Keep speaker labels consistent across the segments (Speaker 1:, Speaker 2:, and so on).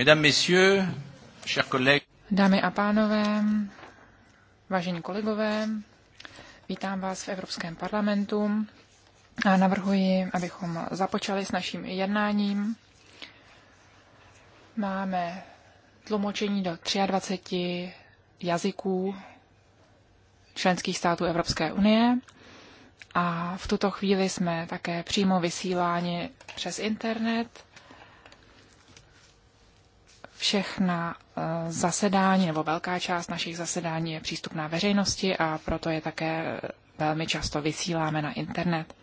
Speaker 1: Mesdames, Messieurs, chers collègues.
Speaker 2: Dámy a pánové, vážení kolegové, vítám vás v Evropském parlamentu a navrhuji, abychom započali s naším jednáním. Máme tlumočení do 23 jazyků členských států Evropské unie a v tuto chvíli jsme také přímo vysíláni přes internet – Všechna eh, zasedání nebo velká část našich zasedání je přístupná veřejnosti a proto je také velmi často vysíláme na internet.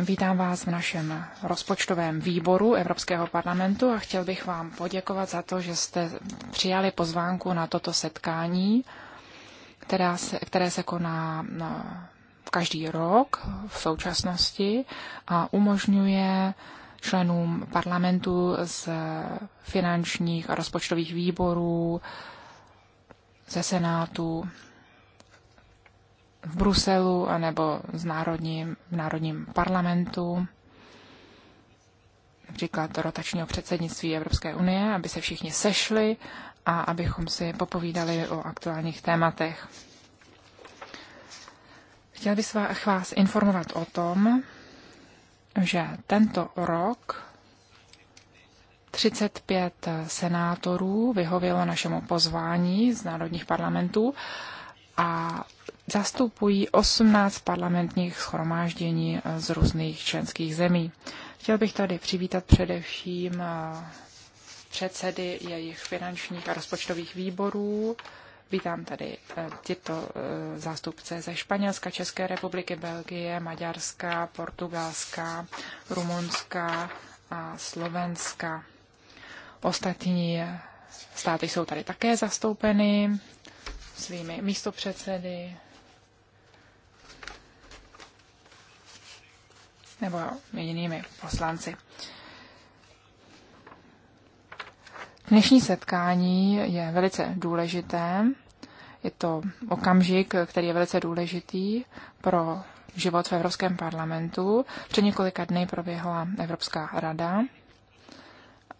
Speaker 2: Vítám vás v našem rozpočtovém výboru Evropského parlamentu a chtěl bych vám poděkovat za to, že jste přijali pozvánku na toto setkání, která se, které se koná eh, každý rok v současnosti a umožňuje členům parlamentu z finančních a rozpočtových výborů, ze Senátu v Bruselu anebo z národním, v národním parlamentu, například rotačního předsednictví Evropské unie, aby se všichni sešli a abychom si popovídali o aktuálních tématech. Chtěl bych vás informovat o tom, že tento rok 35 senátorů vyhovělo našemu pozvání z národních parlamentů a zastupují 18 parlamentních schromáždění z různých členských zemí. Chtěl bych tady přivítat především eh, předsedy jejich finančních a rozpočtových výborů, Vítám tady eh, tyto eh, zástupce ze Španělska, České republiky, Belgie, Maďarska, Portugalska, Rumunska a Slovenska. Ostatní eh, státy jsou tady také zastoupeny svými místopředsedy nebo jinými poslanci. Dnešní setkání je velice důležité. Je to okamžik, který je velice důležitý pro život v Evropském parlamentu. Před několika dny proběhla Evropská rada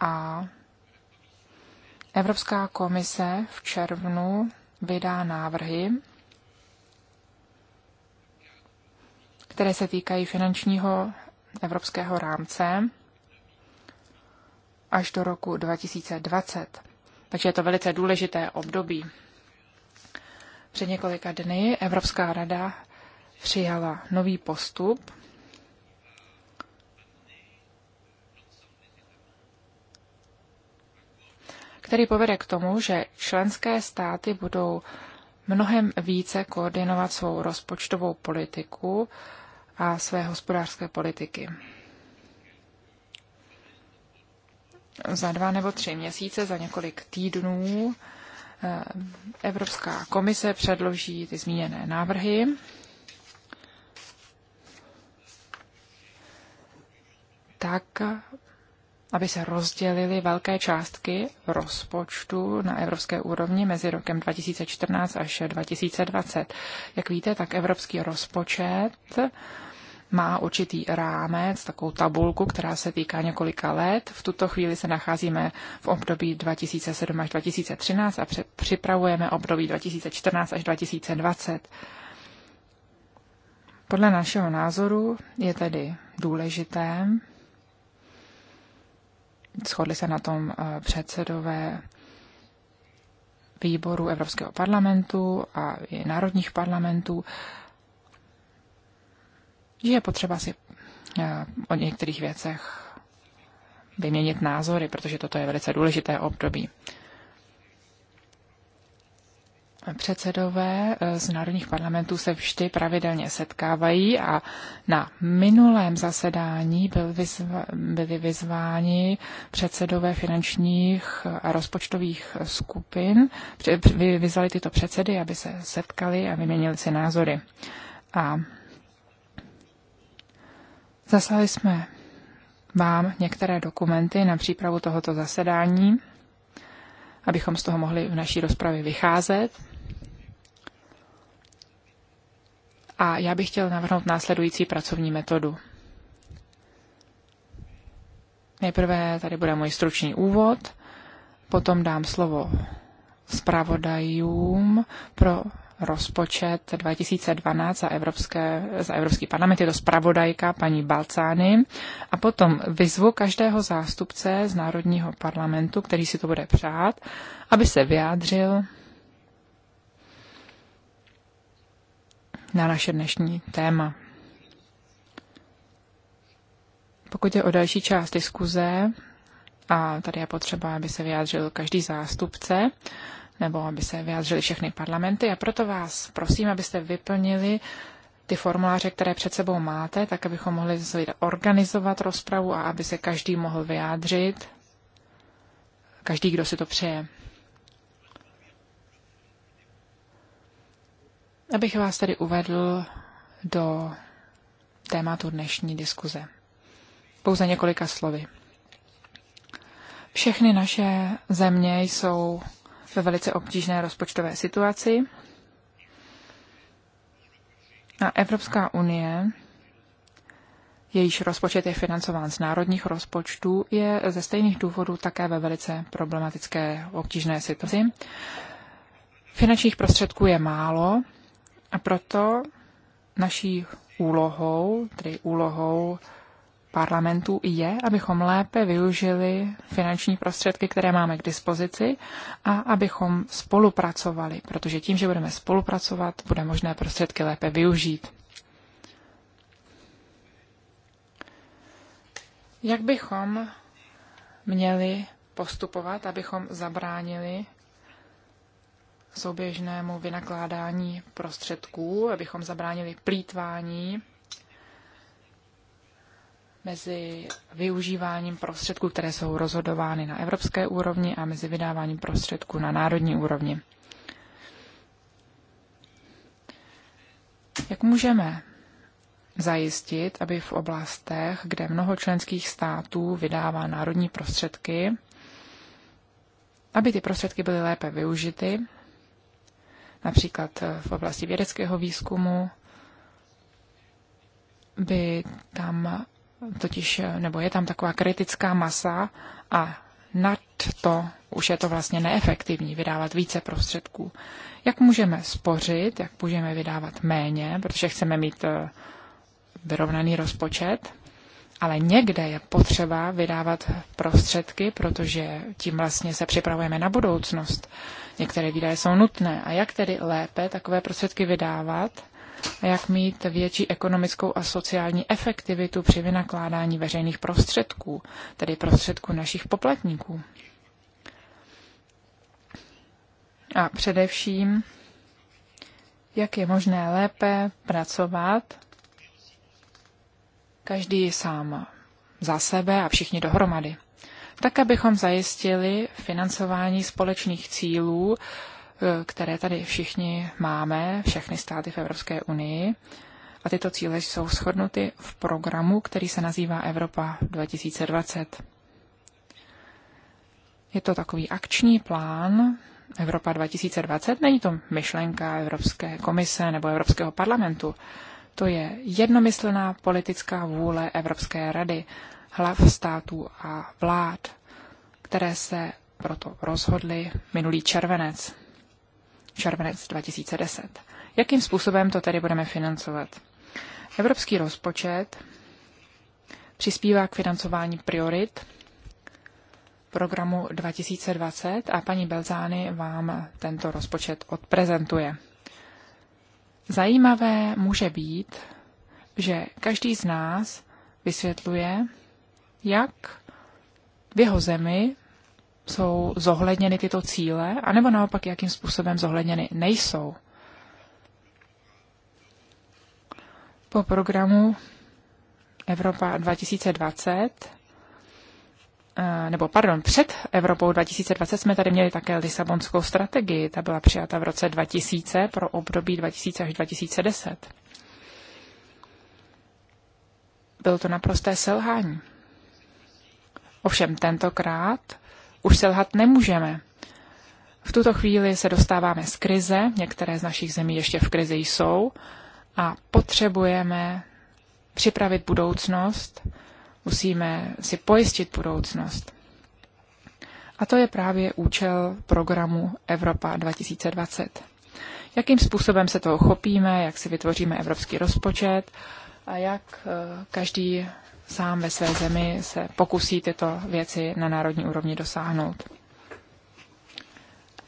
Speaker 2: a Evropská komise v červnu vydá návrhy, které se týkají finančního evropského rámce až do roku 2020. Takže je to velice důležité období. Před několika dny Evropská rada přijala nový postup, který povede k tomu, že členské státy budou mnohem více koordinovat svou rozpočtovou politiku a své hospodářské politiky. za dva nebo tři měsíce, za několik týdnů, eh, Evropská komise předloží ty zmíněné návrhy. Tak, aby se rozdělily velké částky rozpočtu na evropské úrovni mezi rokem 2014 až 2020. Jak víte, tak evropský rozpočet má určitý rámec, takovou tabulku, která se týká několika let. V tuto chvíli se nacházíme v období 2007 až 2013 a připravujeme období 2014 až 2020. Podle našeho názoru je tedy důležité, shodli se na tom eh, předsedové výboru Evropského parlamentu a i národních parlamentů, že je potřeba si eh, o některých věcech vyměnit názory, protože toto je velice důležité období. Předsedové eh, z národních parlamentů se vždy pravidelně setkávají a na minulém zasedání byl vyzva, byli vyzváni předsedové finančních a rozpočtových skupin. Vyzvali tyto předsedy, aby se setkali a vyměnili si názory. A Zaslali jsme vám některé dokumenty na přípravu tohoto zasedání, abychom z toho mohli v naší rozpravě vycházet. A já bych chtěl navrhnout následující pracovní metodu. Nejprve tady bude můj stručný úvod, potom dám slovo zpravodajům pro rozpočet 2012 za, Evropské, za Evropský parlament. Je to zpravodajka paní Balcány. A potom vyzvu každého zástupce z Národního parlamentu, který si to bude přát, aby se vyjádřil na naše dnešní téma. Pokud je o další část diskuze, a tady je potřeba, aby se vyjádřil každý zástupce, nebo aby se vyjádřili všechny parlamenty. A proto vás prosím, abyste vyplnili ty formuláře, které před sebou máte, tak abychom mohli organizovat rozpravu a aby se každý mohl vyjádřit, každý, kdo si to přeje. Abych vás tedy uvedl do tématu dnešní diskuze. Pouze několika slovy. Všechny naše země jsou ve velice obtížné rozpočtové situaci. A Evropská unie, jejíž rozpočet je financován z národních rozpočtů, je ze stejných důvodů také ve velice problematické obtížné situaci. Finančních prostředků je málo a proto naší úlohou, tedy úlohou parlamentů je, abychom lépe využili finanční prostředky, které máme k dispozici a abychom spolupracovali, protože tím, že budeme spolupracovat, bude možné prostředky lépe využít. Jak bychom měli postupovat, abychom zabránili souběžnému vynakládání prostředků, abychom zabránili plítvání mezi využíváním prostředků, které jsou rozhodovány na evropské úrovni a mezi vydáváním prostředků na národní úrovni. Jak můžeme zajistit, aby v oblastech, kde mnoho členských států vydává národní prostředky, aby ty prostředky byly lépe využity, například v oblasti vědeckého výzkumu, by tam totiž, eh, nebo je tam taková kritická masa a nad to už je to vlastně neefektivní vydávat více prostředků. Jak můžeme spořit, jak můžeme vydávat méně, protože chceme mít eh, vyrovnaný rozpočet, ale někde je potřeba vydávat prostředky, protože tím vlastně se připravujeme na budoucnost. Některé výdaje jsou nutné. A jak tedy lépe takové prostředky vydávat, jak mít větší ekonomickou a sociální efektivitu při vynakládání veřejných prostředků, tedy prostředků našich poplatníků. A především, jak je možné lépe pracovat každý sám za sebe a všichni dohromady. Tak, abychom zajistili financování společných cílů, které tady všichni máme, všechny státy v Evropské unii. A tyto cíle jsou shodnuty v programu, který se nazývá Evropa 2020. Je to takový akční plán Evropa 2020. Není to myšlenka Evropské komise nebo Evropského parlamentu. To je jednomyslná politická vůle Evropské rady, hlav států a vlád, které se proto rozhodly minulý červenec červenec 2010. Jakým způsobem to tedy budeme financovat? Evropský rozpočet přispívá k financování priorit programu 2020 a paní Belzány vám tento rozpočet odprezentuje. Zajímavé může být, že každý z nás vysvětluje, jak v jeho zemi jsou zohledněny tyto cíle, anebo naopak, jakým způsobem zohledněny nejsou. Po programu Evropa 2020, eh, nebo pardon, před Evropou 2020 jsme tady měli také Lisabonskou strategii. Ta byla přijata v roce 2000 pro období 2000 až 2010. Bylo to naprosté selhání. Ovšem tentokrát už selhat nemůžeme. V tuto chvíli se dostáváme z krize, některé z našich zemí ještě v krizi jsou, a potřebujeme připravit budoucnost, musíme si pojistit budoucnost. A to je právě účel programu Evropa 2020. Jakým způsobem se toho chopíme, jak si vytvoříme evropský rozpočet a jak eh, každý sám ve své zemi se pokusí tyto věci na národní úrovni dosáhnout.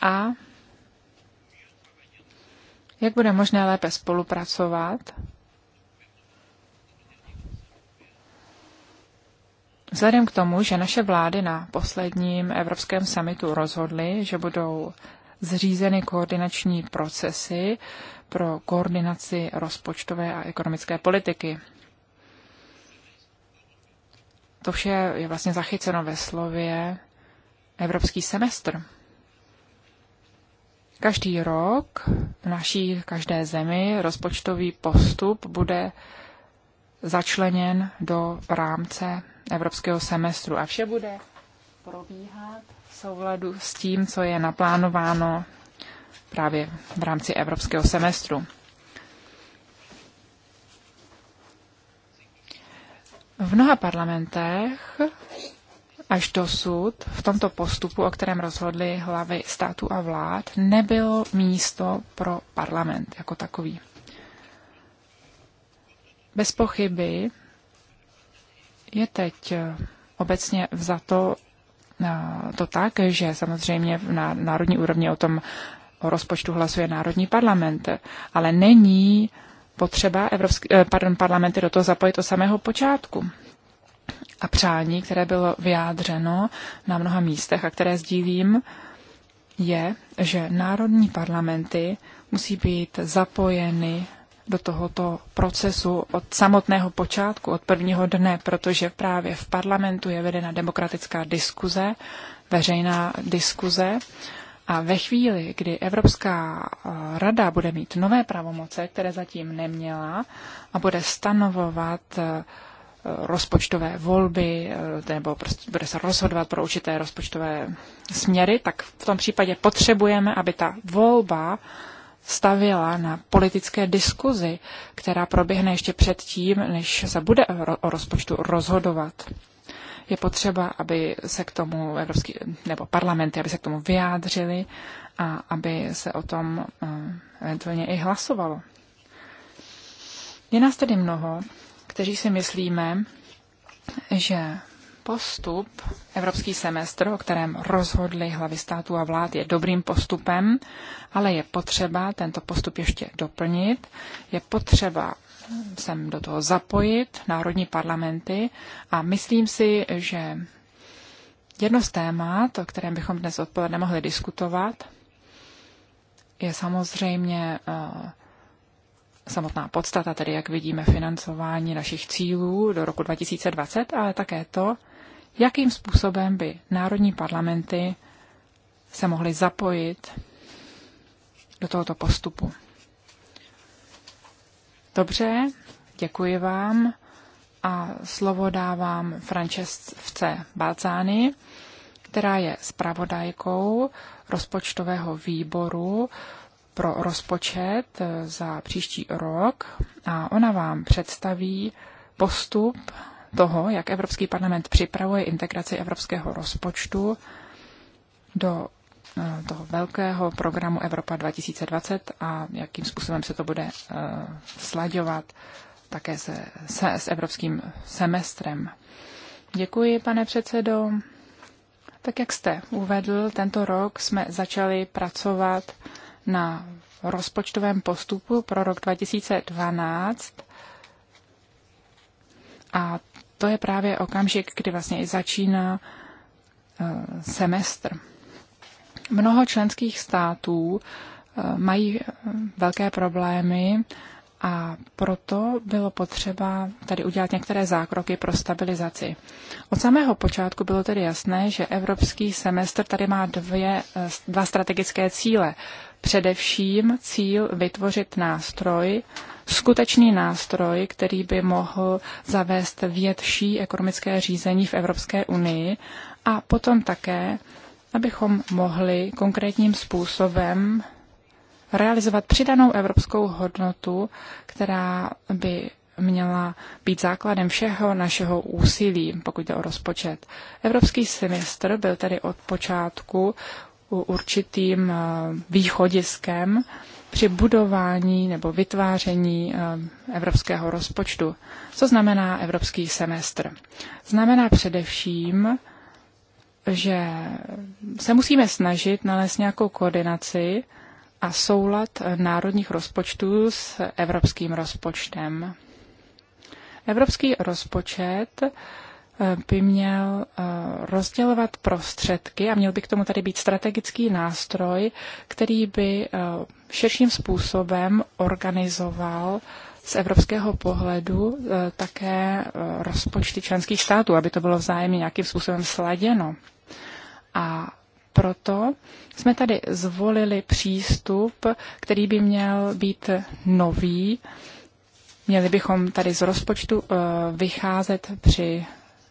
Speaker 2: A jak bude možné lépe spolupracovat Vzhledem k tomu, že naše vlády na posledním Evropském samitu rozhodly, že budou zřízeny koordinační procesy pro koordinaci rozpočtové a ekonomické politiky to vše je vlastně zachyceno ve slově Evropský semestr. Každý rok v naší každé zemi rozpočtový postup bude začleněn do rámce evropského semestru a vše bude probíhat v souladu s tím, co je naplánováno právě v rámci evropského semestru. V mnoha parlamentech až dosud v tomto postupu, o kterém rozhodly hlavy států a vlád, nebylo místo pro parlament jako takový. Bez pochyby je teď obecně vzato eh, to tak, že samozřejmě na národní úrovni o tom o rozpočtu hlasuje národní parlament, ale není potřeba Evropský, eh, pardon, parlamenty do toho zapojit od samého počátku. A přání, které bylo vyjádřeno na mnoha místech a které sdílím, je, že národní parlamenty musí být zapojeny do tohoto procesu od samotného počátku, od prvního dne, protože právě v parlamentu je vedena demokratická diskuze, veřejná diskuze a ve chvíli, kdy Evropská eh, rada bude mít nové pravomoce, které zatím neměla, a bude stanovovat eh, rozpočtové volby, eh, nebo prostě bude se rozhodovat pro určité rozpočtové směry, tak v tom případě potřebujeme, aby ta volba stavila na politické diskuzi, která proběhne ještě předtím, než se bude o rozpočtu rozhodovat. Je potřeba, aby se k tomu Evropský, nebo parlamenty, aby se k tomu vyjádřili a aby se o tom eh, eventuálně i hlasovalo. Je nás tedy mnoho, kteří si myslíme, že postup, evropský semestr, o kterém rozhodly hlavy států a vlád, je dobrým postupem, ale je potřeba tento postup ještě doplnit. Je potřeba sem do toho zapojit národní parlamenty a myslím si, že jedno z témat, o kterém bychom dnes odpoledne mohli diskutovat, je samozřejmě eh, samotná podstata, tedy jak vidíme financování našich cílů do roku 2020, ale také to, jakým způsobem by národní parlamenty se mohly zapojit do tohoto postupu. Dobře, děkuji vám a slovo dávám Francesce Balcány, která je zpravodajkou rozpočtového výboru pro rozpočet za příští rok a ona vám představí postup toho, jak Evropský parlament připravuje integraci evropského rozpočtu do eh, toho velkého programu Evropa 2020 a jakým způsobem se to bude eh, slaďovat také se, se, s evropským semestrem. Děkuji, pane předsedo. Tak jak jste uvedl, tento rok jsme začali pracovat na rozpočtovém postupu pro rok 2012 a to je právě okamžik, kdy vlastně i začíná eh, semestr. Mnoho členských států eh, mají eh, velké problémy a proto bylo potřeba tady udělat některé zákroky pro stabilizaci. Od samého počátku bylo tedy jasné, že evropský semestr tady má dvě, dva strategické cíle. Především cíl vytvořit nástroj, skutečný nástroj, který by mohl zavést větší ekonomické řízení v Evropské unii a potom také, abychom mohli konkrétním způsobem realizovat přidanou evropskou hodnotu, která by měla být základem všeho našeho úsilí, pokud jde o rozpočet. Evropský semestr byl tedy od počátku určitým eh, východiskem při budování nebo vytváření eh, evropského rozpočtu. Co znamená evropský semestr? Znamená především, že se musíme snažit nalézt nějakou koordinaci a soulad národních rozpočtů s evropským rozpočtem. Evropský rozpočet eh, by měl eh, rozdělovat prostředky a měl by k tomu tady být strategický nástroj, který by eh, širším způsobem organizoval z evropského pohledu také rozpočty členských států, aby to bylo vzájemně nějakým způsobem sladěno. A proto jsme tady zvolili přístup, který by měl být nový. Měli bychom tady z rozpočtu eh, vycházet při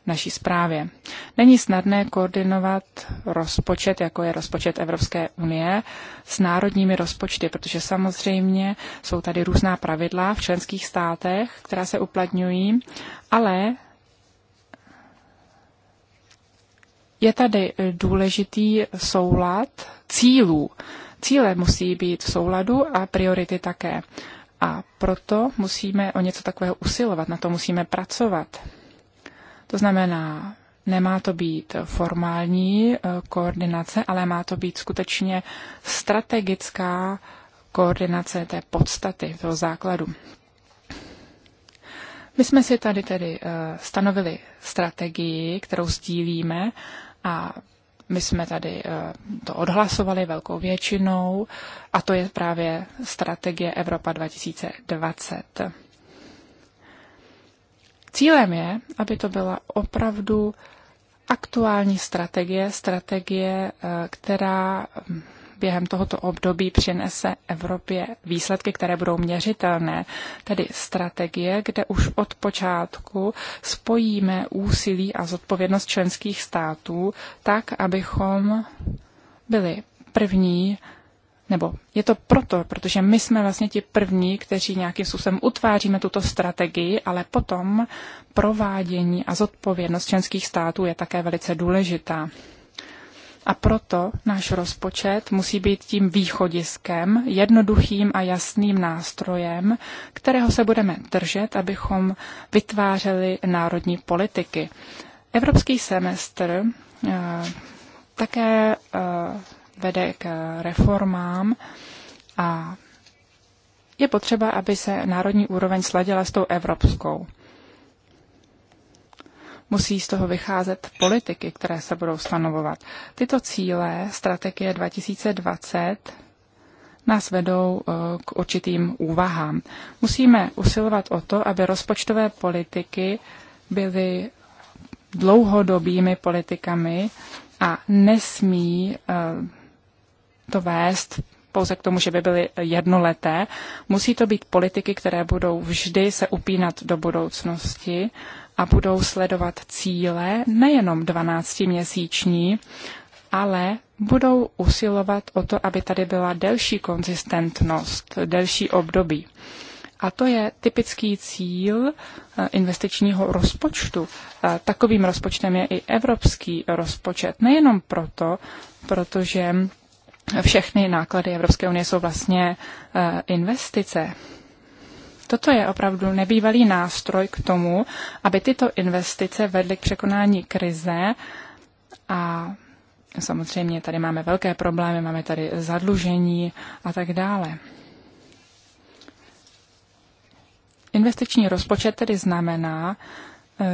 Speaker 2: naší zprávě. Není snadné koordinovat rozpočet, jako je rozpočet Evropské unie, s národními rozpočty, protože samozřejmě jsou tady různá pravidla v členských státech, která se uplatňují, ale Je tady e, důležitý soulad cílů. Cíle musí být v souladu a priority také. A proto musíme o něco takového usilovat, na to musíme pracovat. To znamená, nemá to být formální e, koordinace, ale má to být skutečně strategická koordinace té podstaty, toho základu. My jsme si tady tedy e, stanovili strategii, kterou sdílíme a my jsme tady eh, to odhlasovali velkou většinou a to je právě strategie Evropa 2020. Cílem je, aby to byla opravdu aktuální strategie, strategie, eh, která hm, během tohoto období přinese Evropě výsledky, které budou měřitelné, tedy strategie, kde už od počátku spojíme úsilí a zodpovědnost členských států tak, abychom byli první nebo je to proto, protože my jsme vlastně ti první, kteří nějakým způsobem utváříme tuto strategii, ale potom provádění a zodpovědnost členských států je také velice důležitá. A proto náš rozpočet musí být tím východiskem, jednoduchým a jasným nástrojem, kterého se budeme držet, abychom vytvářeli národní politiky. Evropský semestr eh, také eh, vede k reformám a je potřeba, aby se národní úroveň sladila s tou evropskou. Musí z toho vycházet politiky, které se budou stanovovat. Tyto cíle strategie 2020 nás vedou eh, k určitým úvahám. Musíme usilovat o to, aby rozpočtové politiky byly dlouhodobými politikami a nesmí eh, to vést pouze k tomu, že by byly jednoleté. Musí to být politiky, které budou vždy se upínat do budoucnosti a budou sledovat cíle nejenom 12-měsíční, ale budou usilovat o to, aby tady byla delší konzistentnost, delší období. A to je typický cíl eh, investičního rozpočtu. Eh, takovým rozpočtem je i evropský rozpočet. Nejenom proto, protože všechny náklady Evropské unie jsou vlastně eh, investice. Toto je opravdu nebývalý nástroj k tomu, aby tyto investice vedly k překonání krize a samozřejmě tady máme velké problémy, máme tady zadlužení a tak dále. Investiční rozpočet tedy znamená,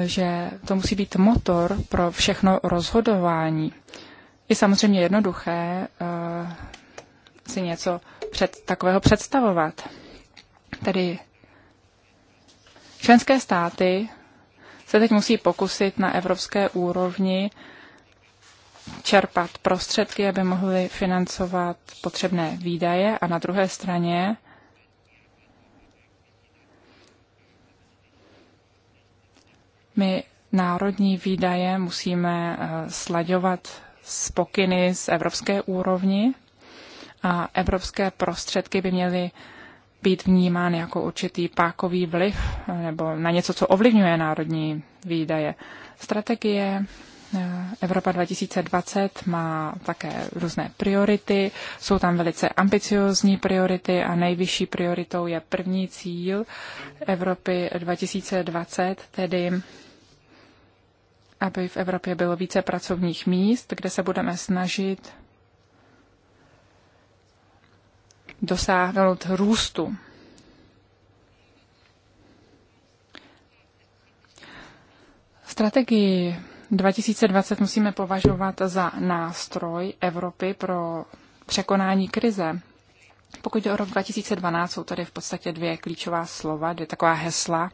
Speaker 2: že to musí být motor pro všechno rozhodování. Je samozřejmě jednoduché eh, si něco před, takového představovat. Tedy Členské státy se teď musí pokusit na evropské úrovni čerpat prostředky, aby mohly financovat potřebné výdaje a na druhé straně my národní výdaje musíme eh, slaďovat z pokyny z evropské úrovni a evropské prostředky by měly být vnímán jako určitý pákový vliv nebo na něco, co ovlivňuje národní výdaje. Strategie eh, Evropa 2020 má také různé priority, jsou tam velice ambiciozní priority a nejvyšší prioritou je první cíl Evropy 2020, tedy aby v Evropě bylo více pracovních míst, kde se budeme snažit dosáhnout růstu. Strategii 2020 musíme považovat za nástroj Evropy pro překonání krize. Pokud jde o rok 2012, jsou tady v podstatě dvě klíčová slova, dvě taková hesla.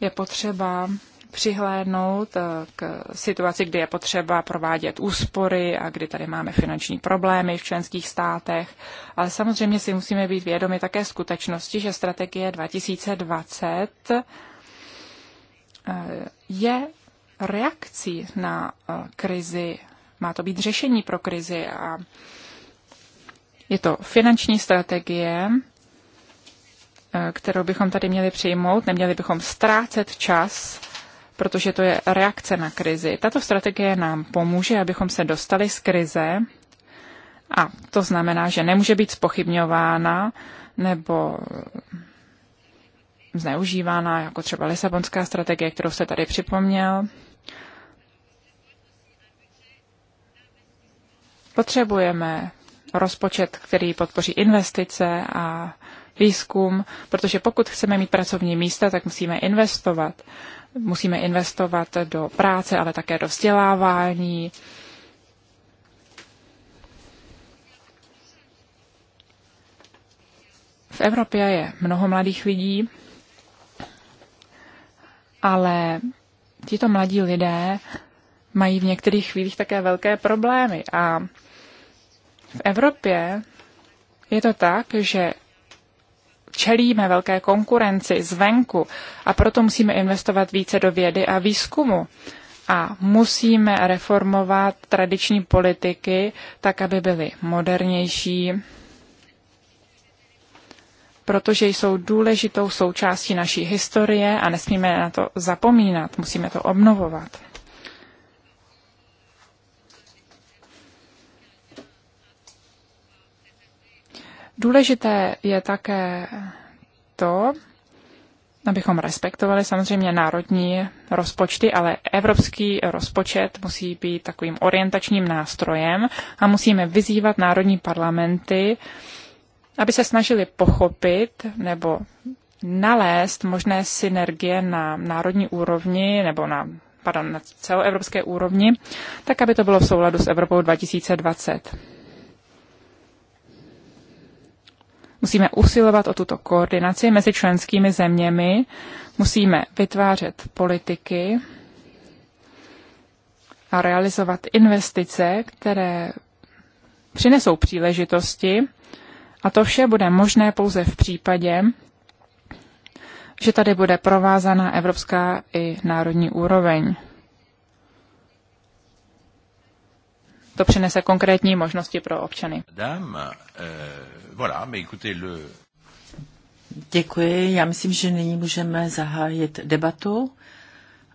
Speaker 2: Je potřeba přihlédnout eh, k situaci, kdy je potřeba provádět úspory a kdy tady máme finanční problémy v členských státech. Ale samozřejmě si musíme být vědomi také skutečnosti, že strategie 2020 eh, je reakcí na eh, krizi, má to být řešení pro krizi a je to finanční strategie, kterou bychom tady měli přijmout. Neměli bychom ztrácet čas protože to je reakce na krizi. Tato strategie nám pomůže, abychom se dostali z krize a to znamená, že nemůže být spochybňována nebo zneužívána, jako třeba Lisabonská strategie, kterou jste tady připomněl. Potřebujeme rozpočet, který podpoří investice a výzkum, protože pokud chceme mít pracovní místa, tak musíme investovat. Musíme investovat do práce, ale také do vzdělávání. V Evropě je mnoho mladých lidí, ale tito mladí lidé mají v některých chvílích také velké problémy. A v Evropě je to tak, že čelíme velké konkurenci zvenku a proto musíme investovat více do vědy a výzkumu. A musíme reformovat tradiční politiky tak, aby byly modernější, protože jsou důležitou součástí naší historie a nesmíme na to zapomínat, musíme to obnovovat. Důležité je také to, abychom respektovali samozřejmě národní rozpočty, ale evropský rozpočet musí být takovým orientačním nástrojem a musíme vyzývat národní parlamenty, aby se snažili pochopit nebo nalézt možné synergie na národní úrovni nebo na, pardon, na celoevropské úrovni, tak aby to bylo v souladu s Evropou 2020. Musíme usilovat o tuto koordinaci mezi členskými zeměmi, musíme vytvářet politiky a realizovat investice, které přinesou příležitosti. A to vše bude možné pouze v případě, že tady bude provázaná evropská i národní úroveň. to přinese konkrétní možnosti pro občany.
Speaker 1: Eh,
Speaker 3: voilà, mais écoutez, le...
Speaker 2: Děkuji. Já myslím, že nyní
Speaker 1: můžeme zahájit debatu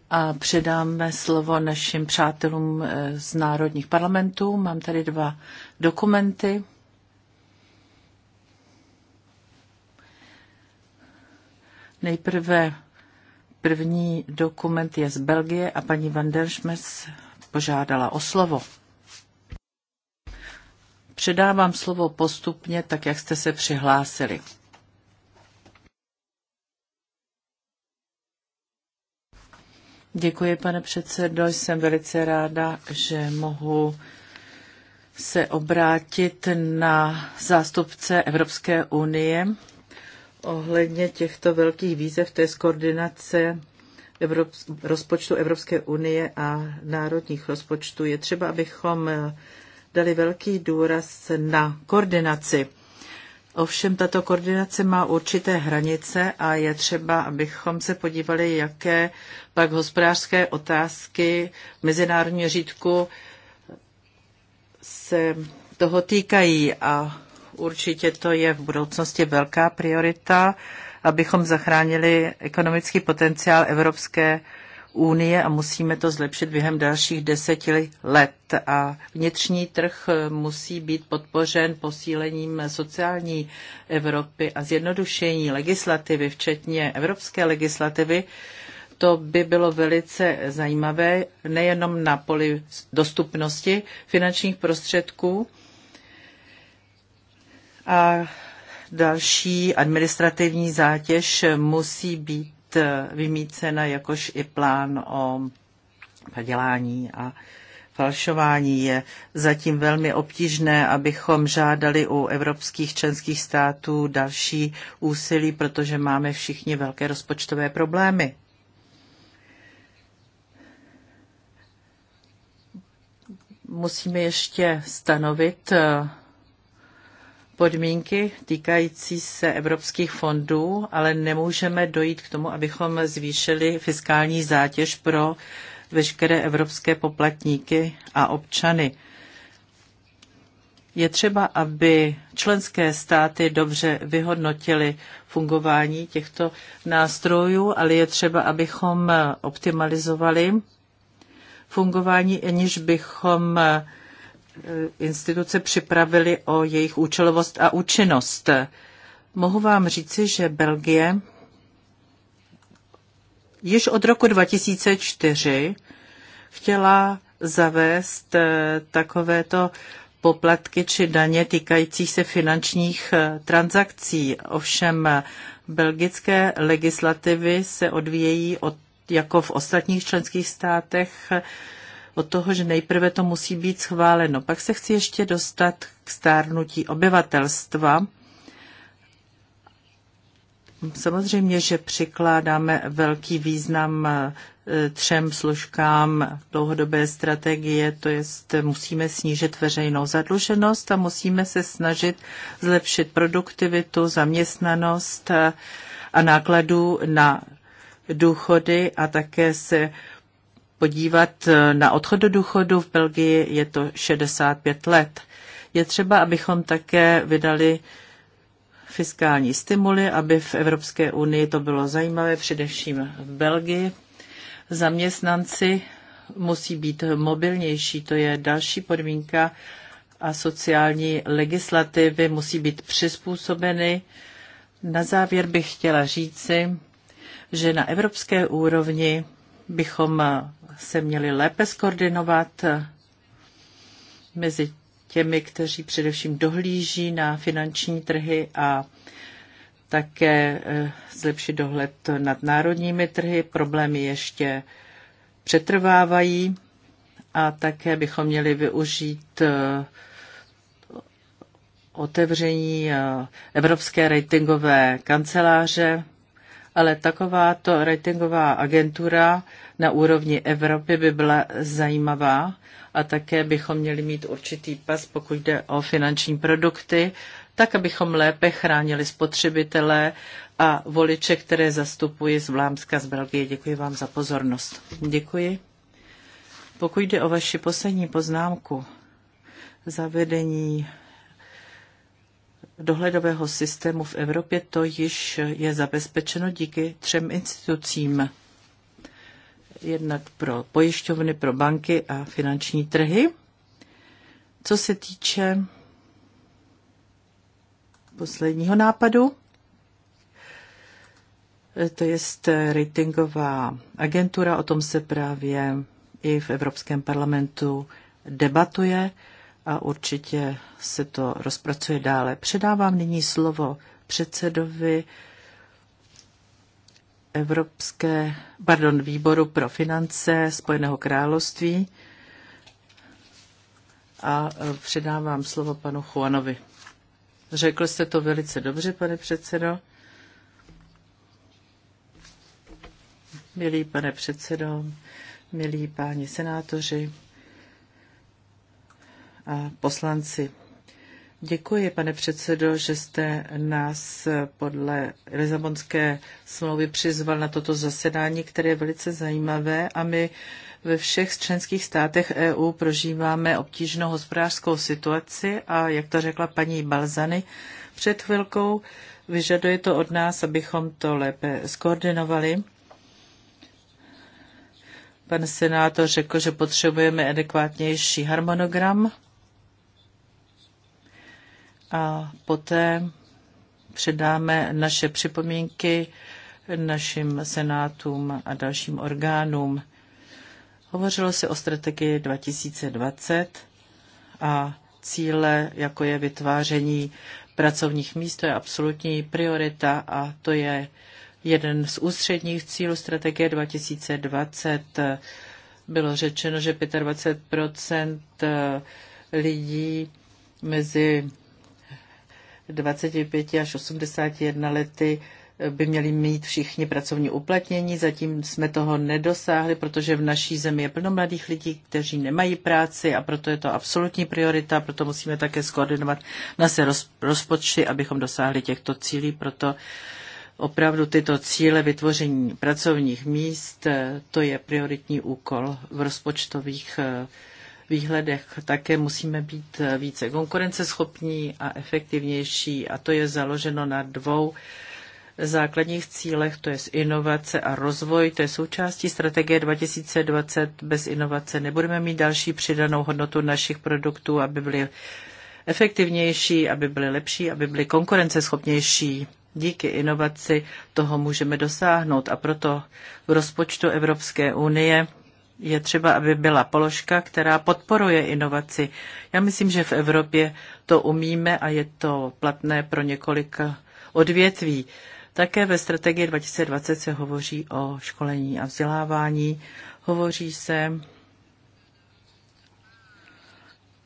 Speaker 1: a předáme slovo našim přátelům eh, z národních parlamentů. Mám tady dva dokumenty. Nejprve první dokument je z Belgie a paní Van der Schmes požádala o slovo. Předávám slovo postupně, tak jak jste se přihlásili. Děkuji, pane předsedo. Jsem velice ráda, že mohu se obrátit na zástupce Evropské unie ohledně těchto velkých výzev, to je z koordinace Evrop, rozpočtu Evropské unie a národních rozpočtů. Je třeba, abychom dali velký důraz na koordinaci. Ovšem tato koordinace má určité hranice a je třeba, abychom se podívali, jaké pak hospodářské otázky mezinárodní řídku se toho týkají a určitě to je v budoucnosti velká priorita, abychom zachránili ekonomický potenciál Evropské unie a musíme to zlepšit během dalších deseti let. A vnitřní trh eh, musí být podpořen posílením sociální Evropy a zjednodušení legislativy, včetně evropské legislativy. To by bylo velice zajímavé nejenom na poli dostupnosti finančních prostředků a další administrativní zátěž musí být Eh, vymícena, jakož i plán o padělání a falšování. Je zatím velmi obtížné, abychom žádali u evropských členských států další úsilí, protože máme všichni velké rozpočtové problémy. Musíme ještě stanovit eh, podmínky týkající se evropských fondů, ale nemůžeme dojít k tomu, abychom zvýšili fiskální zátěž pro veškeré evropské poplatníky a občany. Je třeba, aby členské státy dobře vyhodnotily fungování těchto nástrojů, ale je třeba, abychom optimalizovali fungování, aniž bychom Eh, instituce připravily o jejich účelovost a účinnost. Mohu vám říci, že Belgie již od roku 2004 chtěla zavést eh, takovéto poplatky či daně týkající se finančních eh, transakcí. Ovšem belgické legislativy se odvíjejí od, jako v ostatních členských státech od toho, že nejprve to musí být schváleno. Pak se chci ještě dostat k stárnutí obyvatelstva. Samozřejmě, že přikládáme velký význam eh, třem složkám dlouhodobé strategie, to je, musíme snížit veřejnou zadluženost a musíme se snažit zlepšit produktivitu, zaměstnanost eh, a nákladů na důchody a také se podívat eh, na odchod do důchodu, v Belgii je to 65 let. Je třeba, abychom také vydali fiskální stimuly, aby v Evropské unii to bylo zajímavé, především v Belgii. Zaměstnanci musí být mobilnější, to je další podmínka a sociální legislativy musí být přizpůsobeny. Na závěr bych chtěla říci, že na evropské úrovni bychom se měli lépe skoordinovat mezi těmi, kteří především dohlíží na finanční trhy a také eh, zlepšit dohled nad národními trhy. Problémy ještě přetrvávají a také bychom měli využít eh, otevření eh, Evropské ratingové kanceláře, ale takováto ratingová agentura na úrovni Evropy by byla zajímavá a také bychom měli mít určitý pas, pokud jde o finanční produkty, tak abychom lépe chránili spotřebitele a voliče, které zastupuji z Vlámska z Belgie. Děkuji vám za pozornost. Děkuji. Pokud jde o vaši poslední poznámku, zavedení dohledového systému v Evropě, to již je zabezpečeno díky třem institucím jednak pro pojišťovny, pro banky a finanční trhy. Co se týče posledního nápadu, to je ratingová agentura, o tom se právě i v Evropském parlamentu debatuje a určitě se to rozpracuje dále. Předávám nyní slovo předsedovi Evropské, pardon, výboru pro finance Spojeného království a e, předávám slovo panu Juanovi. Řekl jste to velice dobře, pane předsedo. Milý pane předsedo, milí páni senátoři a poslanci Děkuji, pane předsedo, že jste nás podle Lizabonské smlouvy přizval na toto zasedání, které je velice zajímavé a my ve všech členských státech EU prožíváme obtížnou hospodářskou situaci a, jak to řekla paní Balzany před chvilkou, vyžaduje to od nás, abychom to lépe skoordinovali. Pan senátor řekl, že potřebujeme adekvátnější harmonogram a poté předáme naše připomínky našim senátům a dalším orgánům. Hovořilo se o strategii 2020 a cíle, jako je vytváření pracovních míst, to je absolutní priorita a to je jeden z ústředních cílů strategie 2020. Bylo řečeno, že 25 lidí mezi 25 až 81 lety by měli mít všichni pracovní uplatnění. Zatím jsme toho nedosáhli, protože v naší zemi je plno mladých lidí, kteří nemají práci a proto je to absolutní priorita, proto musíme také skoordinovat naše rozpočty, abychom dosáhli těchto cílí. Proto opravdu tyto cíle vytvoření pracovních míst, to je prioritní úkol v rozpočtových eh, výhledech také musíme být více konkurenceschopní a efektivnější a to je založeno na dvou základních cílech, to je inovace a rozvoj, to je součástí strategie 2020. Bez inovace nebudeme mít další přidanou hodnotu našich produktů, aby byly efektivnější, aby byly lepší, aby byly konkurenceschopnější. Díky inovaci toho můžeme dosáhnout a proto v rozpočtu Evropské unie je třeba, aby byla položka, která podporuje inovaci. Já myslím, že v Evropě to umíme a je to platné pro několik odvětví. Také ve strategii 2020 se hovoří o školení a vzdělávání. Hovoří se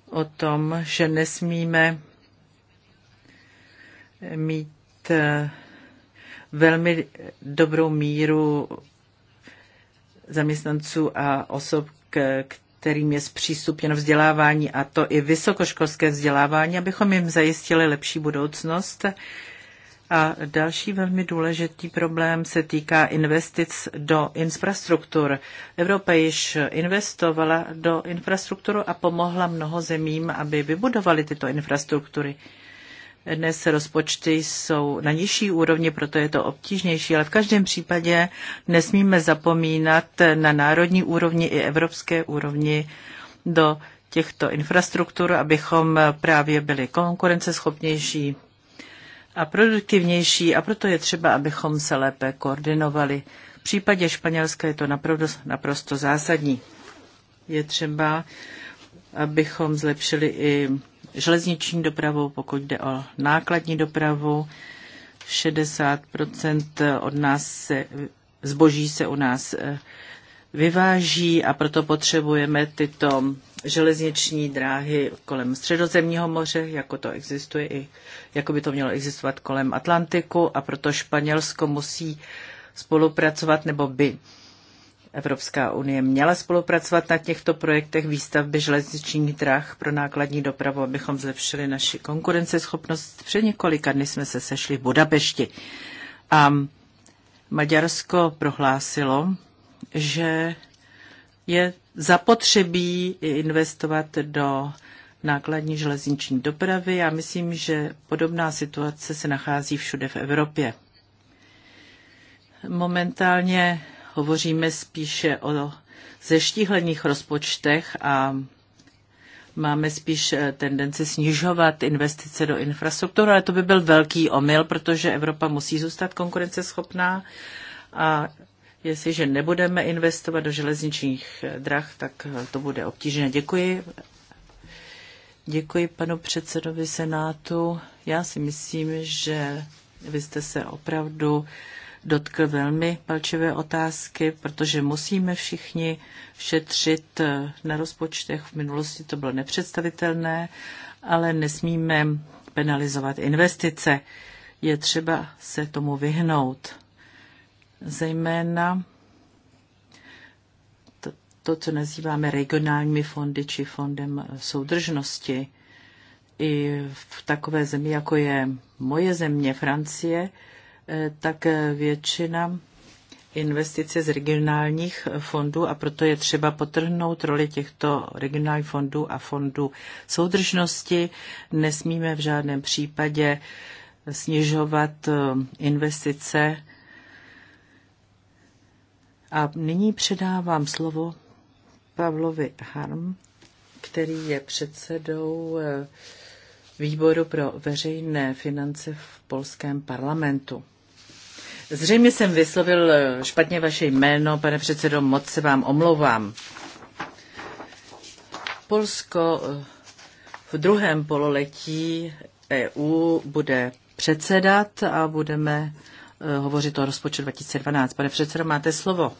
Speaker 1: o tom, že nesmíme mít eh, velmi dobrou míru zaměstnanců a osob, k, kterým je zpřístupněno vzdělávání, a to i vysokoškolské vzdělávání, abychom jim zajistili lepší budoucnost. A další velmi důležitý problém se týká investic do infrastruktur. Evropa již investovala do infrastruktury a pomohla mnoho zemím, aby vybudovali tyto infrastruktury. Dnes rozpočty jsou na nižší úrovni, proto je to obtížnější, ale v každém případě nesmíme zapomínat na národní úrovni i evropské úrovni do těchto infrastruktur, abychom právě byli konkurenceschopnější a produktivnější a proto je třeba, abychom se lépe koordinovali. V případě Španělska je to naprosto, naprosto zásadní. Je třeba, abychom zlepšili i železniční dopravou, pokud jde o nákladní dopravu. 60 od nás se, zboží se u nás eh, vyváží a proto potřebujeme tyto železniční dráhy kolem Středozemního moře, jako to existuje i, jako by to mělo existovat kolem Atlantiku a proto Španělsko musí spolupracovat nebo by Evropská unie měla spolupracovat na těchto projektech výstavby železničních drah pro nákladní dopravu, abychom zlepšili naši konkurenceschopnost. Před několika dny jsme se sešli v Budapešti a Maďarsko prohlásilo, že je zapotřebí investovat do nákladní železniční dopravy. Já myslím, že podobná situace se nachází všude v Evropě. Momentálně hovoříme spíše o zeštíhlených rozpočtech a máme spíš eh, tendenci snižovat investice do infrastruktury, ale to by byl velký omyl, protože Evropa musí zůstat konkurenceschopná a jestliže nebudeme investovat do železničních eh, drah, tak eh, to bude obtížné. Děkuji. Děkuji panu předsedovi Senátu. Já si myslím, že vy jste se opravdu dotkl velmi palčivé otázky, protože musíme všichni šetřit eh, na rozpočtech. V minulosti to bylo nepředstavitelné, ale nesmíme penalizovat investice. Je třeba se tomu vyhnout. Zejména to, to co nazýváme regionálními fondy či fondem eh, soudržnosti. I v takové zemi, jako je moje země, Francie, tak většina investice z regionálních fondů a proto je třeba potrhnout roli těchto regionálních fondů a fondů soudržnosti. Nesmíme v žádném případě snižovat eh, investice. A nyní předávám slovo Pavlovi Harm, který je předsedou eh, výboru pro veřejné finance v polském parlamentu. Zřejmě jsem vyslovil eh, špatně vaše jméno, pane předsedo, moc se vám omlouvám. Polsko eh, v druhém pololetí EU bude předsedat a budeme eh, hovořit o rozpočtu 2012. Pane
Speaker 3: předsedo, máte slovo.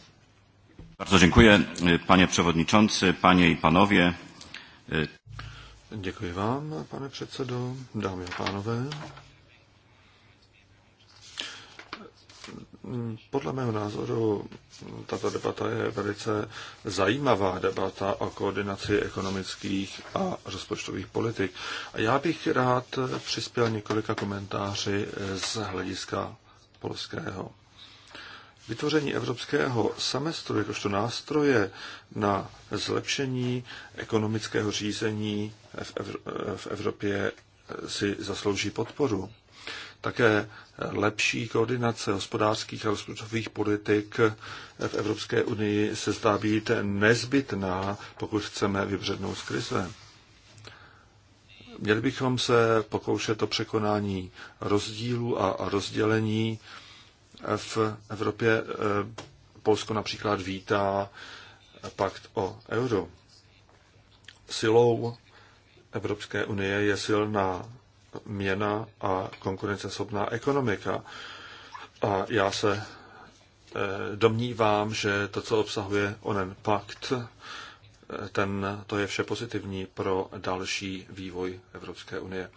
Speaker 3: Bardzo dziękuję, e, panie przewodniczący, panie i panowie. E, Děkuji vám, pane przewodniczący, dámy a pánové. podle mého názoru tato debata je velice zajímavá debata o koordinaci ekonomických a rozpočtových politik. A já bych rád přispěl několika komentáři z hlediska polského. Vytvoření evropského semestru jakožto nástroje na zlepšení ekonomického řízení v Evropě si zaslouží podporu. Také lepší koordinace hospodářských a rozpočtových politik v Evropské unii se zdá být nezbytná, pokud chceme vybřednout z krize. Měli bychom se pokoušet o překonání rozdílů a rozdělení v Evropě. Eh, Polsko například vítá pakt o euro. Silou Evropské unie je silná měna a konkurenceschopná ekonomika. A já se eh, domnívám, že to, co obsahuje onen pakt, eh, ten, to je vše pozitivní pro další vývoj Evropské unie.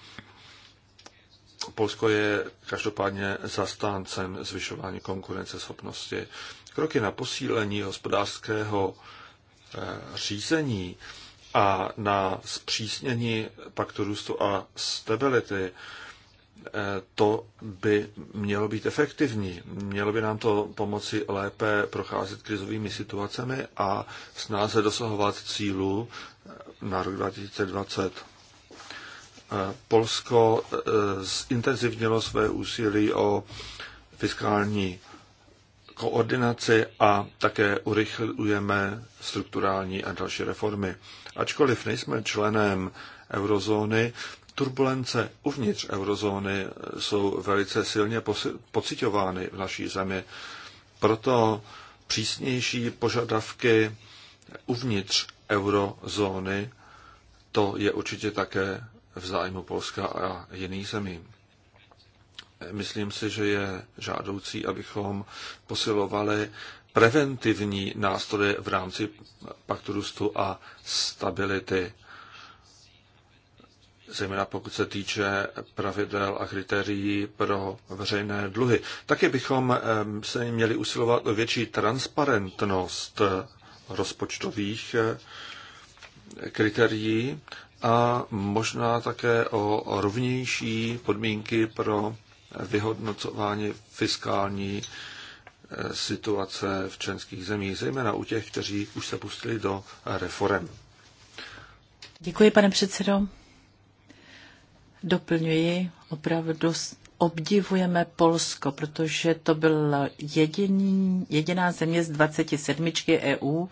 Speaker 3: Polsko je každopádně zastáncem zvyšování konkurenceschopnosti. Kroky na posílení hospodářského eh, řízení a na zpřísnění paktu růstu a stability, eh, to by mělo být efektivní. Mělo by nám to pomoci lépe procházet krizovými situacemi a snáze dosahovat cílů eh, na rok 2020. Eh, Polsko zintenzivnilo své úsilí o fiskální koordinaci a také urychlujeme strukturální a další reformy. Ačkoliv nejsme členem eurozóny, turbulence uvnitř eurozóny eh, jsou velice silně pocitovány v naší zemi. Proto přísnější požadavky uvnitř eurozóny, to je určitě také v zájmu Polska a jiných zemí. Myslím si, že je žádoucí, abychom posilovali preventivní nástroje v rámci paktu růstu a stability, zejména pokud se týče pravidel a kritérií pro veřejné dluhy. Také bychom se měli usilovat o větší transparentnost rozpočtových eh, kritérií a možná také o rovnější podmínky pro vyhodnocování fiskální situace v členských zemích, zejména u těch, kteří už se pustili do reform.
Speaker 1: Děkuji, pane předsedo. Doplňuji, opravdu obdivujeme Polsko, protože to byla jediný, jediná země z 27 EU,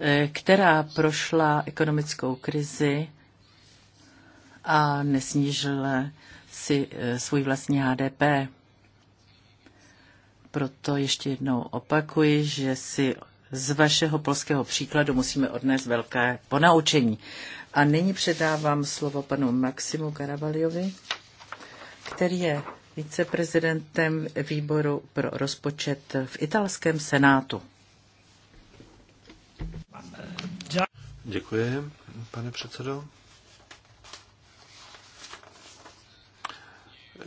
Speaker 1: eh, která prošla ekonomickou krizi a nesnížila si eh, svůj vlastní HDP. Proto ještě jednou opakuji, že si z vašeho polského příkladu musíme odnést velké ponaučení. A nyní předávám slovo panu Maximu Karavaliovi, který je viceprezidentem výboru pro rozpočet v italském senátu.
Speaker 3: Děkuji, pane předsedo.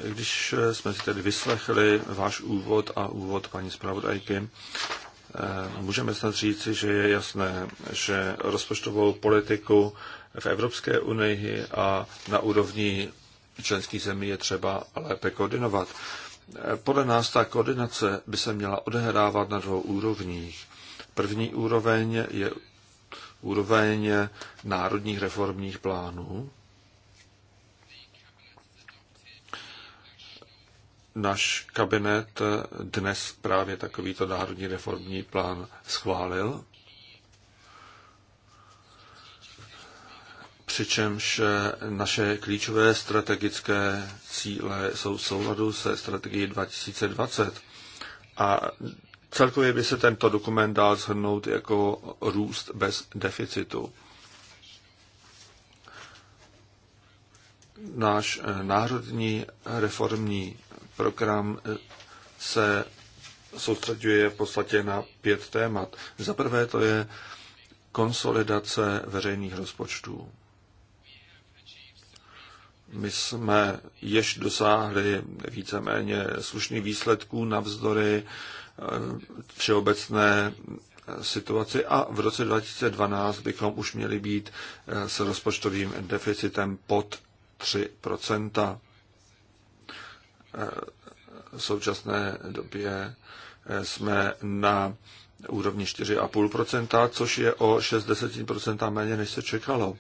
Speaker 3: Když jsme si tedy vyslechli váš úvod a úvod paní zpravodajky, eh, můžeme snad říci, že je jasné, že rozpočtovou politiku v Evropské unii a na úrovni členských zemí je třeba lépe koordinovat. Eh, podle nás ta koordinace by se měla odehrávat na dvou úrovních. První úroveň je úroveň národních reformních plánů náš kabinet dnes právě takovýto národní reformní plán schválil. Přičemž naše klíčové strategické cíle jsou v souladu se strategií 2020 a celkově by se tento dokument dal shrnout jako růst bez deficitu. náš národní reformní program eh, se soustředuje v podstatě na pět témat. Za prvé to je konsolidace veřejných rozpočtů. My jsme již dosáhli víceméně slušných výsledků navzdory eh, všeobecné eh, situaci a v roce 2012 bychom už měli být s rozpočtovým deficitem pod 3 v eh, současné době eh, jsme na úrovni 4,5%, což je o 60% méně, než se čekalo.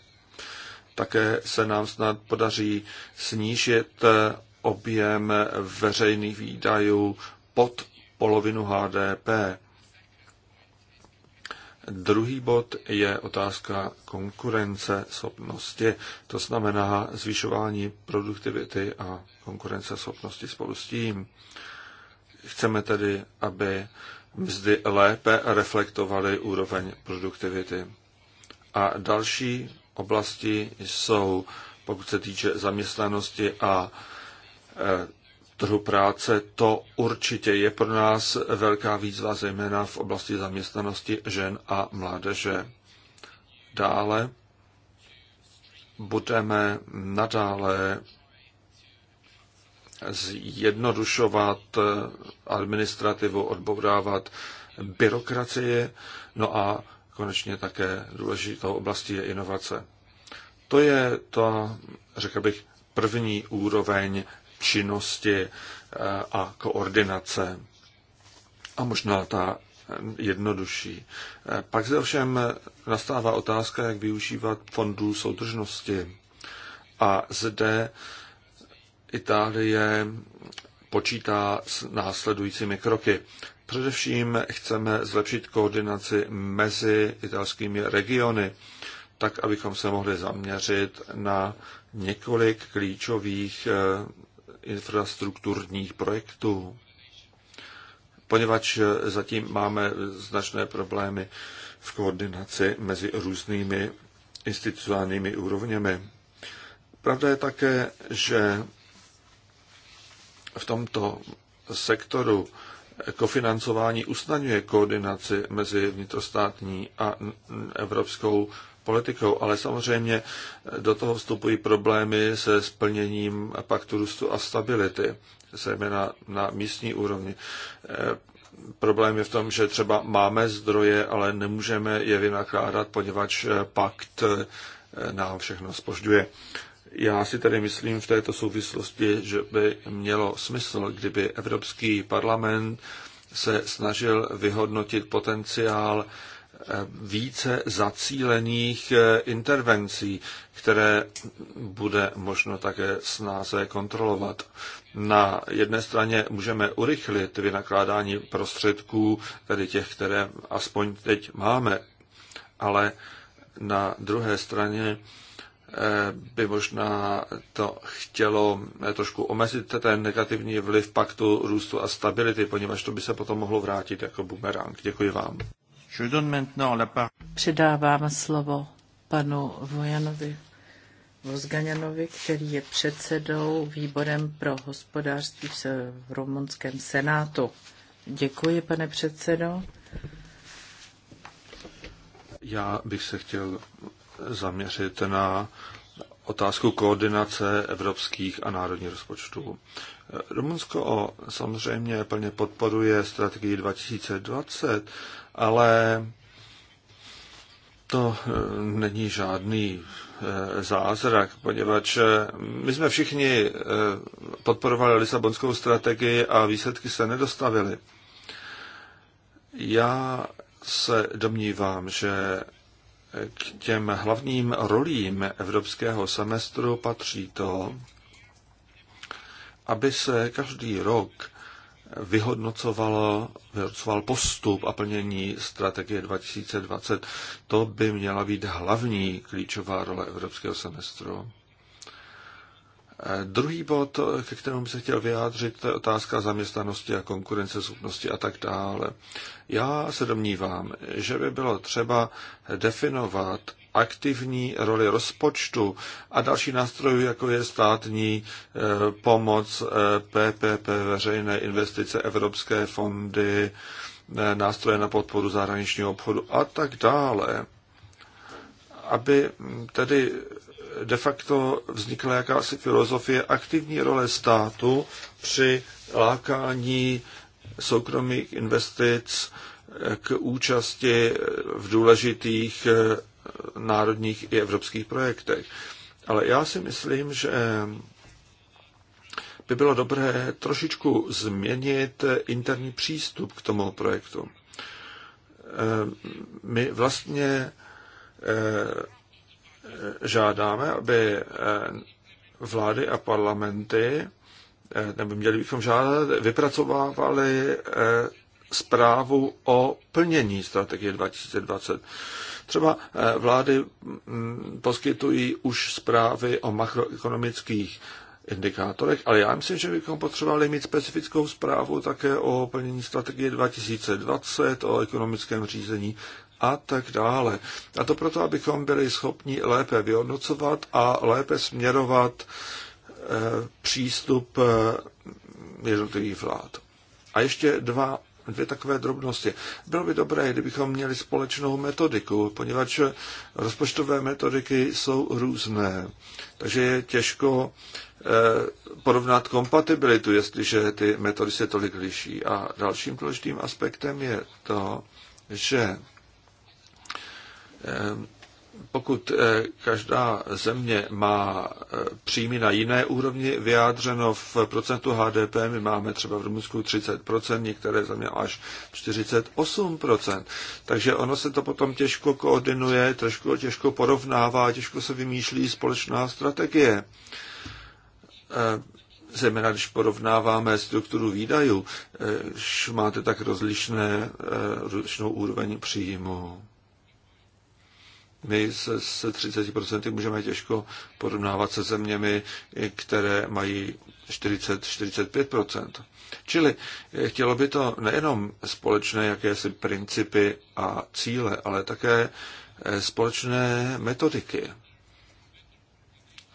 Speaker 3: Také se nám snad podaří snížit eh, objem veřejných výdajů pod polovinu HDP. Druhý bod je otázka konkurence schopnosti. to znamená zvyšování produktivity a schopnosti spolu s tím. Chceme tedy, aby mzdy lépe reflektovaly úroveň produktivity. A další oblasti jsou, pokud se týče zaměstnanosti a eh, trhu práce, to určitě je pro nás velká výzva, zejména v oblasti zaměstnanosti žen a mládeže. Dále budeme nadále zjednodušovat administrativu, odbourávat byrokracie, no a konečně také důležitou oblastí je inovace. To je ta, řekl bych, první úroveň činnosti eh, a koordinace. A možná ta eh, jednodušší. Eh, pak zde ovšem nastává otázka, jak využívat fondů soudržnosti. A zde Itálie počítá s následujícími kroky. Především chceme zlepšit koordinaci mezi italskými regiony, tak abychom se mohli zaměřit na několik klíčových infrastrukturních projektů, poněvadž zatím máme značné problémy v koordinaci mezi různými institucionálními úrovněmi. Pravda je také, že v tomto sektoru kofinancování usnadňuje koordinaci mezi vnitrostátní a evropskou politikou, ale samozřejmě do toho vstupují problémy se splněním paktu růstu a stability, zejména na místní úrovni. Eh, problém je v tom, že třeba máme zdroje, ale nemůžeme je vynakládat, poněvadž eh, pakt eh, nám všechno spožďuje. Já si tedy myslím v této souvislosti, že by mělo smysl, kdyby Evropský parlament se snažil vyhodnotit potenciál více zacílených eh, intervencí, které bude možno také snáze kontrolovat. Na jedné straně můžeme urychlit vynakládání prostředků, tedy těch, které aspoň teď máme, ale na druhé straně eh, by možná to chtělo eh, trošku omezit ten negativní vliv paktu růstu a stability, poněvadž to by se potom mohlo vrátit jako bumerang. Děkuji vám.
Speaker 1: Předávám slovo panu Vojanovi Vozganianovi, který je předsedou výborem pro hospodářství v rumunském senátu. Děkuji, pane předsedo.
Speaker 3: Já bych se chtěl zaměřit na otázku koordinace evropských a národních rozpočtů. Rumunsko samozřejmě plně podporuje strategii 2020, ale to eh, není žádný eh, zázrak, poněvadž eh, my jsme všichni podporovali Lisabonskou strategii a výsledky se nedostavily. Já se domnívám, že k těm hlavním rolím evropského semestru patří to, aby se každý rok vyhodnocovalo, vyhodnocoval postup a plnění strategie 2020. To by měla být hlavní klíčová role evropského semestru. Eh, druhý bod, ke kterému bych se chtěl vyjádřit, to je otázka zaměstnanosti a konkurenceschopnosti a tak dále. Já se domnívám, že by bylo třeba definovat aktivní roli rozpočtu a další nástrojů, jako je státní eh, pomoc, PPP, eh, veřejné investice, evropské fondy, eh, nástroje na podporu zahraničního obchodu a tak dále, aby hm, tedy de facto vznikla jakási filozofie aktivní role státu při lákání soukromých investic k účasti v důležitých národních i evropských projektech. Ale já si myslím, že by bylo dobré trošičku změnit interní přístup k tomu projektu. Eh, my vlastně eh, žádáme, aby eh, vlády a parlamenty, nebo měli bychom žádat, vypracovávali zprávu o plnění strategie 2020. Třeba eh, vlády mm, poskytují už zprávy o makroekonomických indikátorech, ale já myslím, že bychom potřebovali mít specifickou zprávu také o plnění strategie 2020, o ekonomickém řízení a tak dále. A to proto, abychom byli schopni lépe vyhodnocovat a lépe směrovat eh, přístup eh, jednotlivých vlád. A ještě dva dvě takové drobnosti. Bylo by dobré, kdybychom měli společnou metodiku, poněvadž rozpočtové metodiky jsou různé. Takže je těžko eh, porovnat kompatibilitu, jestliže ty metody se tolik liší. A dalším důležitým aspektem je to, že eh, pokud eh, každá země má eh, příjmy na jiné úrovni, vyjádřeno v procentu HDP, my máme třeba v Rumunsku 30%, některé země až 48%. Takže ono se to potom těžko koordinuje, trošku těžko porovnává, těžko se vymýšlí společná strategie. Eh, zejména když porovnáváme strukturu výdajů, když máte tak rozlišné, rozlišnou úroveň příjmu my se, se 30% můžeme těžko porovnávat se zeměmi, které mají 40-45%. Čili eh, chtělo by to nejenom společné jakési principy a cíle, ale také eh, společné metodiky,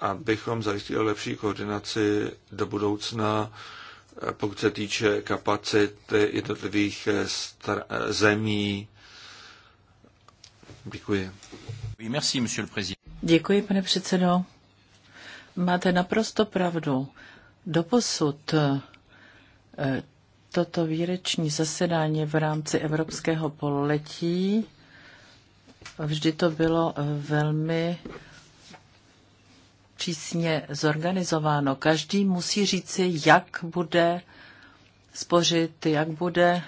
Speaker 3: abychom zajistili lepší koordinaci do budoucna, eh, pokud se týče kapacity jednotlivých zemí, Děkuji.
Speaker 1: Děkuji, pane předsedo. Máte naprosto pravdu. Doposud eh, toto výroční zasedání v rámci Evropského pololetí vždy to bylo eh, velmi přísně zorganizováno. Každý musí říci, jak bude spořit, jak bude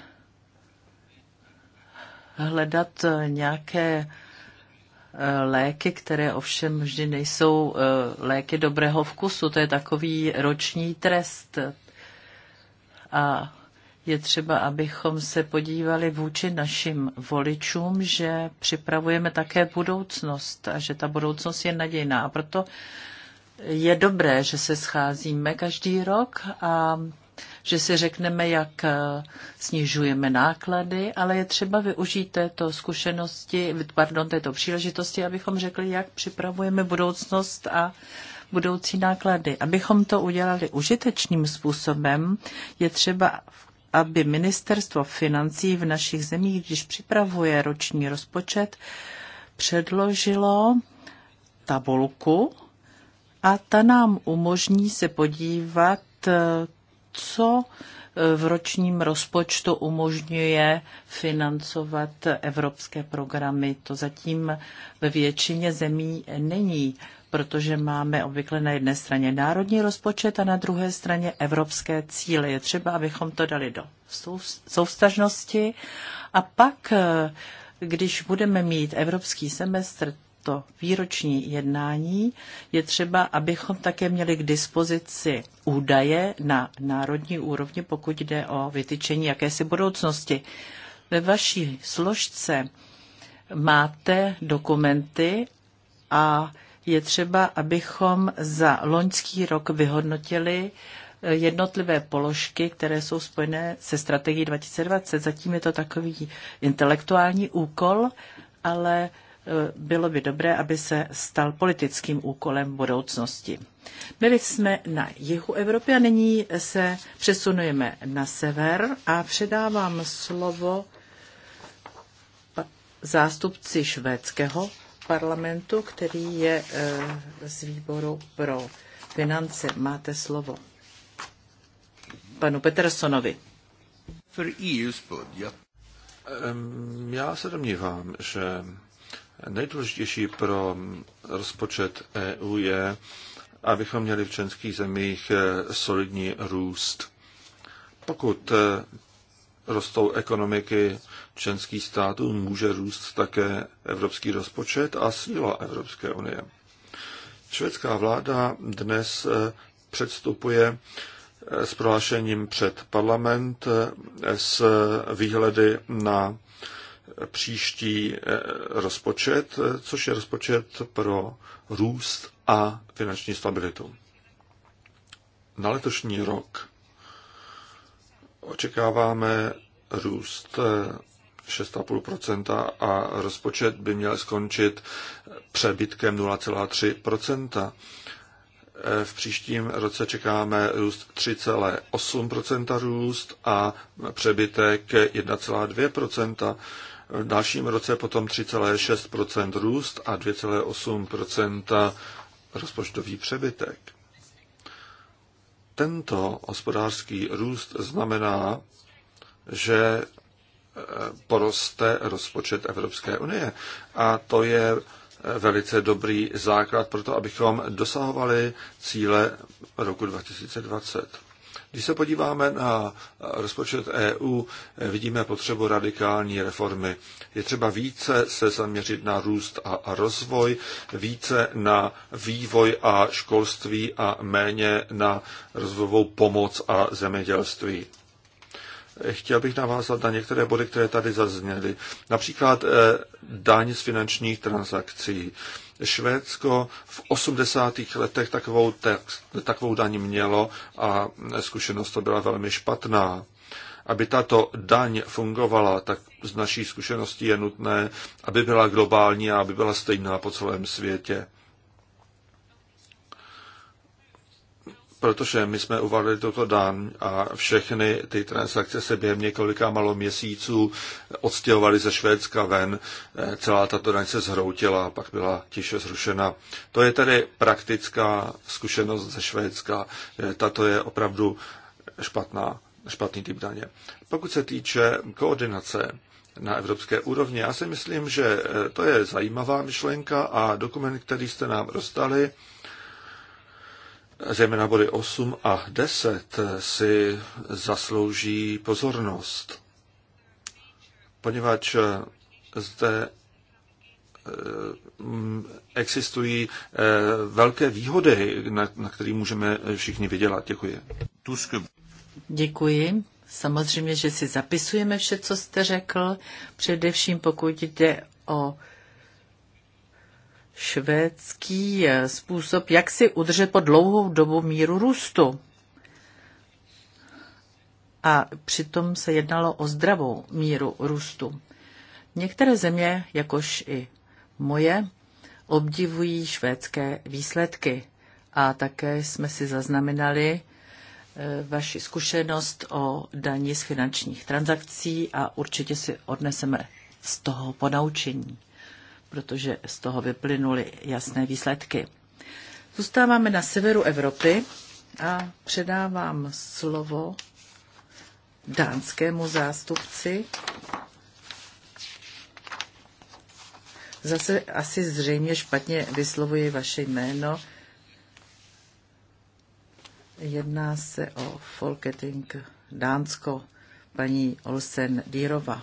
Speaker 1: hledat eh, nějaké eh, léky, které ovšem vždy nejsou eh, léky dobrého vkusu. To je takový roční trest. A je třeba, abychom se podívali vůči našim voličům, že připravujeme také budoucnost a že ta budoucnost je nadějná. A proto je dobré, že se scházíme každý rok a že si řekneme, jak eh, snižujeme náklady, ale je třeba využít této zkušenosti, pardon, této příležitosti, abychom řekli, jak připravujeme budoucnost a budoucí náklady. Abychom to udělali užitečným způsobem, je třeba aby ministerstvo financí v našich zemích, když připravuje roční rozpočet, předložilo tabulku a ta nám umožní se podívat, eh, co eh, v ročním rozpočtu umožňuje financovat evropské programy. To zatím ve většině zemí není, protože máme obvykle na jedné straně národní rozpočet a na druhé straně evropské cíle. Je třeba, abychom to dali do soustažnosti a pak eh, když budeme mít evropský semestr, toto výroční jednání je třeba, abychom také měli k dispozici údaje na národní úrovni, pokud jde o vytyčení jakési budoucnosti. Ve vaší složce máte dokumenty a je třeba, abychom za loňský rok vyhodnotili eh, jednotlivé položky, které jsou spojené se strategií 2020. Zatím je to takový intelektuální úkol, ale E, bylo by dobré, aby se stal politickým úkolem budoucnosti. Byli jsme na jihu Evropy a nyní se přesunujeme na sever a předávám slovo zástupci švédského parlamentu, který je e, z výboru pro finance. Máte slovo. Panu Petersonovi.
Speaker 3: E já se domnívám, že Nejdůležitější pro rozpočet EU je, abychom měli v členských zemích eh, solidní růst. Pokud eh, rostou ekonomiky členských států, může růst také evropský rozpočet a síla Evropské unie. Švédská vláda dnes eh, předstupuje s prohlášením před parlament s výhledy na příští eh, rozpočet, což je rozpočet pro růst a finanční stabilitu. Na letošní rok očekáváme růst 6,5% eh, a rozpočet by měl skončit přebytkem 0,3%. Eh, v příštím roce čekáme růst 3,8% růst a přebytek 1,2% v dalším roce potom 3,6 růst a 2,8 rozpočtový přebytek. Tento hospodářský růst znamená, že eh, poroste rozpočet Evropské unie. A to je eh, velice dobrý základ pro to, abychom dosahovali cíle roku 2020. Když se podíváme na rozpočet EU, vidíme potřebu radikální reformy. Je třeba více se zaměřit na růst a rozvoj, více na vývoj a školství a méně na rozvojovou pomoc a zemědělství. Chtěl bych navázat na některé body, které tady zazněly. Například eh, daň z finančních transakcí. Švédsko v 80. letech takovou, text, takovou daň mělo a zkušenost to byla velmi špatná. Aby tato daň fungovala, tak z naší zkušenosti je nutné, aby byla globální a aby byla stejná po celém světě. protože my jsme uvalili toto dán a všechny ty transakce se během několika malo měsíců odstěhovaly ze Švédska ven, eh, celá tato daň se zhroutila a pak byla tiše zrušena. To je tedy praktická zkušenost ze Švédska. Eh, tato je opravdu špatná, špatný typ daně. Pokud se týče koordinace, na evropské úrovni. Já si myslím, že eh, to je zajímavá myšlenka a dokument, který jste nám rozdali, zejména body 8 a 10 si zaslouží pozornost, poněvadž zde eh, existují eh, velké výhody, na, na které můžeme všichni vydělat. Děkuji. Tusk.
Speaker 1: Děkuji. Samozřejmě, že si zapisujeme vše, co jste řekl, především pokud jde o švédský eh, způsob, jak si udržet po dlouhou dobu míru růstu. A přitom se jednalo o zdravou míru růstu. Některé země, jakož i moje, obdivují švédské výsledky. A také jsme si zaznamenali eh, vaši zkušenost o daní z finančních transakcí a určitě si odneseme z toho ponaučení protože z toho vyplynuly jasné výsledky. Zůstáváme na severu Evropy a předávám slovo dánskému zástupci. Zase asi zřejmě špatně vyslovuji vaše jméno. Jedná se o Folketing Dánsko, paní Olsen Dírova.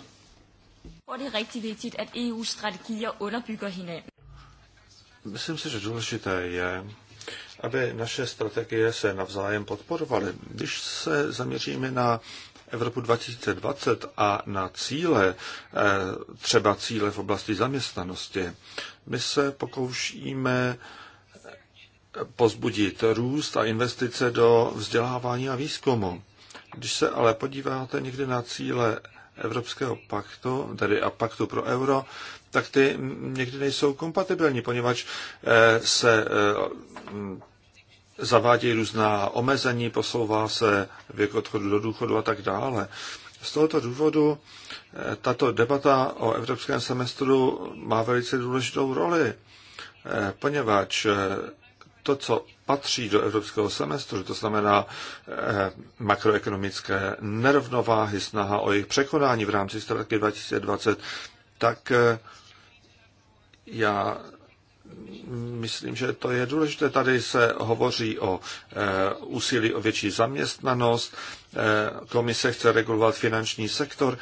Speaker 2: Det er rigtig vigtigt, at EU's strategier underbygger hinanden.
Speaker 3: Myslím si, že důležité je, aby naše strategie se navzájem podporovaly. Když se zaměříme na Evropu 2020 a na cíle, eh, třeba cíle v oblasti zaměstnanosti, my se pokoušíme pozbudit růst a investice do vzdělávání a výzkumu. Když se ale podíváte někdy na cíle Evropského paktu, tedy a paktu pro euro, tak ty někdy nejsou kompatibilní, poněvadž eh, se eh, zavádějí různá omezení, posouvá se věk odchodu do důchodu a tak dále. Z tohoto důvodu eh, tato debata o evropském semestru má velice důležitou roli, poněvadž to, co patří do evropského semestru, to znamená eh, makroekonomické nerovnováhy, snaha o jejich překonání v rámci strategie 2020, tak eh, já myslím, že to je důležité. Tady se hovoří o eh, úsilí o větší zaměstnanost, komise chce regulovat finanční sektor,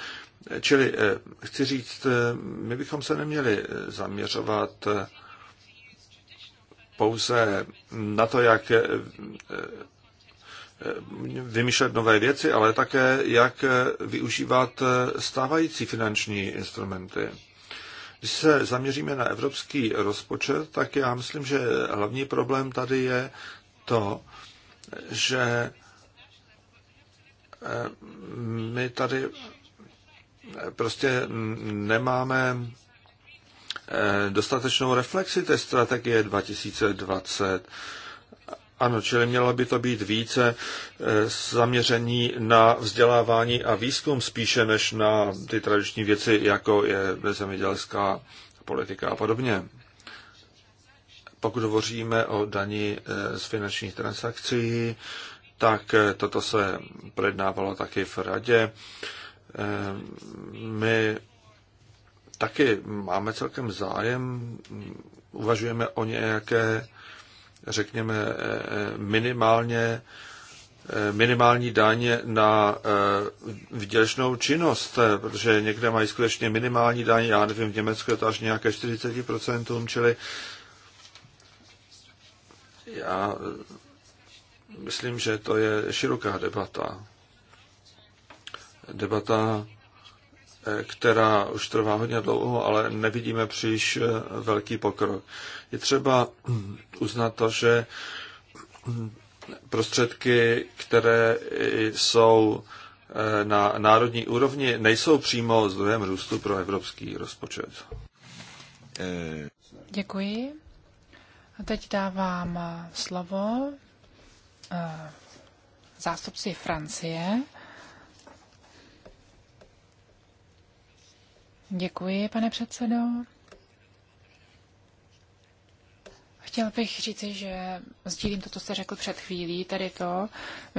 Speaker 3: čili chci říct, my bychom se neměli zaměřovat pouze na to, jak eh, eh, vymýšlet nové věci, ale také jak eh, využívat stávající finanční instrumenty. Když se zaměříme na evropský rozpočet, tak já myslím, že hlavní problém tady je to, že my tady prostě nemáme Eh, dostatečnou reflexi té strategie 2020. Ano, čili mělo by to být více eh, zaměření na vzdělávání a výzkum spíše než na ty tradiční věci, jako je zemědělská politika a podobně. Pokud hovoříme o dani eh, z finančních transakcí, tak toto se projednávalo taky v radě. My taky máme celkem zájem, uvažujeme o nějaké, řekněme, minimálně minimální daně na eh, výdělečnou činnost, eh, protože někde mají skutečně minimální daně. já nevím, v Německu je to až nějaké 40%, čili já eh, myslím, že to je široká debata. Debata která už trvá hodně dlouho, ale nevidíme příliš eh, velký pokrok. Je třeba uznat to, že mm, prostředky, které jsou eh, na národní úrovni, nejsou přímo zdrojem růstu pro evropský rozpočet. Eh.
Speaker 2: Děkuji. A teď dávám slovo zástupci Francie. Děkuji, pane předsedo. Chtěl bych říci, že sdílím to, co jste řekl před chvílí, tedy to,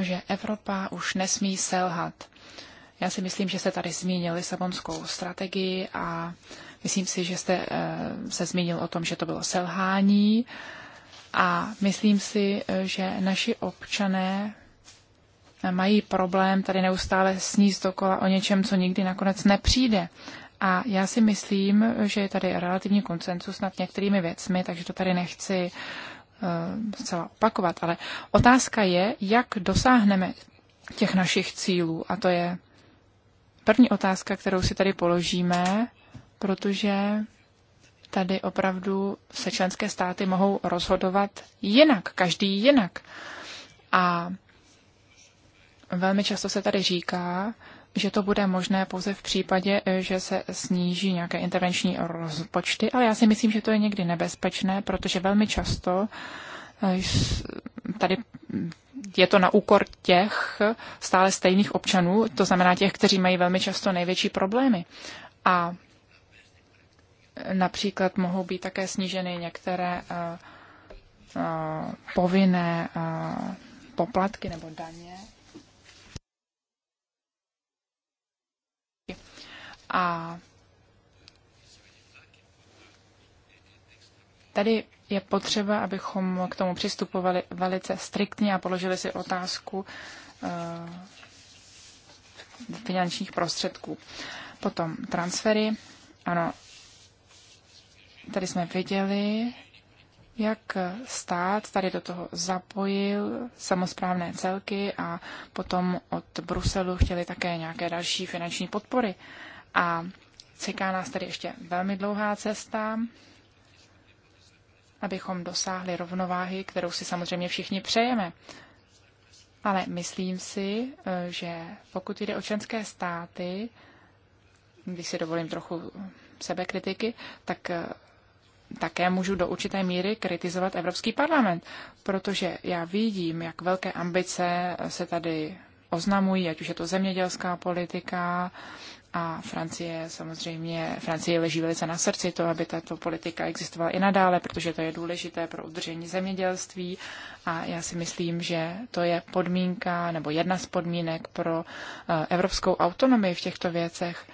Speaker 2: že Evropa už nesmí selhat. Já si myslím, že jste tady zmínil Lisabonskou strategii a myslím si, že jste eh, se zmínil o tom, že to bylo selhání a myslím si, že naši občané mají problém tady neustále sníst dokola o něčem, co nikdy nakonec nepřijde. A já si myslím, že je tady relativní koncensus nad některými věcmi, takže to tady nechci eh, zcela opakovat. Ale otázka je, jak dosáhneme těch našich cílů. A to je první otázka, kterou si tady položíme, protože tady opravdu se členské státy mohou rozhodovat jinak, každý jinak. A velmi často se tady říká, že to bude možné pouze v případě, eh, že se sníží nějaké intervenční rozpočty, ale já si myslím, že to je někdy nebezpečné, protože velmi často eh, tady je to na úkor těch stále stejných občanů, to znamená těch, kteří mají velmi často největší problémy. A eh, například mohou být také sníženy některé uh, uh, povinné uh, poplatky nebo daně. A tady je potřeba, abychom k tomu přistupovali velice striktně a položili si otázku eh, finančních prostředků. Potom transfery. Ano, tady jsme viděli, jak stát tady do toho zapojil samozprávné celky a potom od Bruselu chtěli také nějaké další finanční podpory. Uh, a čeká nás tady ještě velmi dlouhá cesta, abychom dosáhli rovnováhy, kterou si samozřejmě všichni přejeme. Ale myslím si, eh, že pokud jde o členské státy, když si dovolím trochu sebekritiky, tak eh, také můžu do určité míry kritizovat Evropský parlament, protože já vidím, jak velké ambice se tady oznamují, ať už je to zemědělská politika a Francie samozřejmě, Francie leží velice na srdci to, aby tato politika existovala i nadále, protože to je důležité pro udržení zemědělství a já si myslím, že to je podmínka nebo jedna z podmínek pro eh, evropskou autonomii v těchto věcech.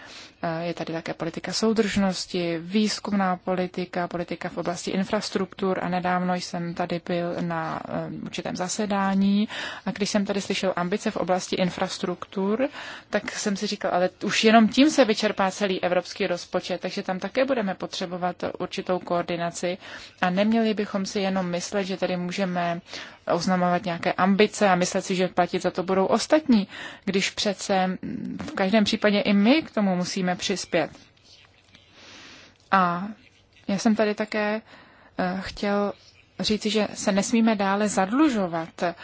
Speaker 2: Eh, je tady také politika soudržnosti, výzkumná politika, politika v oblasti infrastruktur a nedávno jsem tady byl na eh, určitém zasedání a když jsem tady slyšel ambice v oblasti infrastruktur, tak jsem si říkal, ale už jenom tím se vyčerpá celý evropský rozpočet, takže tam také budeme potřebovat určitou koordinaci a neměli bychom si jenom myslet, že tady můžeme oznamovat nějaké ambice a myslet si, že platit za to budou ostatní, když přece v každém případě i my k tomu musíme přispět. A já jsem tady také eh, chtěl říci, že se nesmíme dále zadlužovat. Eh,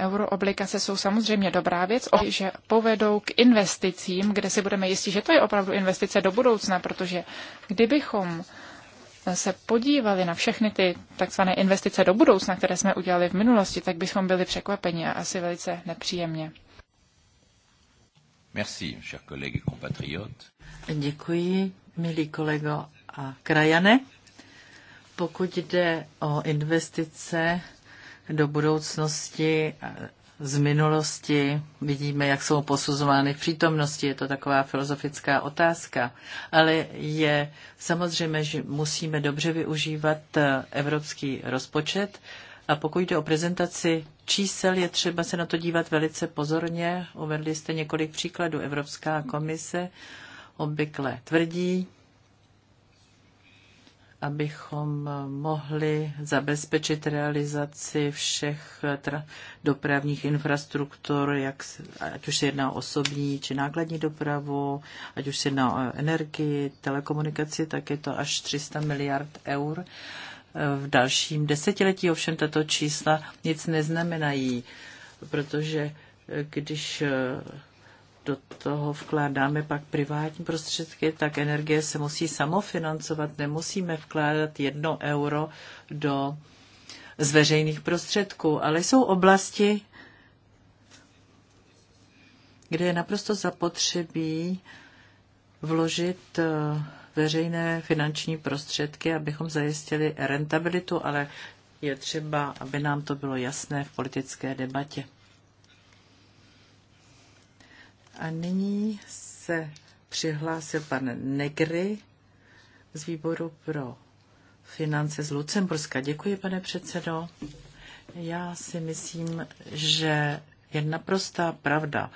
Speaker 2: euroobligace jsou samozřejmě dobrá věc, že povedou k investicím, kde si budeme jistí, že to je opravdu investice do budoucna, protože kdybychom se podívali na všechny ty takzvané investice do budoucna, které jsme udělali v minulosti, tak bychom byli překvapeni a asi velice nepříjemně.
Speaker 3: Merci, cher collègue compatriot.
Speaker 2: Děkuji,
Speaker 1: milí kolego a krajane. Pokud jde o investice do budoucnosti z minulosti, vidíme, jak jsou posuzovány v přítomnosti, je to taková filozofická otázka, ale je samozřejmě, že musíme dobře využívat eh, evropský rozpočet a pokud jde o prezentaci čísel, je třeba se na to dívat velice pozorně. Uvedli jste několik příkladů. Evropská komise obvykle tvrdí, abychom mohli zabezpečit realizaci všech dopravních infrastruktur, jak, ať už se jedná o osobní či nákladní dopravu, ať už se jedná o energii, telekomunikaci, tak je to až 300 miliard eur. V dalším desetiletí ovšem tato čísla nic neznamenají, protože když do toho vkládáme pak privátní prostředky, tak energie se musí samofinancovat. Nemusíme vkládat jedno euro do z veřejných prostředků, ale jsou oblasti, kde je naprosto zapotřebí vložit eh, veřejné finanční prostředky, abychom zajistili rentabilitu, ale je třeba, aby nám to bylo jasné v politické debatě. A nyní se přihlásil pan Negry z výboru pro finance z Lucemburska. Děkuji, pane předsedo. Já si myslím, že je naprostá pravda,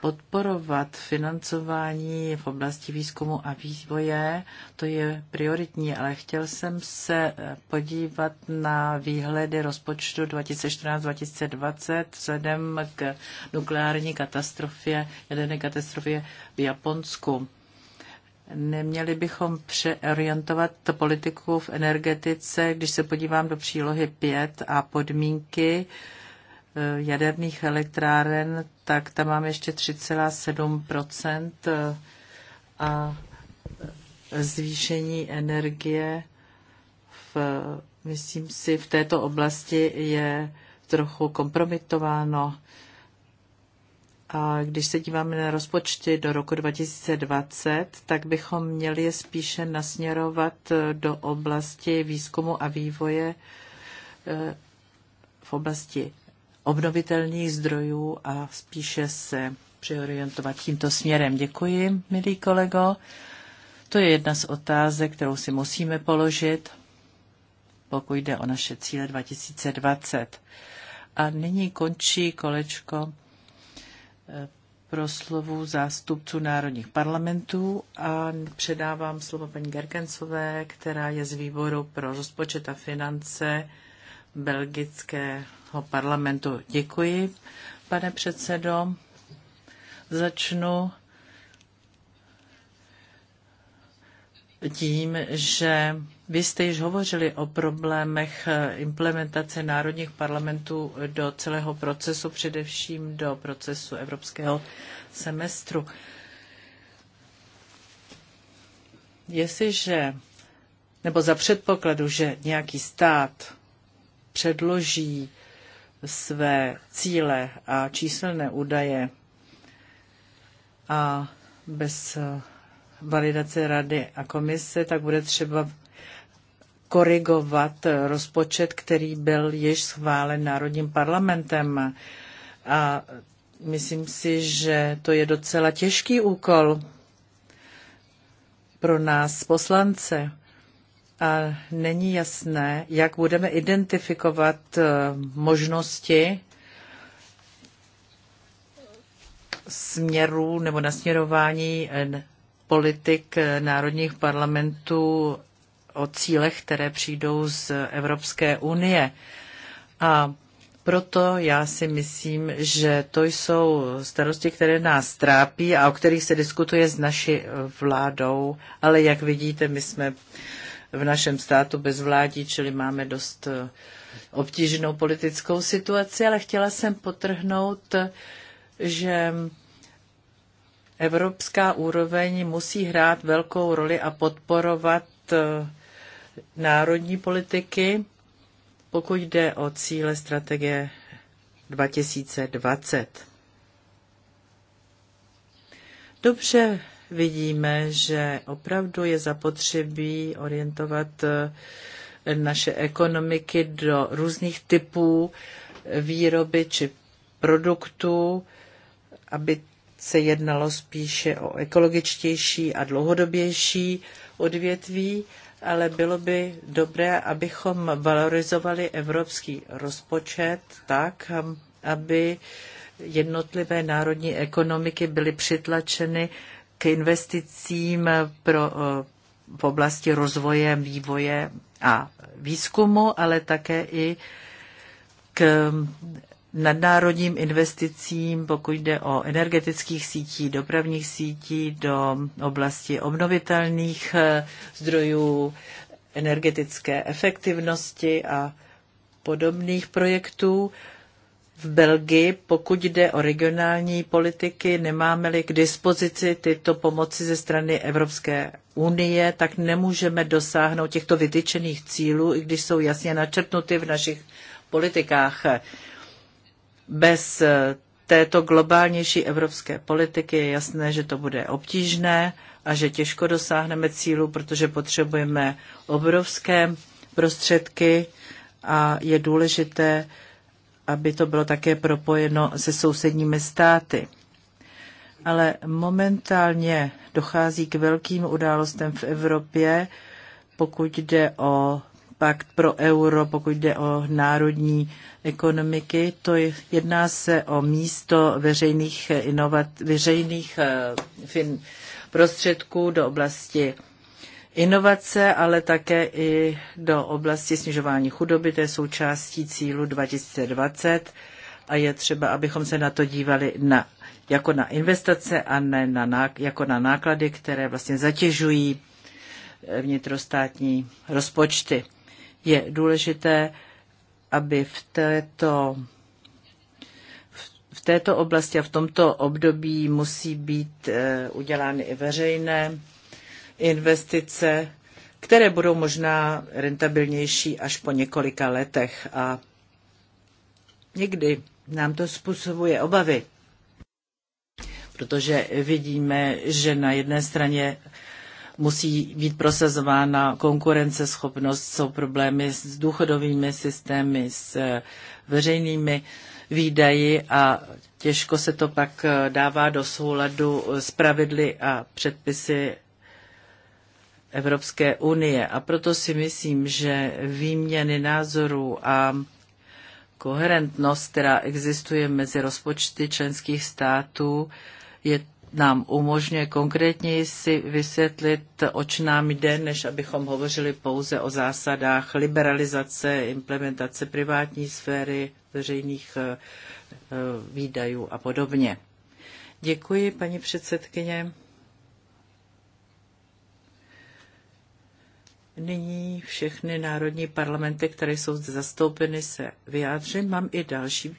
Speaker 1: podporovat financování v oblasti výzkumu a vývoje, to je prioritní, ale chtěl jsem se eh, podívat na výhledy rozpočtu 2014-2020 vzhledem k nukleární katastrofě, jedné katastrofě v Japonsku. Neměli bychom přeorientovat politiku v energetice, když se podívám do přílohy 5 a podmínky, Eh, jaderných elektráren, tak tam máme ještě 3,7 eh, a zvýšení energie v, myslím si, v této oblasti je trochu kompromitováno. A když se díváme na rozpočty do roku 2020, tak bychom měli je spíše nasměrovat eh, do oblasti výzkumu a vývoje v oblasti obnovitelných zdrojů a spíše se přiorientovat tímto směrem. Děkuji, milý kolego. To je jedna z otázek, kterou si musíme položit, pokud jde o naše cíle 2020. A nyní končí kolečko eh, proslovu zástupců národních parlamentů a předávám slovo paní Gergencové, která je z výboru pro rozpočet a finance belgického parlamentu. Děkuji, pane předsedo. Začnu tím, že vy jste již hovořili o problémech implementace národních parlamentů do celého procesu, především do procesu evropského semestru. Jestliže, nebo za předpokladu, že nějaký stát předloží své cíle a číselné údaje a bez eh, validace rady a komise, tak bude třeba korigovat eh, rozpočet, který byl již schválen Národním parlamentem. A myslím si, že to je docela těžký úkol pro nás poslance. A není jasné, jak budeme identifikovat eh, možnosti směrů nebo nasměrování eh, politik eh, národních parlamentů o cílech, které přijdou z Evropské unie. A proto já si myslím, že to jsou starosti, které nás trápí a o kterých se diskutuje s naší vládou. Ale jak vidíte, my jsme v našem státu bez vládí, čili máme dost eh, obtížnou politickou situaci, ale chtěla jsem potrhnout, že evropská úroveň musí hrát velkou roli a podporovat eh, národní politiky, pokud jde o cíle strategie 2020. Dobře vidíme, že opravdu je zapotřebí orientovat eh, naše ekonomiky do různých typů eh, výroby či produktů, aby se jednalo spíše o ekologičtější a dlouhodobější odvětví, ale bylo by dobré, abychom valorizovali evropský rozpočet tak, aby jednotlivé národní ekonomiky byly přitlačeny k investicím pro, eh, v oblasti rozvoje, vývoje a výzkumu, ale také i k nadnárodním investicím, pokud jde o energetických sítí, dopravních sítí, do oblasti obnovitelných eh, zdrojů, energetické efektivnosti a podobných projektů v Belgii, pokud jde o regionální politiky, nemáme-li k dispozici tyto pomoci ze strany Evropské unie, tak nemůžeme dosáhnout těchto vytyčených cílů, i když jsou jasně načrtnuty v našich politikách. Bez eh, této globálnější evropské politiky je jasné, že to bude obtížné a že těžko dosáhneme cílu, protože potřebujeme obrovské prostředky a je důležité, aby to bylo také propojeno se sousedními státy. Ale momentálně dochází k velkým událostem v Evropě, pokud jde o pakt pro euro, pokud jde o národní ekonomiky. To je, jedná se o místo veřejných, inovat, veřejných eh, fin, prostředků do oblasti inovace, ale také i do oblasti snižování chudoby, to je součástí cílu 2020 a je třeba, abychom se na to dívali na, jako na investice a ne na, jako na náklady, které vlastně zatěžují eh, vnitrostátní rozpočty. Je důležité, aby v této, v této oblasti a v tomto období musí být eh, udělány i veřejné investice, které budou možná rentabilnější až po několika letech a někdy nám to způsobuje obavy, protože vidíme, že na jedné straně musí být prosazována konkurenceschopnost, jsou problémy s důchodovými systémy, s eh, veřejnými výdaji a těžko se to pak eh, dává do souladu s pravidly a předpisy Evropské unie. A proto si myslím, že výměny názorů a koherentnost, která existuje mezi rozpočty členských států, je nám umožňuje konkrétněji si vysvětlit, oč nám jde, než abychom hovořili pouze o zásadách liberalizace, implementace privátní sféry, veřejných eh, eh, výdajů a podobně. Děkuji, paní předsedkyně. Nyní všechny národní parlamenty, které jsou zde zastoupeny, se vyjádří. Mám i další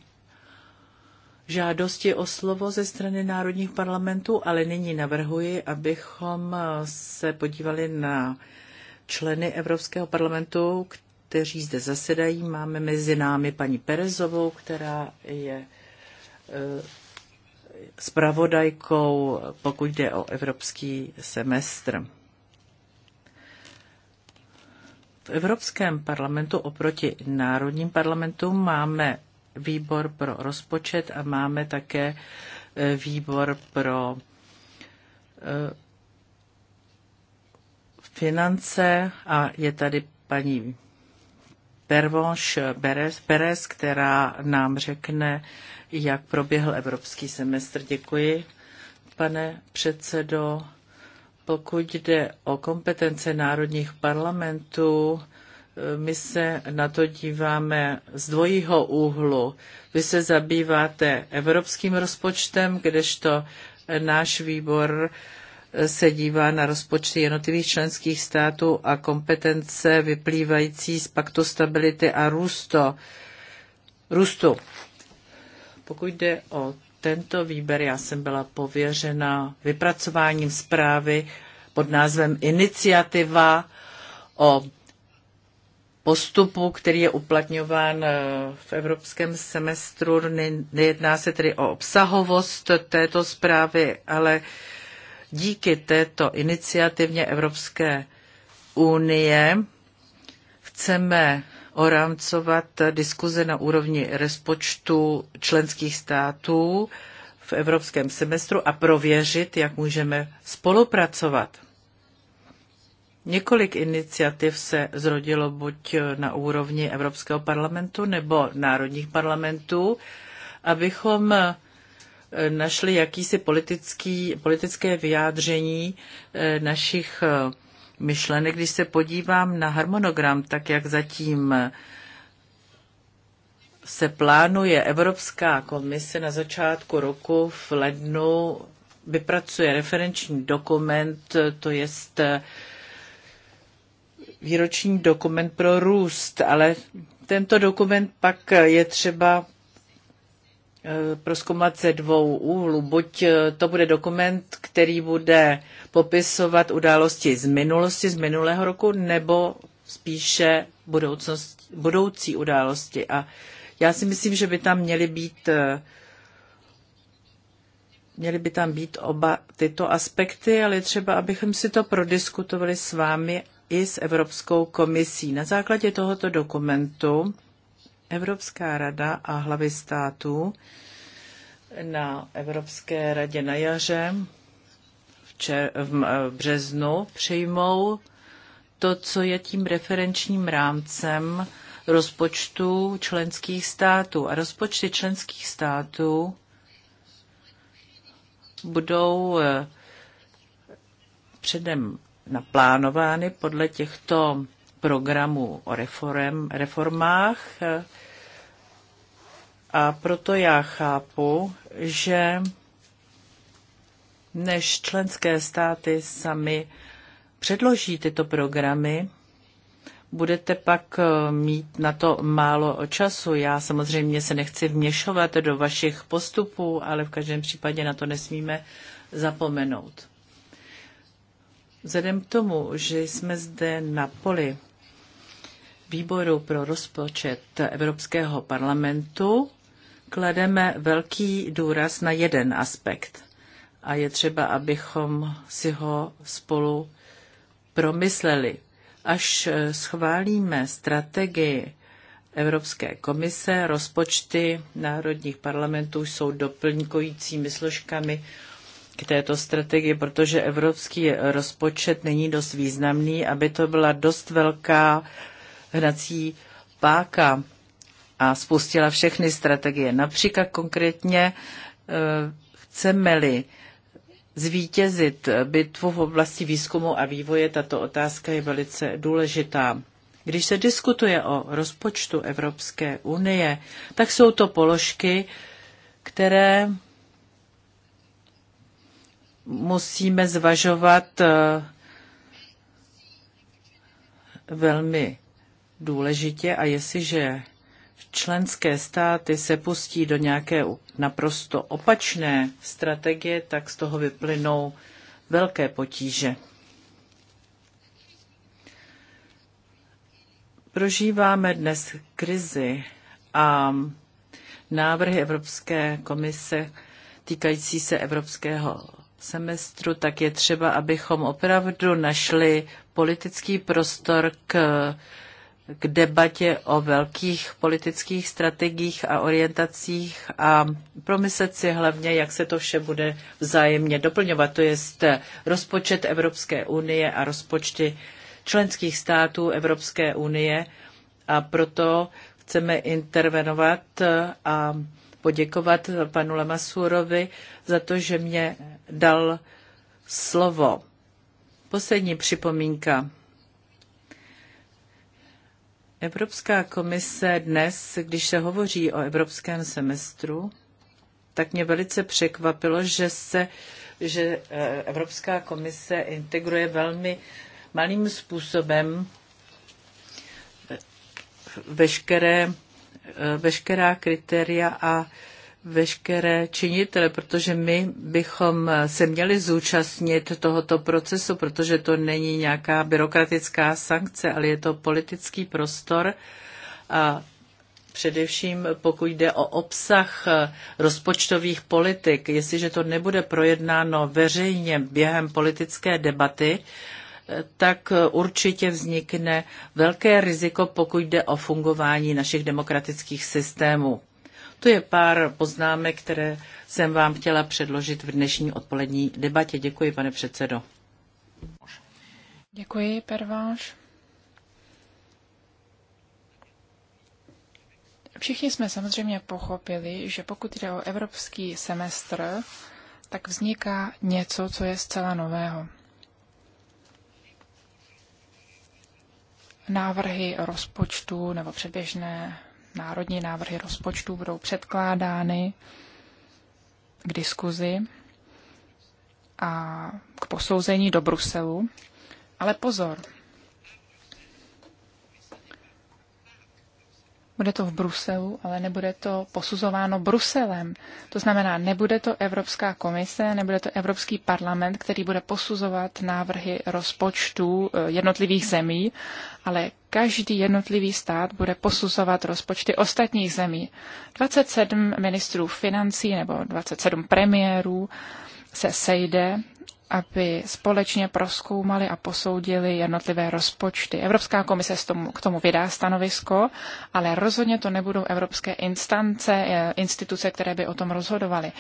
Speaker 1: žádosti o slovo ze strany národních parlamentů, ale nyní navrhuji, abychom se podívali na členy Evropského parlamentu, kteří zde zasedají. Máme mezi námi paní Perezovou, která je spravodajkou, eh, pokud jde o evropský semestr. V Evropském parlamentu oproti národním parlamentům máme výbor pro rozpočet a máme také e, výbor pro e, finance a je tady paní Pervoš Beres, Beres, která nám řekne, jak proběhl evropský semestr. Děkuji, pane předsedo. Pokud jde o kompetence národních parlamentů, eh, my se na to díváme z dvojího úhlu. Vy se zabýváte evropským rozpočtem, kdežto náš výbor eh, se dívá na rozpočty jednotlivých členských států a kompetence vyplývající z paktu stability a růsto, růstu. Pokud jde o tento výběr já jsem byla pověřena vypracováním zprávy pod názvem Iniciativa o postupu, který je uplatňován eh, v evropském semestru. Nejedná se tedy o obsahovost této zprávy, ale díky této iniciativně Evropské unie chceme orámcovat diskuze na úrovni rozpočtu členských států v evropském semestru a prověřit, jak můžeme spolupracovat. Několik iniciativ se zrodilo buď na úrovni Evropského parlamentu nebo národních parlamentů, abychom našli jakýsi politický, politické vyjádření eh, našich eh, myšlenek. Když se podívám na harmonogram, tak jak zatím se plánuje Evropská komise na začátku roku v lednu vypracuje referenční dokument, to jest eh, výroční dokument pro růst, ale tento dokument pak je třeba Eh, proskoumat ze dvou úhlů. Buď eh, to bude dokument, který bude popisovat události z minulosti, z minulého roku, nebo spíše budoucnost, budoucí události. A já si myslím, že by tam měly být eh, měly by tam být oba tyto aspekty, ale třeba, abychom si to prodiskutovali s vámi i s Evropskou komisí. Na základě tohoto dokumentu Evropská rada a hlavy států na Evropské radě na jaře v, čer, v březnu přijmou to, co je tím referenčním rámcem rozpočtu členských států. A rozpočty členských států budou eh, předem naplánovány podle těchto programu o reform, reformách a proto já chápu, že než členské státy sami předloží tyto programy, budete pak eh, mít na to málo času. Já samozřejmě se nechci vměšovat do vašich postupů, ale v každém případě na to nesmíme zapomenout. Vzhledem k tomu, že jsme zde na poli výboru pro rozpočet Evropského parlamentu klademe velký důraz na jeden aspekt. A je třeba, abychom si ho spolu promysleli. Až schválíme strategii Evropské komise, rozpočty národních parlamentů jsou doplňkujícími složkami k této strategii, protože evropský rozpočet není dost významný, aby to byla dost velká hrací páka a spustila všechny strategie. Například konkrétně eh, chceme-li zvítězit bitvu v oblasti výzkumu a vývoje, tato otázka je velice důležitá. Když se diskutuje o rozpočtu Evropské unie, tak jsou to položky, které musíme zvažovat eh, velmi důležitě a jestliže členské státy se pustí do nějaké naprosto opačné strategie, tak z toho vyplynou velké potíže. Prožíváme dnes krizi a návrhy Evropské komise týkající se evropského semestru, tak je třeba, abychom opravdu našli politický prostor k k debatě o velkých politických strategiích a orientacích a promyslet si hlavně, jak se to vše bude vzájemně doplňovat, to je rozpočet Evropské unie a rozpočty členských států Evropské unie a proto chceme intervenovat a poděkovat panu Lemasurovi za to, že mě dal slovo. Poslední připomínka. Evropská komise dnes, když se hovoří o evropském semestru, tak mě velice překvapilo, že se že eh, Evropská komise integruje velmi malým způsobem eh, veškeré, eh, veškerá kritéria a veškeré činitele, protože my bychom se měli zúčastnit tohoto procesu, protože to není nějaká byrokratická sankce, ale je to politický prostor a především pokud jde o obsah rozpočtových politik, jestliže to nebude projednáno veřejně během politické debaty, tak určitě vznikne velké riziko, pokud jde o fungování našich demokratických systémů. To je pár poznámek, které jsem vám chtěla předložit v dnešní odpolední debatě. Děkuji, pane předsedo.
Speaker 2: Děkuji, Perváš. Všichni jsme samozřejmě pochopili, že pokud jde o evropský semestr, tak vzniká něco, co je zcela nového. Návrhy rozpočtu nebo předběžné národní návrhy rozpočtů budou předkládány k diskuzi a k posouzení do Bruselu. Ale pozor, Bude to v Bruselu, ale nebude to posuzováno Bruselem. To znamená, nebude to Evropská komise, nebude to Evropský parlament, který bude posuzovat návrhy rozpočtů eh, jednotlivých zemí, ale každý jednotlivý stát bude posuzovat rozpočty ostatních zemí. 27 ministrů financí nebo 27 premiérů se sejde aby společně proskoumali a posoudili jednotlivé rozpočty. Evropská komise k tomu vydá stanovisko, ale rozhodně to nebudou evropské instance, eh, instituce, které by o tom rozhodovaly.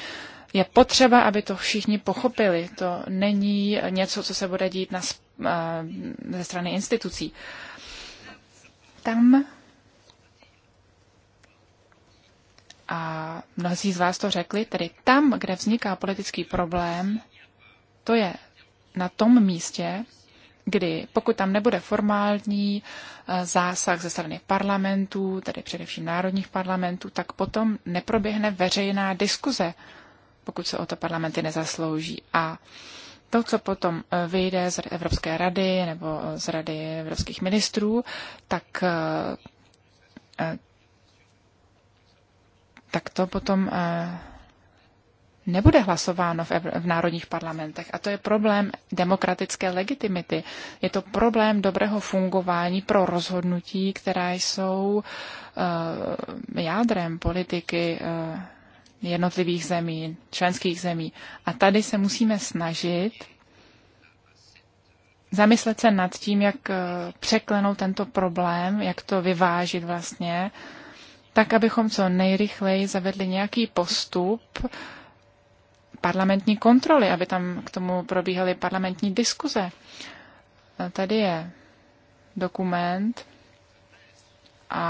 Speaker 2: Je potřeba, aby to všichni pochopili. To není něco, co se bude dít na, eh, ze strany institucí. Tam a mnozí z vás to řekli, tedy tam, kde vzniká politický problém, to je na tom místě, kdy pokud tam nebude formální eh, zásah ze strany parlamentů, tedy především národních parlamentů, tak potom neproběhne veřejná diskuze, pokud se o to parlamenty nezaslouží. A to, co potom eh, vyjde z Evropské rady nebo eh, z Rady evropských ministrů, tak tak to potom nebude hlasováno v, v národních parlamentech. A to je problém demokratické legitimity. Je to problém dobrého fungování pro rozhodnutí, která jsou uh, jádrem politiky uh, jednotlivých zemí, členských zemí. A tady se musíme snažit zamyslet se nad tím, jak eh, překlenout tento problém, jak to vyvážit vlastně, tak abychom co nejrychleji zavedli nějaký postup, parlamentní kontroly, aby tam k tomu probíhaly parlamentní diskuze. Tady je dokument a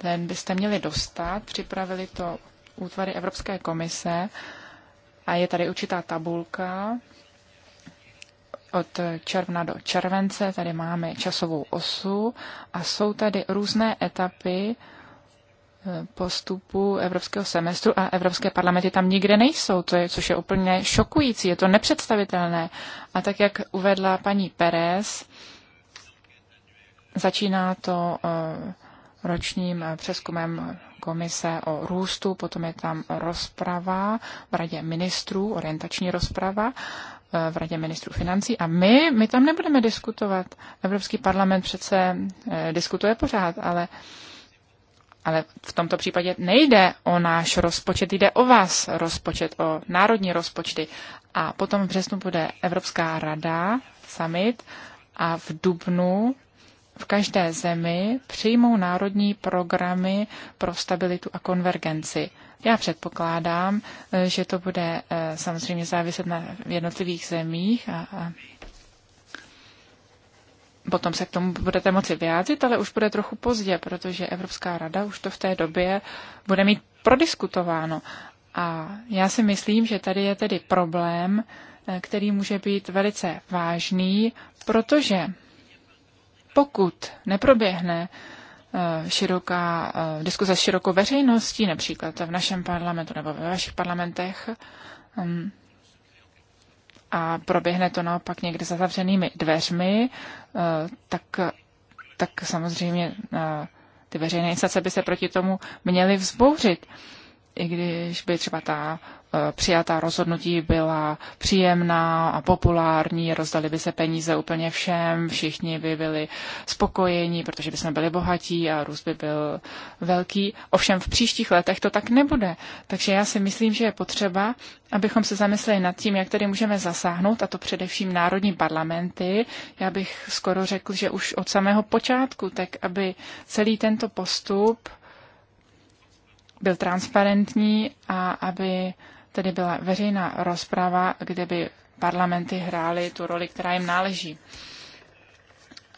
Speaker 2: ten byste měli dostat. Připravili to útvary Evropské komise a je tady určitá tabulka od června do července. Tady máme časovou osu a jsou tady různé etapy, postupu evropského semestru a evropské parlamenty tam nikde nejsou, to je, což je úplně šokující, je to nepředstavitelné. A tak, jak uvedla paní Pérez, začíná to eh, ročním eh, přeskumem komise o růstu, potom je tam rozprava v radě ministrů, orientační rozprava eh, v radě ministrů financí a my, my tam nebudeme diskutovat. Evropský parlament přece diskutuje pořád, ale ale v tomto případě nejde o náš rozpočet, jde o vás rozpočet, o národní rozpočty. A potom v březnu bude Evropská rada, summit, a v dubnu v každé zemi přijmou národní programy pro stabilitu a konvergenci. Já předpokládám, že to bude eh, samozřejmě záviset na jednotlivých zemích a, potom se k tomu budete moci vyjádřit, ale už bude trochu pozdě, protože Evropská rada už to v té době bude mít prodiskutováno. A já si myslím, že tady je tedy problém, eh, který může být velice vážný, protože pokud neproběhne eh, široká eh, diskuze s širokou veřejností, například v našem parlamentu nebo ve vašich parlamentech, mm, a proběhne to naopak někde za zavřenými dveřmi, eh, tak, tak samozřejmě eh, ty veřejné instance by se proti tomu měly vzbouřit. I když by třeba ta Eh, přijatá rozhodnutí byla příjemná a populární, rozdali by se peníze úplně všem, všichni by byli spokojení, protože by jsme byli bohatí a růst by byl velký. Ovšem v příštích letech to tak nebude. Takže já si myslím, že je potřeba, abychom se zamysleli nad tím, jak tedy můžeme zasáhnout, a to především národní parlamenty. Já bych skoro řekl, že už od samého počátku, tak aby celý tento postup byl transparentní a aby tedy byla veřejná rozprava, kde by parlamenty hrály tu roli, která jim náleží.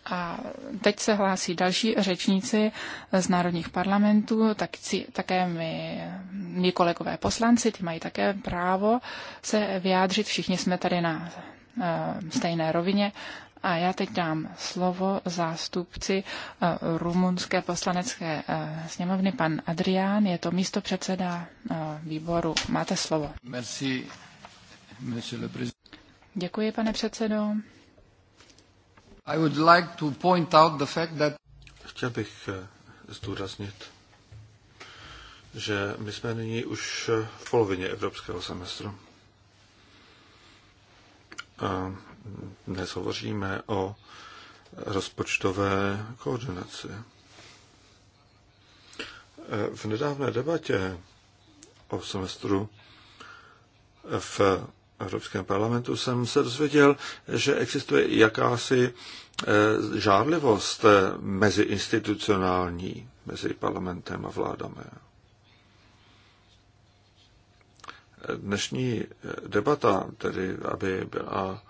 Speaker 2: A teď se hlásí další řečníci z národních parlamentů, tak si, také my, my kolegové poslanci, ty mají také právo se vyjádřit. Všichni jsme tady na eh, stejné rovině a já teď dám slovo zástupci eh, rumunské poslanecké eh, sněmovny, pan Adrián, je to místo předseda eh, výboru. Máte slovo. Merci, Děkuji, pane předsedo.
Speaker 3: I would like to point out the fact that... Chtěl bych zdůraznit, že my jsme nyní už v polovině evropského semestru. A dnes hovoříme o rozpočtové koordinaci. V nedávné debatě o semestru v Evropském parlamentu jsem se dozvěděl, že existuje jakási eh, žádlivost eh, meziinstitucionální mezi parlamentem a vládami. Dnešní eh, debata, tedy aby byla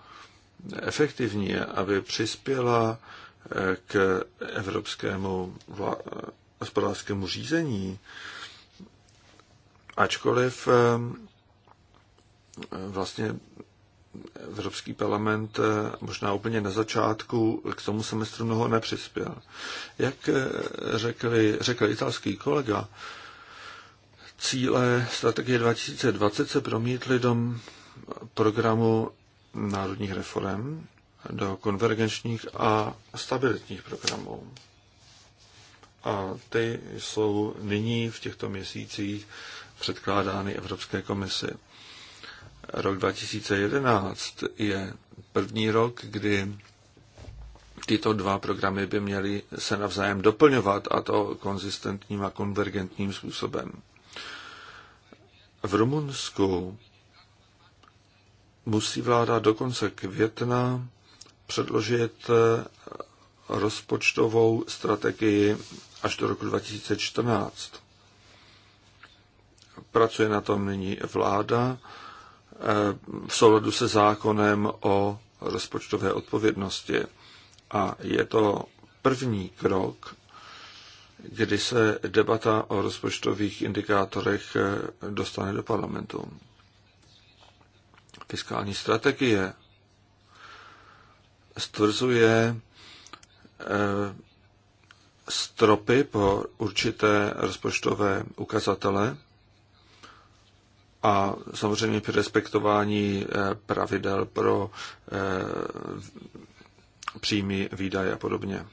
Speaker 3: efektivní, aby přispěla eh, k evropskému hospodářskému řízení, ačkoliv eh, vlastně Evropský parlament eh, možná úplně na začátku k tomu semestru mnoho nepřispěl. Jak řekli, řekl italský kolega, cíle strategie 2020 se promítly do programu národních reform do konvergenčních a stabilitních programů. A ty jsou nyní v těchto měsících předkládány Evropské komisi. Rok 2011 je první rok, kdy tyto dva programy by měly se navzájem doplňovat a to konzistentním a konvergentním způsobem. V Rumunsku musí vláda do konce května předložit eh, rozpočtovou strategii až do roku 2014. Pracuje na tom nyní vláda eh, v souladu se zákonem o rozpočtové odpovědnosti. A je to první krok, kdy se debata o rozpočtových indikátorech eh, dostane do parlamentu fiskální strategie stvrzuje eh, stropy po určité rozpočtové ukazatele a samozřejmě při respektování eh, pravidel pro eh, příjmy, výdaje a podobně.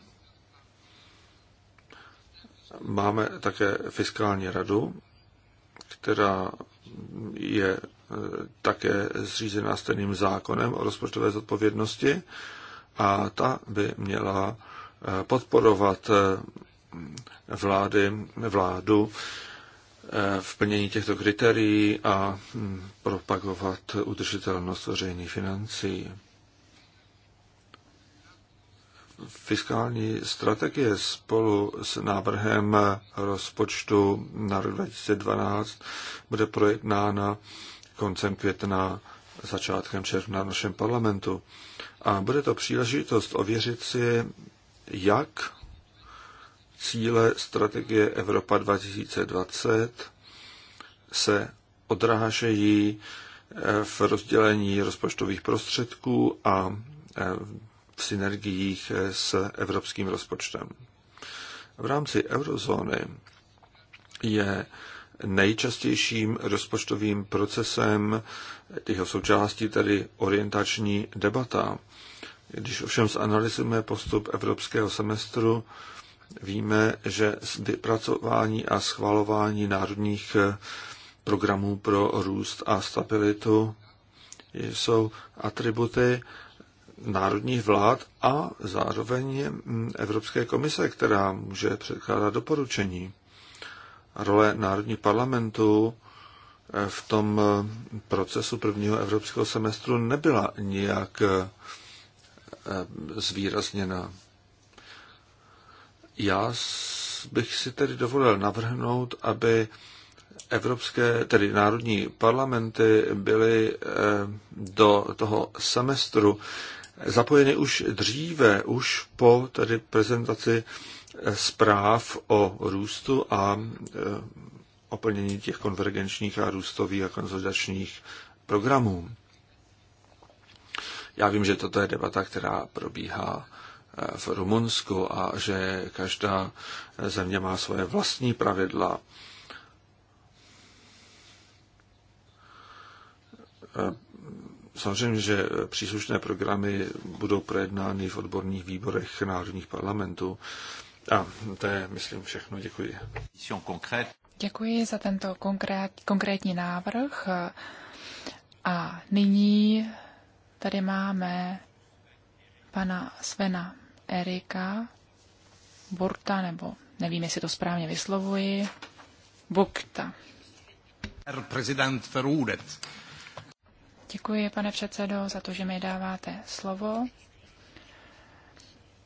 Speaker 3: Máme také fiskální radu, která je také zřízená stejným zákonem o rozpočtové zodpovědnosti a ta by měla eh, podporovat eh, vlády, vládu eh, v plnění těchto kritérií a hm, propagovat udržitelnost veřejných financí. Fiskální strategie spolu s návrhem rozpočtu na rok 2012 bude projednána koncem května, začátkem června v našem parlamentu. A bude to příležitost ověřit si, jak cíle strategie Evropa 2020 se odrážejí eh, v rozdělení rozpočtových prostředků a eh, v synergiích eh, s evropským rozpočtem. V rámci eurozóny je nejčastějším rozpočtovým procesem, jeho součástí tedy orientační debata. Když ovšem zanalizujeme postup evropského semestru, víme, že vypracování a schvalování národních programů pro růst a stabilitu jsou atributy národních vlád a zároveň Evropské komise, která může předkládat doporučení role národních parlamentů eh, v tom eh, procesu prvního evropského semestru nebyla nijak eh, zvýrazněna. Já bych si tedy dovolil navrhnout, aby evropské, tedy národní parlamenty byly do toho semestru zapojeny už dříve, už po tedy prezentaci zpráv o růstu a e, o plnění těch konvergenčních a růstových a konzolidačních programů. Já vím, že toto je debata, která probíhá e, v Rumunsku a že každá země má svoje vlastní pravidla. E, samozřejmě, že příslušné programy budou projednány v odborných výborech národních parlamentů. A no to je, myslím, všechno. Děkuji.
Speaker 2: Děkuji za tento konkrét, konkrétní návrh. A nyní tady máme pana Svena Erika Burta, nebo nevím, jestli to správně vyslovuji, Bukta. Děkuji, pane předsedo, za to, že mi dáváte slovo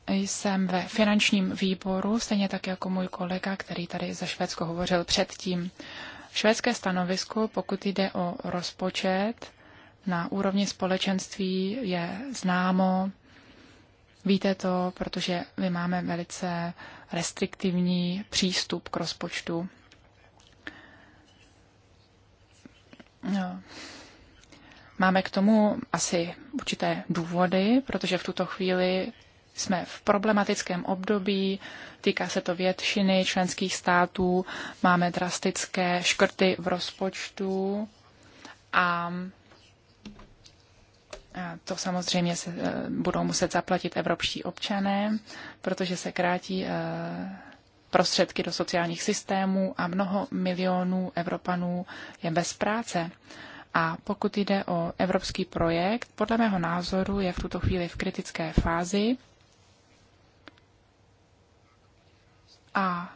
Speaker 2: jsem ve finančním výboru, stejně tak jako můj kolega, který tady za Švédsko hovořil předtím. Švédské stanovisko, pokud jde o rozpočet na úrovni společenství, je známo. Víte to, protože my máme velice restriktivní přístup k rozpočtu. No. Máme k tomu asi určité důvody, protože v tuto chvíli jsme v problematickém období, týká se to většiny členských států, máme drastické škrty v rozpočtu a to samozřejmě se e, budou muset zaplatit evropští občané, protože se krátí e, prostředky do sociálních systémů a mnoho milionů Evropanů je bez práce. A pokud jde o evropský projekt, podle mého názoru je v tuto chvíli v kritické fázi A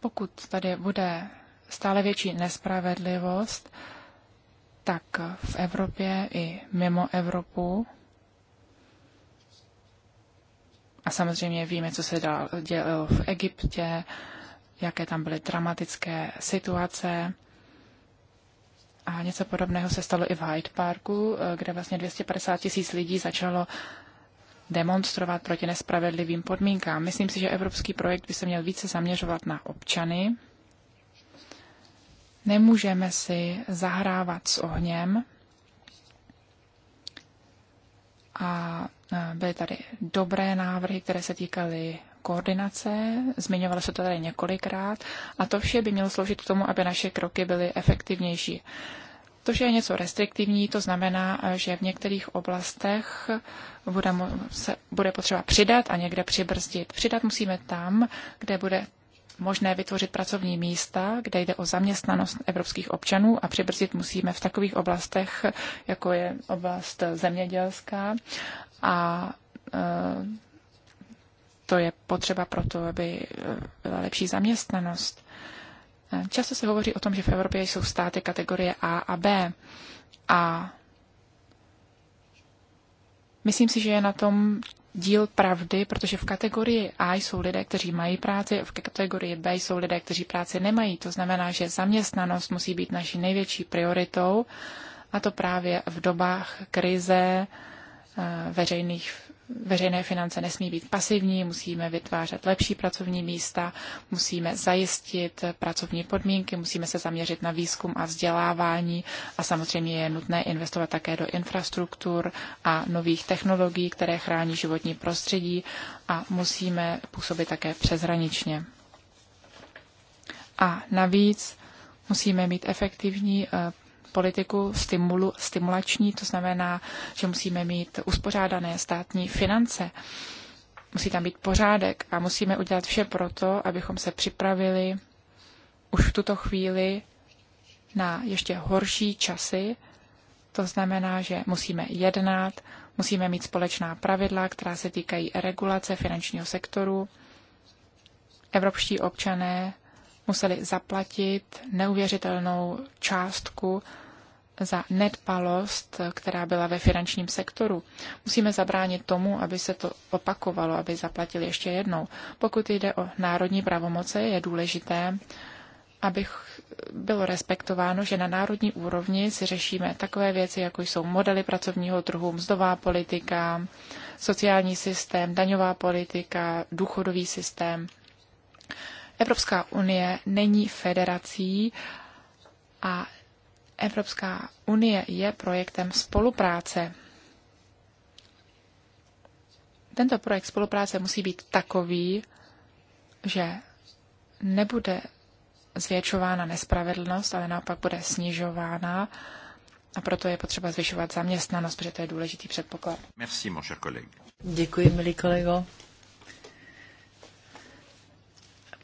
Speaker 2: pokud tady bude stále větší nespravedlivost, tak v Evropě i mimo Evropu. A samozřejmě víme, co se dělo v Egyptě, jaké tam byly dramatické situace. A něco podobného se stalo i v Hyde Parku, eh, kde vlastně 250 tisíc lidí začalo demonstrovat proti nespravedlivým podmínkám. Myslím si, že evropský projekt by se měl více zaměřovat na občany. Nemůžeme si zahrávat s ohněm. A e, byly tady dobré návrhy, které se týkaly koordinace, zmiňovalo se to tady několikrát, a to vše by mělo sloužit k tomu, aby naše kroky byly efektivnější. To, že je něco restriktivní, to znamená, že v některých oblastech bude, se bude potřeba přidat a někde přibrzdit. Přidat musíme tam, kde bude možné vytvořit pracovní místa, kde jde o zaměstnanost evropských občanů a přibrzdit musíme v takových oblastech, jako je oblast zemědělská a e, to je potřeba proto, aby e, byla lepší zaměstnanost. Často se hovoří o tom, že v Evropě jsou státy kategorie A a B. A myslím si, že je na tom díl pravdy, protože v kategorii A jsou lidé, kteří mají práci, v kategorii B jsou lidé, kteří práci nemají. To znamená, že zaměstnanost musí být naší největší prioritou, a to právě v dobách krize eh, veřejných veřejné finance nesmí být pasivní, musíme vytvářet lepší pracovní místa, musíme zajistit pracovní podmínky, musíme se zaměřit na výzkum a vzdělávání a samozřejmě je nutné investovat také do infrastruktur a nových technologií, které chrání životní prostředí a musíme působit také přeshraničně. A navíc musíme mít efektivní eh, politiku stimulu, stimulační, to znamená, že musíme mít uspořádané státní finance. Musí tam být pořádek a musíme udělat vše proto, abychom se připravili už v tuto chvíli na ještě horší časy. To znamená, že musíme jednat, musíme mít společná pravidla, která se týkají regulace finančního sektoru. Evropští občané museli zaplatit neuvěřitelnou částku za nedbalost, která byla ve finančním sektoru. Musíme zabránit tomu, aby se to opakovalo, aby zaplatili ještě jednou. Pokud jde o národní pravomoce, je důležité, aby bylo respektováno, že na národní úrovni si řešíme takové věci, jako jsou modely pracovního trhu, mzdová politika, sociální systém, daňová politika, důchodový systém. Evropská unie není federací a Evropská unie je projektem spolupráce. Tento projekt spolupráce musí být takový, že nebude zvětšována nespravedlnost, ale naopak bude snižována. A proto je potřeba zvyšovat zaměstnanost, protože to je důležitý předpoklad.
Speaker 3: Merci, mon cher collègue.
Speaker 2: Děkuji, milý kolego.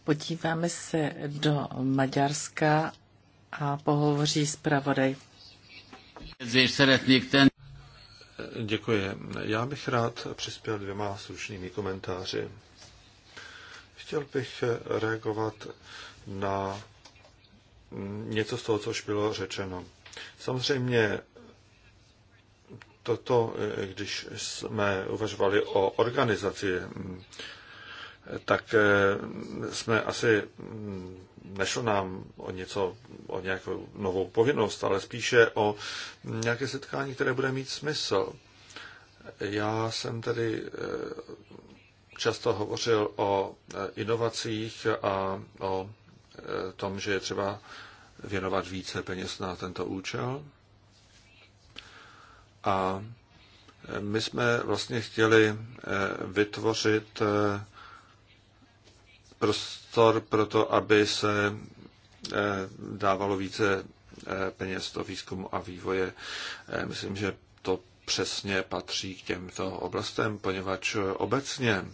Speaker 2: Podíváme se
Speaker 1: do Maďarska a pohovoří zpravodaj.
Speaker 3: Děkuji. Já bych rád přispěl dvěma slušnými komentáři. Chtěl bych reagovat na něco z toho, už bylo řečeno. Samozřejmě toto, když jsme uvažovali o organizaci, tak jsme asi nešlo nám o něco, o nějakou novou povinnost, ale spíše o nějaké setkání, které bude mít smysl. Já jsem tedy eh, často hovořil o eh, inovacích a o eh, tom, že je třeba věnovat více peněz na tento účel. A my jsme vlastně chtěli vytvořit prostě prostor pro to, aby se eh, dávalo více eh, peněz do výzkumu a vývoje. Eh, myslím, že to přesně patří k těmto oblastem, poněvadž obecně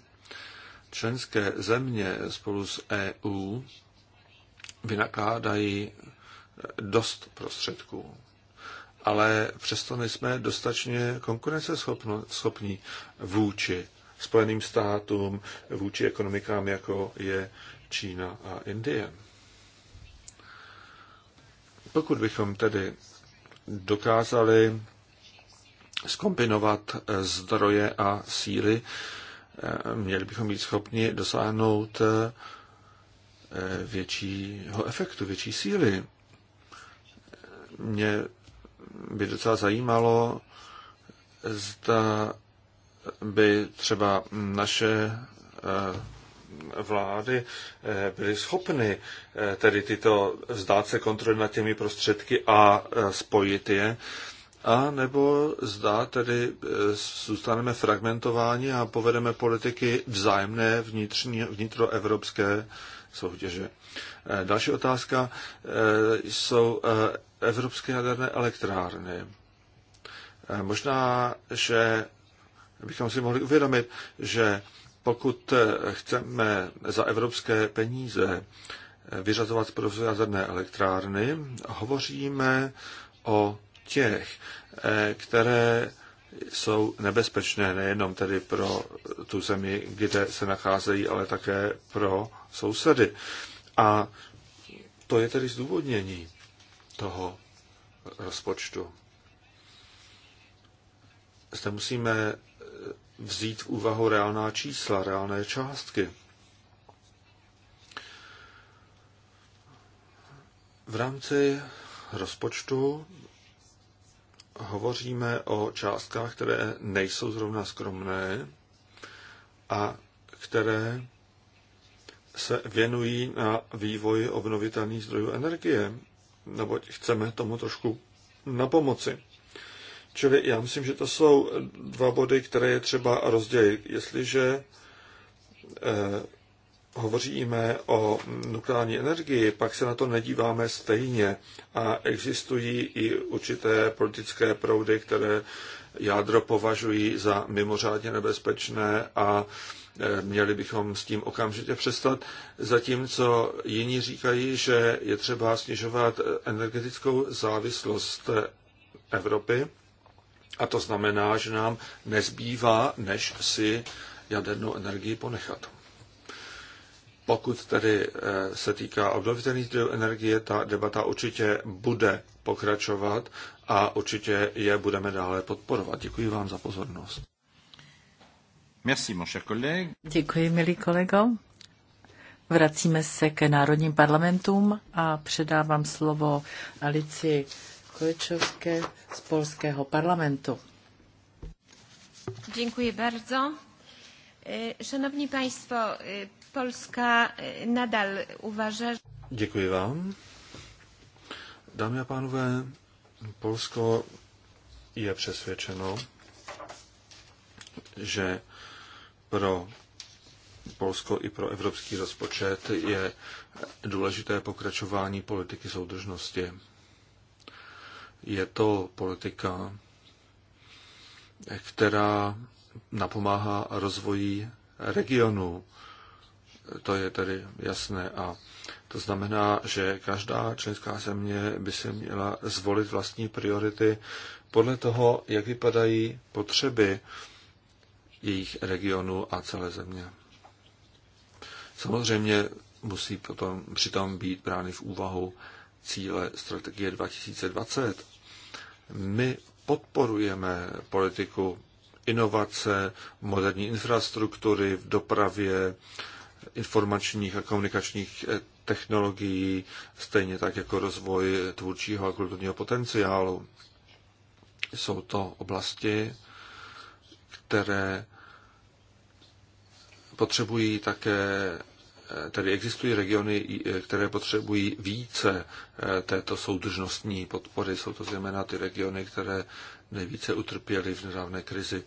Speaker 3: členské země spolu s EU vynakládají dost prostředků. Ale přesto nejsme dostatečně konkurenceschopní vůči Spojeným státům, vůči ekonomikám, jako je Čína a Indie. Pokud bychom tedy dokázali skombinovat eh, zdroje a síly, eh, měli bychom být schopni dosáhnout eh, většího efektu, větší síly. Mě by docela zajímalo, zda by třeba naše vlády eh, byly schopny eh, tedy tyto vzdát se kontroly nad těmi prostředky a eh, spojit je, a nebo zda tedy zůstaneme fragmentováni a povedeme politiky vzájemné vnitřní, vnitroevropské soutěže. Další otázka jsou evropské jaderné elektrárny. Možná, že bychom si mohli uvědomit, že pokud chceme za evropské peníze vyřazovat provoz jaderné elektrárny, hovoříme o těch, které jsou nebezpečné nejenom tedy pro tu zemi, kde se nacházejí, ale také pro sousedy. A to je tedy zdůvodnění toho rozpočtu. Zde musíme vzít v úvahu reálná čísla, reálné částky. V rámci rozpočtu hovoříme o částkách, které nejsou zrovna skromné a které se věnují na vývoji obnovitelných zdrojů energie, neboť chceme tomu trošku na pomoci. Čili já myslím, že to jsou dva body, které je třeba rozdělit. Jestliže eh, hovoříme o nukleární energii, pak se na to nedíváme stejně a existují i určité politické proudy, které jádro považují za mimořádně nebezpečné a eh, měli bychom s tím okamžitě přestat, zatímco jiní říkají, že je třeba snižovat energetickou závislost Evropy a to znamená, že nám nezbývá, než si jadernou energii ponechat. Pokud tedy eh, se týká obnovitelných zdrojů energie, ta debata určitě bude pokračovat a určitě je budeme dále podporovat. Děkuji vám za pozornost. Merci, mon cher collègue.
Speaker 1: Děkuji, milý kolego. Vracíme se ke národním parlamentům a předávám slovo Alici Kojčovské z polského parlamentu. Dziękuję bardzo. E, szanowni Państwo, e, Polska e, nadal uważa...
Speaker 3: Děkuji vám. Dámy a pánové, Polsko je přesvědčeno, že pro Polsko i pro evropský rozpočet je důležité pokračování politiky soudržnosti. Je to politika, která napomáhá rozvoji regionu. To je tedy jasné a to znamená, že každá členská země by se měla zvolit vlastní priority podle toho, jak vypadají potřeby jejich regionu a celé země. Samozřejmě musí potom přitom být brány v úvahu cíle strategie 2020 my podporujeme politiku inovace, moderní infrastruktury v dopravě, informačních a komunikačních eh, technologií, stejně tak jako rozvoj tvůrčího a kulturního potenciálu. Jsou to oblasti, které potřebují také tedy existují regiony, které potřebují více eh, této soudržnostní podpory. Jsou to zejména ty regiony, které nejvíce utrpěly v nedávné krizi.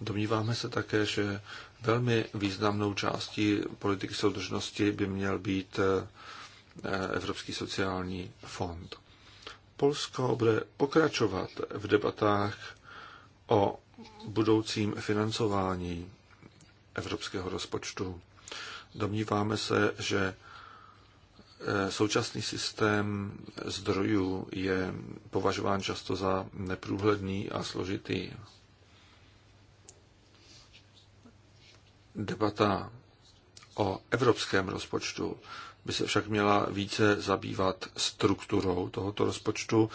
Speaker 3: Domníváme se také, že velmi významnou částí politiky soudržnosti by měl být eh, Evropský sociální fond. Polsko bude pokračovat v debatách o budoucím financování evropského rozpočtu. Domníváme se, že eh, současný systém zdrojů je považován často za neprůhledný a složitý. Debata o evropském rozpočtu by se však měla více zabývat strukturou tohoto rozpočtu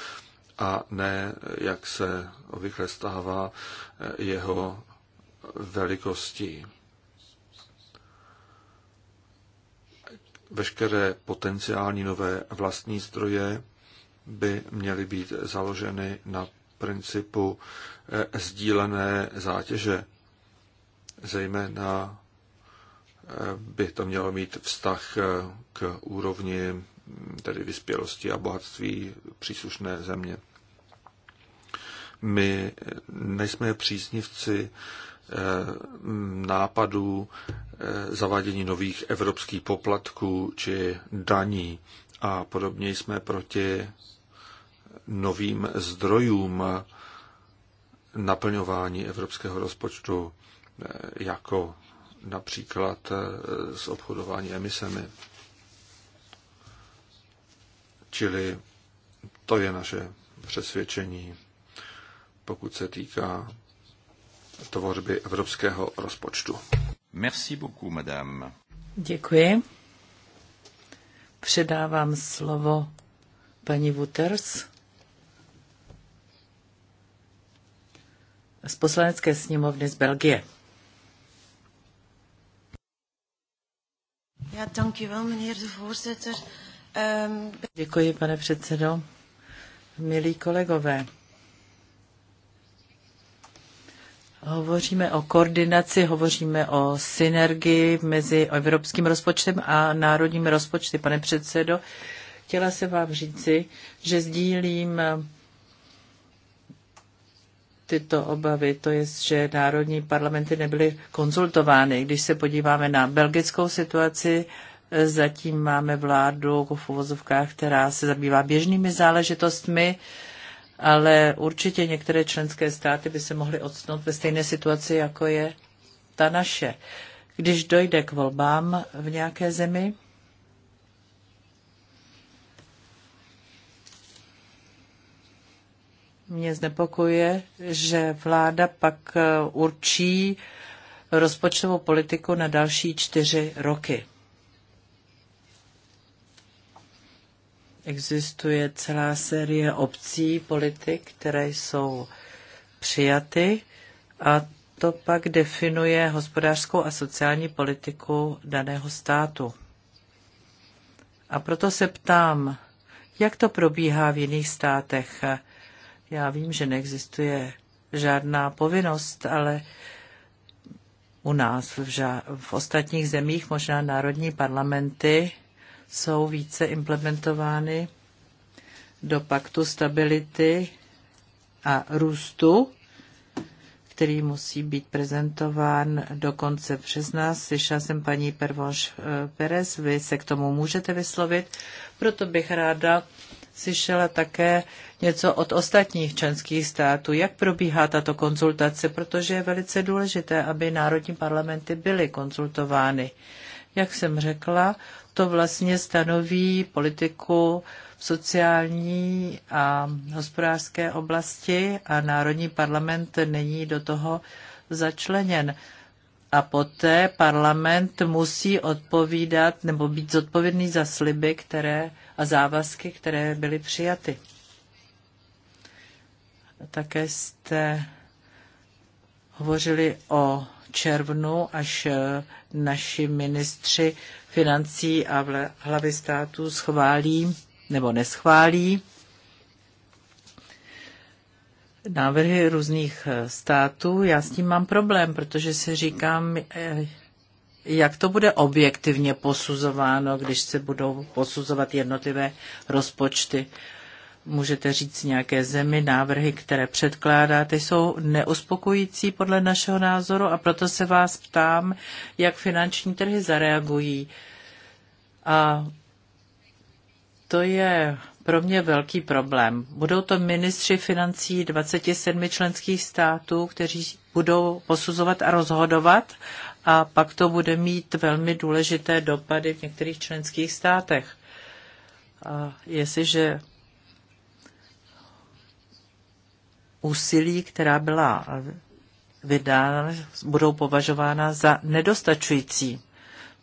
Speaker 3: a ne, jak se obvykle stává, eh, jeho velikostí. veškeré potenciální nové vlastní zdroje by měly být založeny na principu eh, sdílené zátěže. Zejména eh, by to mělo mít vztah eh, k úrovni hm, tedy vyspělosti a bohatství příslušné země. My nejsme příznivci Eh, nápadů eh, zavádění nových evropských poplatků či daní a podobně jsme proti novým zdrojům naplňování evropského rozpočtu, eh, jako například s obchodování emisemi. Čili to je naše přesvědčení, pokud se týká tvorby evropského rozpočtu. Merci beaucoup, madame.
Speaker 1: Děkuji. Předávám slovo paní Wouters z poslanecké sněmovny z Belgie. Ja, meneer de Um... Děkuji, pane předsedo. Milí kolegové, Hovoříme o koordinaci, hovoříme o synergii mezi evropským rozpočtem a národním rozpočty. Pane předsedo, chtěla se vám říci, že sdílím eh, tyto obavy, to je, že národní parlamenty nebyly konzultovány. Když se podíváme na belgickou situaci, eh, zatím máme vládu v uvozovkách, která se zabývá běžnými záležitostmi, ale určitě některé členské státy by se mohly odstnout ve stejné situaci, jako je ta naše. Když dojde k volbám v nějaké zemi, mě znepokuje, že vláda pak eh, určí rozpočtovou politiku na další čtyři roky. Existuje celá série obcí, politik, které jsou přijaty a to pak definuje hospodářskou a sociální politiku daného státu. A proto se ptám, jak to probíhá v jiných státech. Já vím, že neexistuje žádná povinnost, ale u nás v, ža- v ostatních zemích možná národní parlamenty jsou více implementovány do paktu stability a růstu, který musí být prezentován do konce března. Slyšela jsem paní Pervonš eh, Perez, vy se k tomu můžete vyslovit, proto bych ráda slyšela také něco od ostatních členských států. Jak probíhá tato konzultace, protože je velice důležité, aby národní parlamenty byly konzultovány. Jak jsem řekla, to vlastně stanoví politiku v sociální a hospodářské oblasti a Národní parlament není do toho začleněn. A poté parlament musí odpovídat nebo být zodpovědný za sliby které, a závazky, které byly přijaty. Také jste hovořili o červnu, až eh, naši ministři financí a hlavy státu schválí nebo neschválí návrhy různých eh, států. Já s tím mám problém, protože si říkám, eh, jak to bude objektivně posuzováno, když se budou posuzovat jednotlivé rozpočty můžete říct nějaké zemi, návrhy, které předkládáte, jsou neuspokojící podle našeho názoru a proto se vás ptám, jak finanční trhy zareagují. A to je pro mě velký problém. Budou to ministři financí 27 členských států, kteří budou posuzovat a rozhodovat a pak to bude mít velmi důležité dopady v některých členských státech. A jestliže úsilí, která byla eh, vydána, budou považována za nedostačující.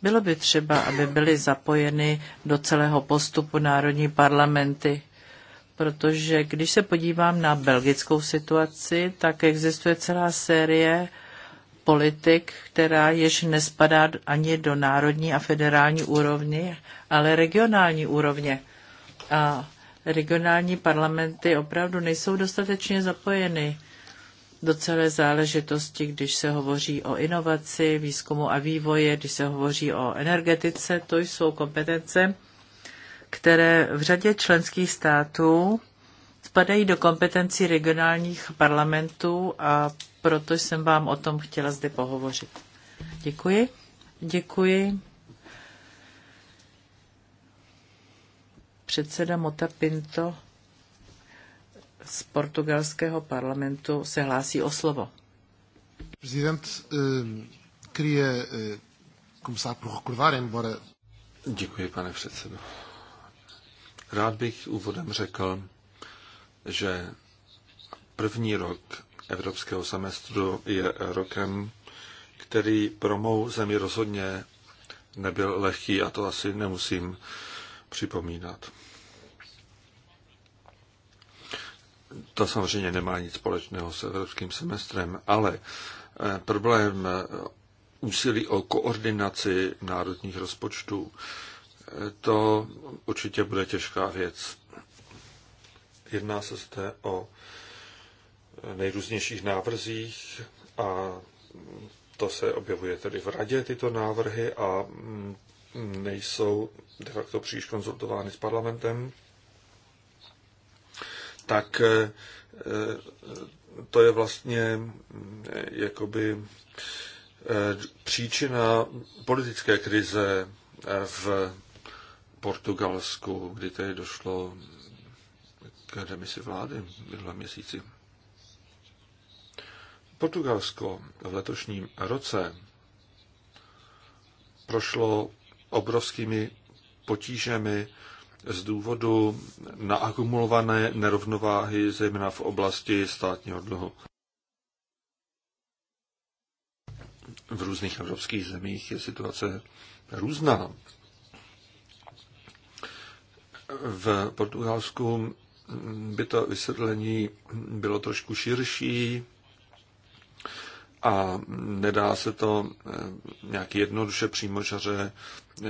Speaker 1: Bylo by třeba, aby byly zapojeny do celého postupu národní parlamenty, protože když se podívám na belgickou situaci, tak existuje celá série politik, která již nespadá ani do národní a federální úrovně, ale regionální úrovně. A regionální parlamenty opravdu nejsou dostatečně zapojeny do celé záležitosti, když se hovoří o inovaci, výzkumu a vývoje, když se hovoří o energetice, to jsou kompetence, které v řadě členských států spadají do kompetencí regionálních parlamentů a proto jsem vám o tom chtěla zde pohovořit. Děkuji. Děkuji. Předseda Mota Pinto z portugalského parlamentu se hlásí o slovo.
Speaker 3: Prezident, eh, queria eh, começar por recordar, embora... Děkuji, pane předsedo. Rád bych úvodem řekl, že první rok evropského semestru je rokem, který pro mou zemi rozhodně nebyl lehký a to asi nemusím připomínat. To samozřejmě nemá nic společného s evropským semestrem, ale eh, problém eh, úsilí o koordinaci národních rozpočtů, eh, to určitě bude těžká věc. Jedná se zde o nejrůznějších návrzích a to se objevuje tedy v radě tyto návrhy a mm, nejsou de facto příliš konzultovány s parlamentem, tak eh, to je vlastně eh, jakoby eh, příčina politické krize v Portugalsku, kdy tedy došlo k demisi vlády v dva měsíci. Portugalsko v letošním roce prošlo obrovskými potížemi z důvodu naakumulované nerovnováhy, zejména v oblasti státního dluhu. V různých evropských zemích je situace různá. V Portugalsku by to vysvětlení bylo trošku širší a nedá se to eh, nějak jednoduše přímočaře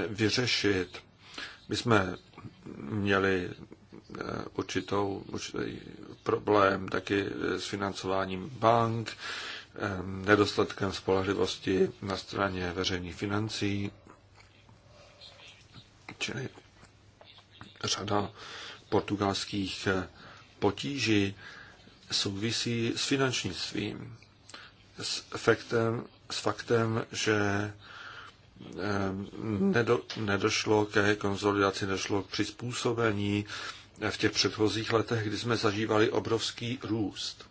Speaker 3: vyřešit. My jsme měli eh, určitou, určitý problém taky eh, s financováním bank, eh, nedostatkem spolehlivosti na straně veřejných financí, čili řada portugalských potíží souvisí s finančnictvím, s efektem, s faktem že Ehm, nedo, nedošlo ke konzolidaci, nedošlo k přizpůsobení v těch předchozích letech, kdy jsme zažívali obrovský růst.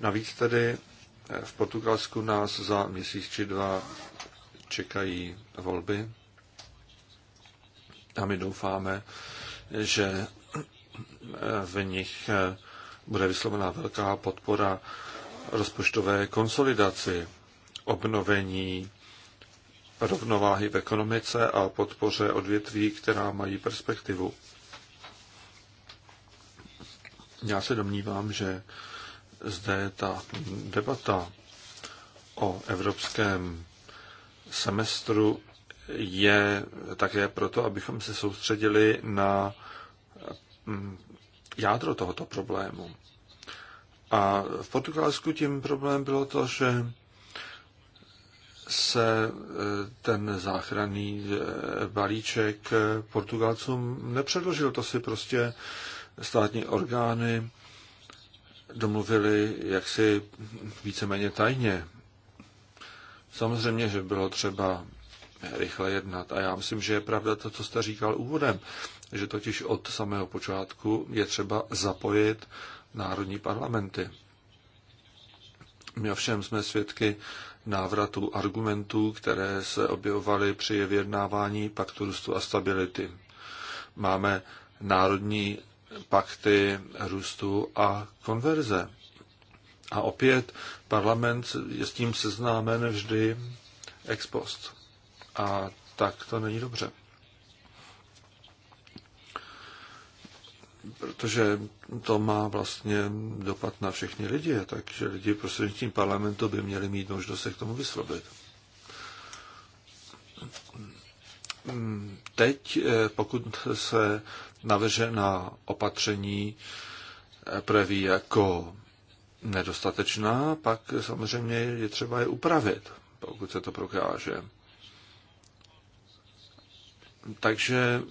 Speaker 3: Navíc tedy eh, v Portugalsku nás za měsíc či dva čekají volby a my doufáme, že eh, v nich eh, bude vyslovená velká podpora rozpočtové konsolidaci, obnovení rovnováhy v ekonomice a podpoře odvětví, která mají perspektivu. Já se domnívám, že zde ta debata o evropském semestru je také proto, abychom se soustředili na mm, jádro tohoto problému. A v Portugalsku tím problém bylo to, že se eh, ten záchranný eh, balíček eh, Portugalcům nepředložil. To si prostě státní orgány domluvili jaksi víceméně tajně. Samozřejmě, že bylo třeba rychle jednat. A já myslím, že je pravda to, co jste říkal úvodem, že totiž od samého počátku je třeba zapojit národní parlamenty. My ovšem jsme svědky návratu argumentů, které se objevovaly při vyjednávání paktu růstu a stability. Máme národní pakty růstu a konverze. A opět parlament je s tím seznámen vždy ex post. A tak to není dobře. protože to má vlastně dopad na všechny lidi, takže lidi prostřednictvím parlamentu by měli mít možnost se k tomu vyslovit. Teď, pokud se navržená opatření projeví jako nedostatečná, pak samozřejmě je třeba je upravit, pokud se to prokáže. Takže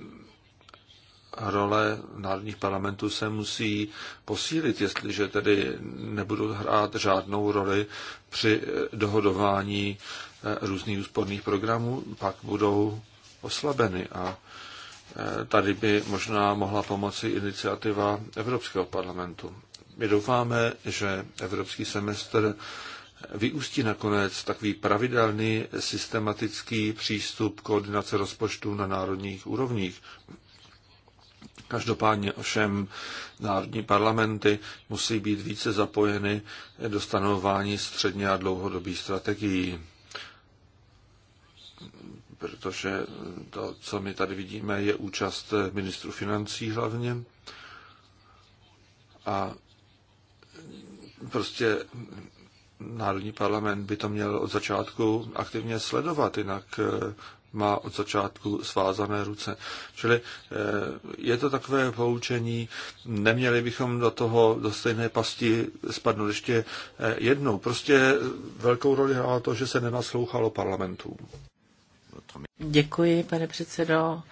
Speaker 3: role národních parlamentů se musí posílit, jestliže tedy nebudou hrát žádnou roli při eh, dohodování eh, různých úsporných programů, pak budou oslabeny. A eh, tady by možná mohla pomoci iniciativa Evropského parlamentu. My doufáme, že Evropský semestr vyústí nakonec takový pravidelný systematický přístup koordinace rozpočtů na národních úrovních. Každopádně ovšem národní parlamenty musí být více zapojeny do stanování středně a dlouhodobých strategií. Protože to, co my tady vidíme, je účast ministru financí hlavně. A prostě Národní parlament by to měl od začátku aktivně sledovat, jinak má od začátku svázané ruce. Čili eh, je to takové poučení, neměli bychom do toho, do stejné pasti spadnout ještě eh, jednou. Prostě velkou roli hrálo to, že se nenaslouchalo parlamentu.
Speaker 1: Děkuji, pane předsedo.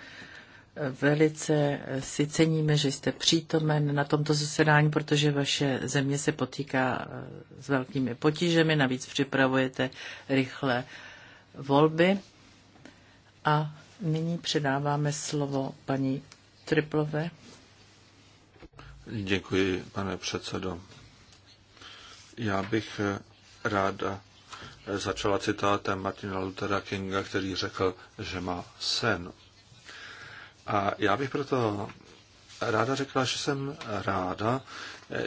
Speaker 1: Velice si ceníme, že jste přítomen na tomto zasedání, protože vaše země se potýká eh, s velkými potížemi, navíc připravujete rychle volby. A nyní předáváme slovo paní Triplové.
Speaker 3: Děkuji, pane předsedo. Já bych ráda začala citátem Martina Luthera Kinga, který řekl, že má sen. A já bych proto ráda řekla, že jsem ráda,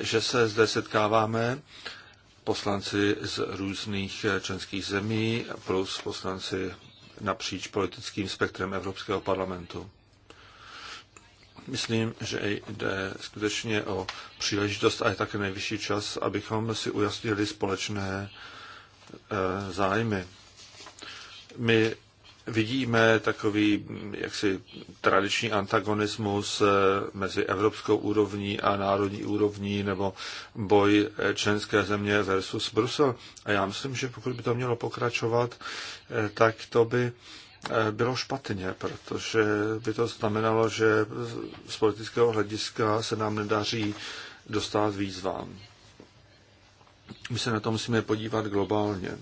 Speaker 3: že se zde setkáváme poslanci z různých členských zemí plus poslanci napříč politickým spektrem Evropského parlamentu. Myslím, že jde skutečně o příležitost a je také nejvyšší čas, abychom si ujasnili společné eh, zájmy. My vidíme takový jaksi tradiční antagonismus eh, mezi evropskou úrovní a národní úrovní nebo boj eh, členské země versus Brusel. A já myslím, že pokud by to mělo pokračovat, eh, tak to by bylo špatně, protože by to znamenalo, že z politického hlediska se nám nedaří dostat výzvám. My se na to musíme podívat globálně.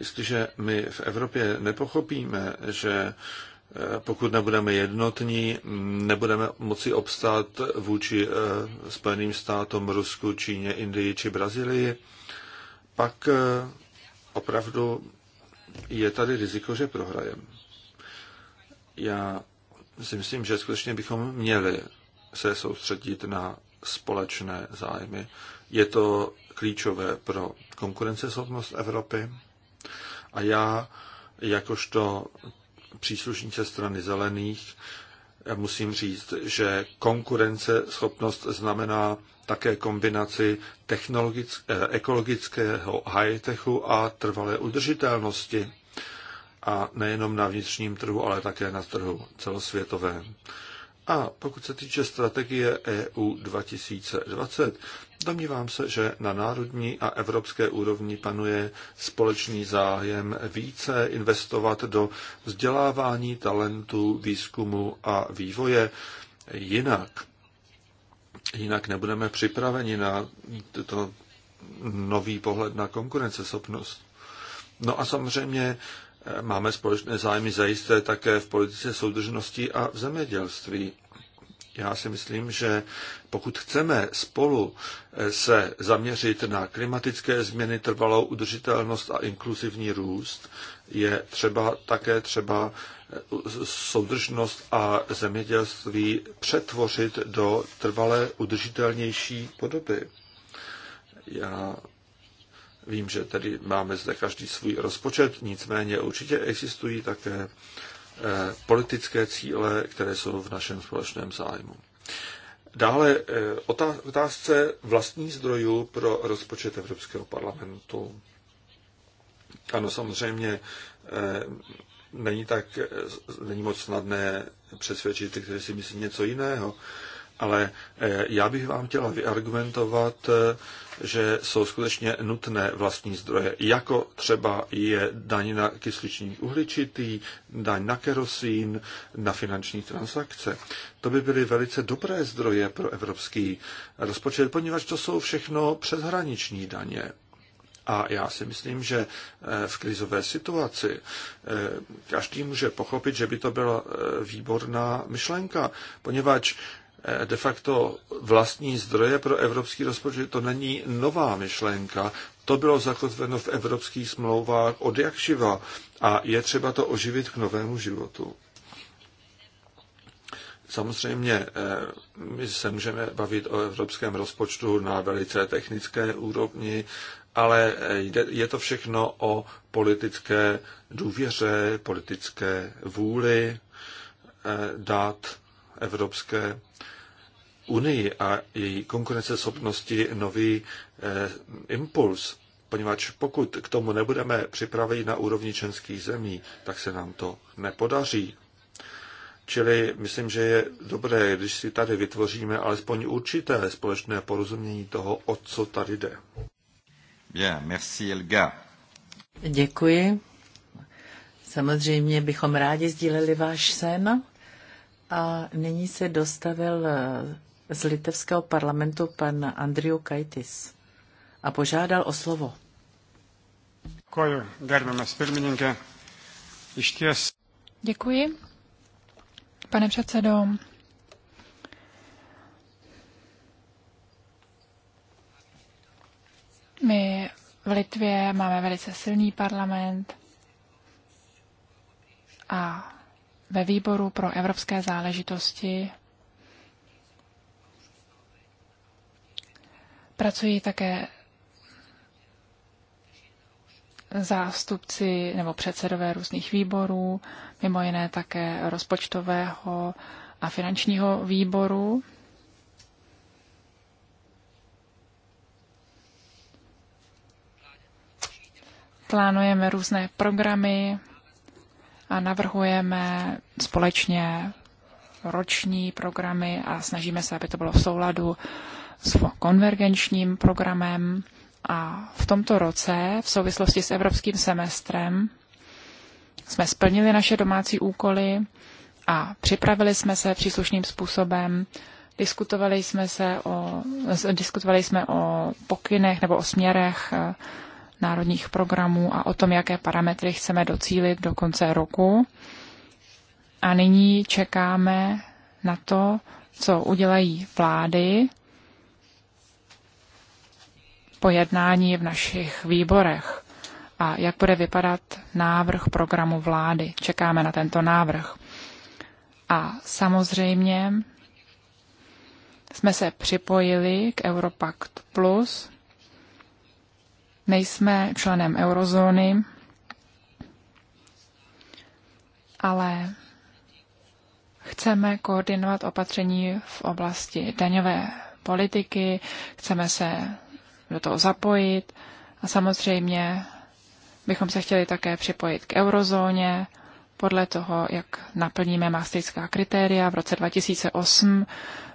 Speaker 3: Jestliže my v Evropě nepochopíme, že eh, pokud nebudeme jednotní, nebudeme moci obstát vůči eh, Spojeným státům, Rusku, Číně, Indii či Brazílii, pak eh, opravdu je tady riziko, že prohrajem. Já si myslím, že skutečně bychom měli se soustředit na společné zájmy. Je to klíčové pro konkurenceschopnost Evropy a já, jakožto příslušníce strany zelených, musím říct, že konkurence schopnost znamená také kombinaci eh, ekologického high-techu a trvalé udržitelnosti. A nejenom na vnitřním trhu, ale také na trhu celosvětovém. A pokud se týče strategie EU 2020, domnívám se, že na národní a evropské úrovni panuje společný zájem více investovat do vzdělávání talentů, výzkumu a vývoje. Jinak, jinak nebudeme připraveni na to nový pohled na konkurenceschopnost. No a samozřejmě Máme společné zájmy zajisté také v politice soudržnosti a v zemědělství. Já si myslím, že pokud chceme spolu eh, se zaměřit na klimatické změny, trvalou udržitelnost a inkluzivní růst, je třeba také třeba eh, soudržnost a zemědělství přetvořit do trvale udržitelnější podoby. Já Vím, že tedy máme zde každý svůj rozpočet, nicméně určitě existují také eh, politické cíle, které jsou v našem společném zájmu. Dále eh, otázce vlastních zdrojů pro rozpočet Evropského parlamentu. Ano, samozřejmě eh, není tak, není moc snadné přesvědčit ty, kteří si myslí něco jiného, ale eh, já bych vám chtěla vyargumentovat, eh, že jsou skutečně nutné vlastní zdroje, jako třeba je daň na kysliční uhličitý, daň na kerosín, na finanční transakce. To by byly velice dobré zdroje pro evropský rozpočet, poněvadž to jsou všechno přeshraniční daně. A já si myslím, že eh, v krizové situaci každý může pochopit, že by to byla výborná myšlenka, poněvadž Eh, de facto vlastní zdroje pro evropský rozpočet, to není nová myšlenka. To bylo zakotveno v evropských smlouvách od jak živa a je třeba to oživit k novému životu. Samozřejmě eh, my se můžeme bavit o evropském rozpočtu na velice technické úrovni, ale eh, je to všechno o politické důvěře, politické vůli dát evropské Unii a její konkurenceschopnosti nový eh, impuls, poněvadž pokud k tomu nebudeme připraveni na úrovni členských zemí, tak se nám to nepodaří. Čili myslím, že je dobré, když si tady vytvoříme alespoň určité společné porozumění toho, o co tady jde. Bien, merci Elga.
Speaker 1: Děkuji. Samozřejmě bychom rádi sdíleli váš sen. A nyní se dostavil eh, z litevského parlamentu pan Andriu Kaitis a požádal o slovo.
Speaker 3: Koju, gerbiamas pirmininkė, išties.
Speaker 2: Děkuji. Pane předsedo, my v Litvě máme velice silný parlament a ve výboru pro evropské záležitosti pracují také zástupci nebo předsedové různých výborů, mimo jiné také rozpočtového a finančního výboru. Plánujeme různé programy a navrhujeme společně roční programy a snažíme se, aby to bylo v souladu s konvergenčním programem a v tomto roce v souvislosti s evropským semestrem jsme splnili naše domácí úkoly a připravili jsme se příslušným způsobem. Diskutovali jsme, se o, diskutovali jsme o pokynech nebo o směrech eh, národních programů a o tom, jaké parametry chceme docílit do konce roku. A nyní čekáme na to, co udělají vlády po jednání v našich výborech a jak bude vypadat návrh programu vlády. Čekáme na tento návrh. A samozřejmě jsme se připojili k Europact Plus. Nejsme členem eurozóny, ale chceme koordinovat opatření v oblasti daňové politiky, chceme se do toho zapojit. A samozřejmě bychom se chtěli také připojit k eurozóně podle toho, jak naplníme mastická kritéria. V roce 2008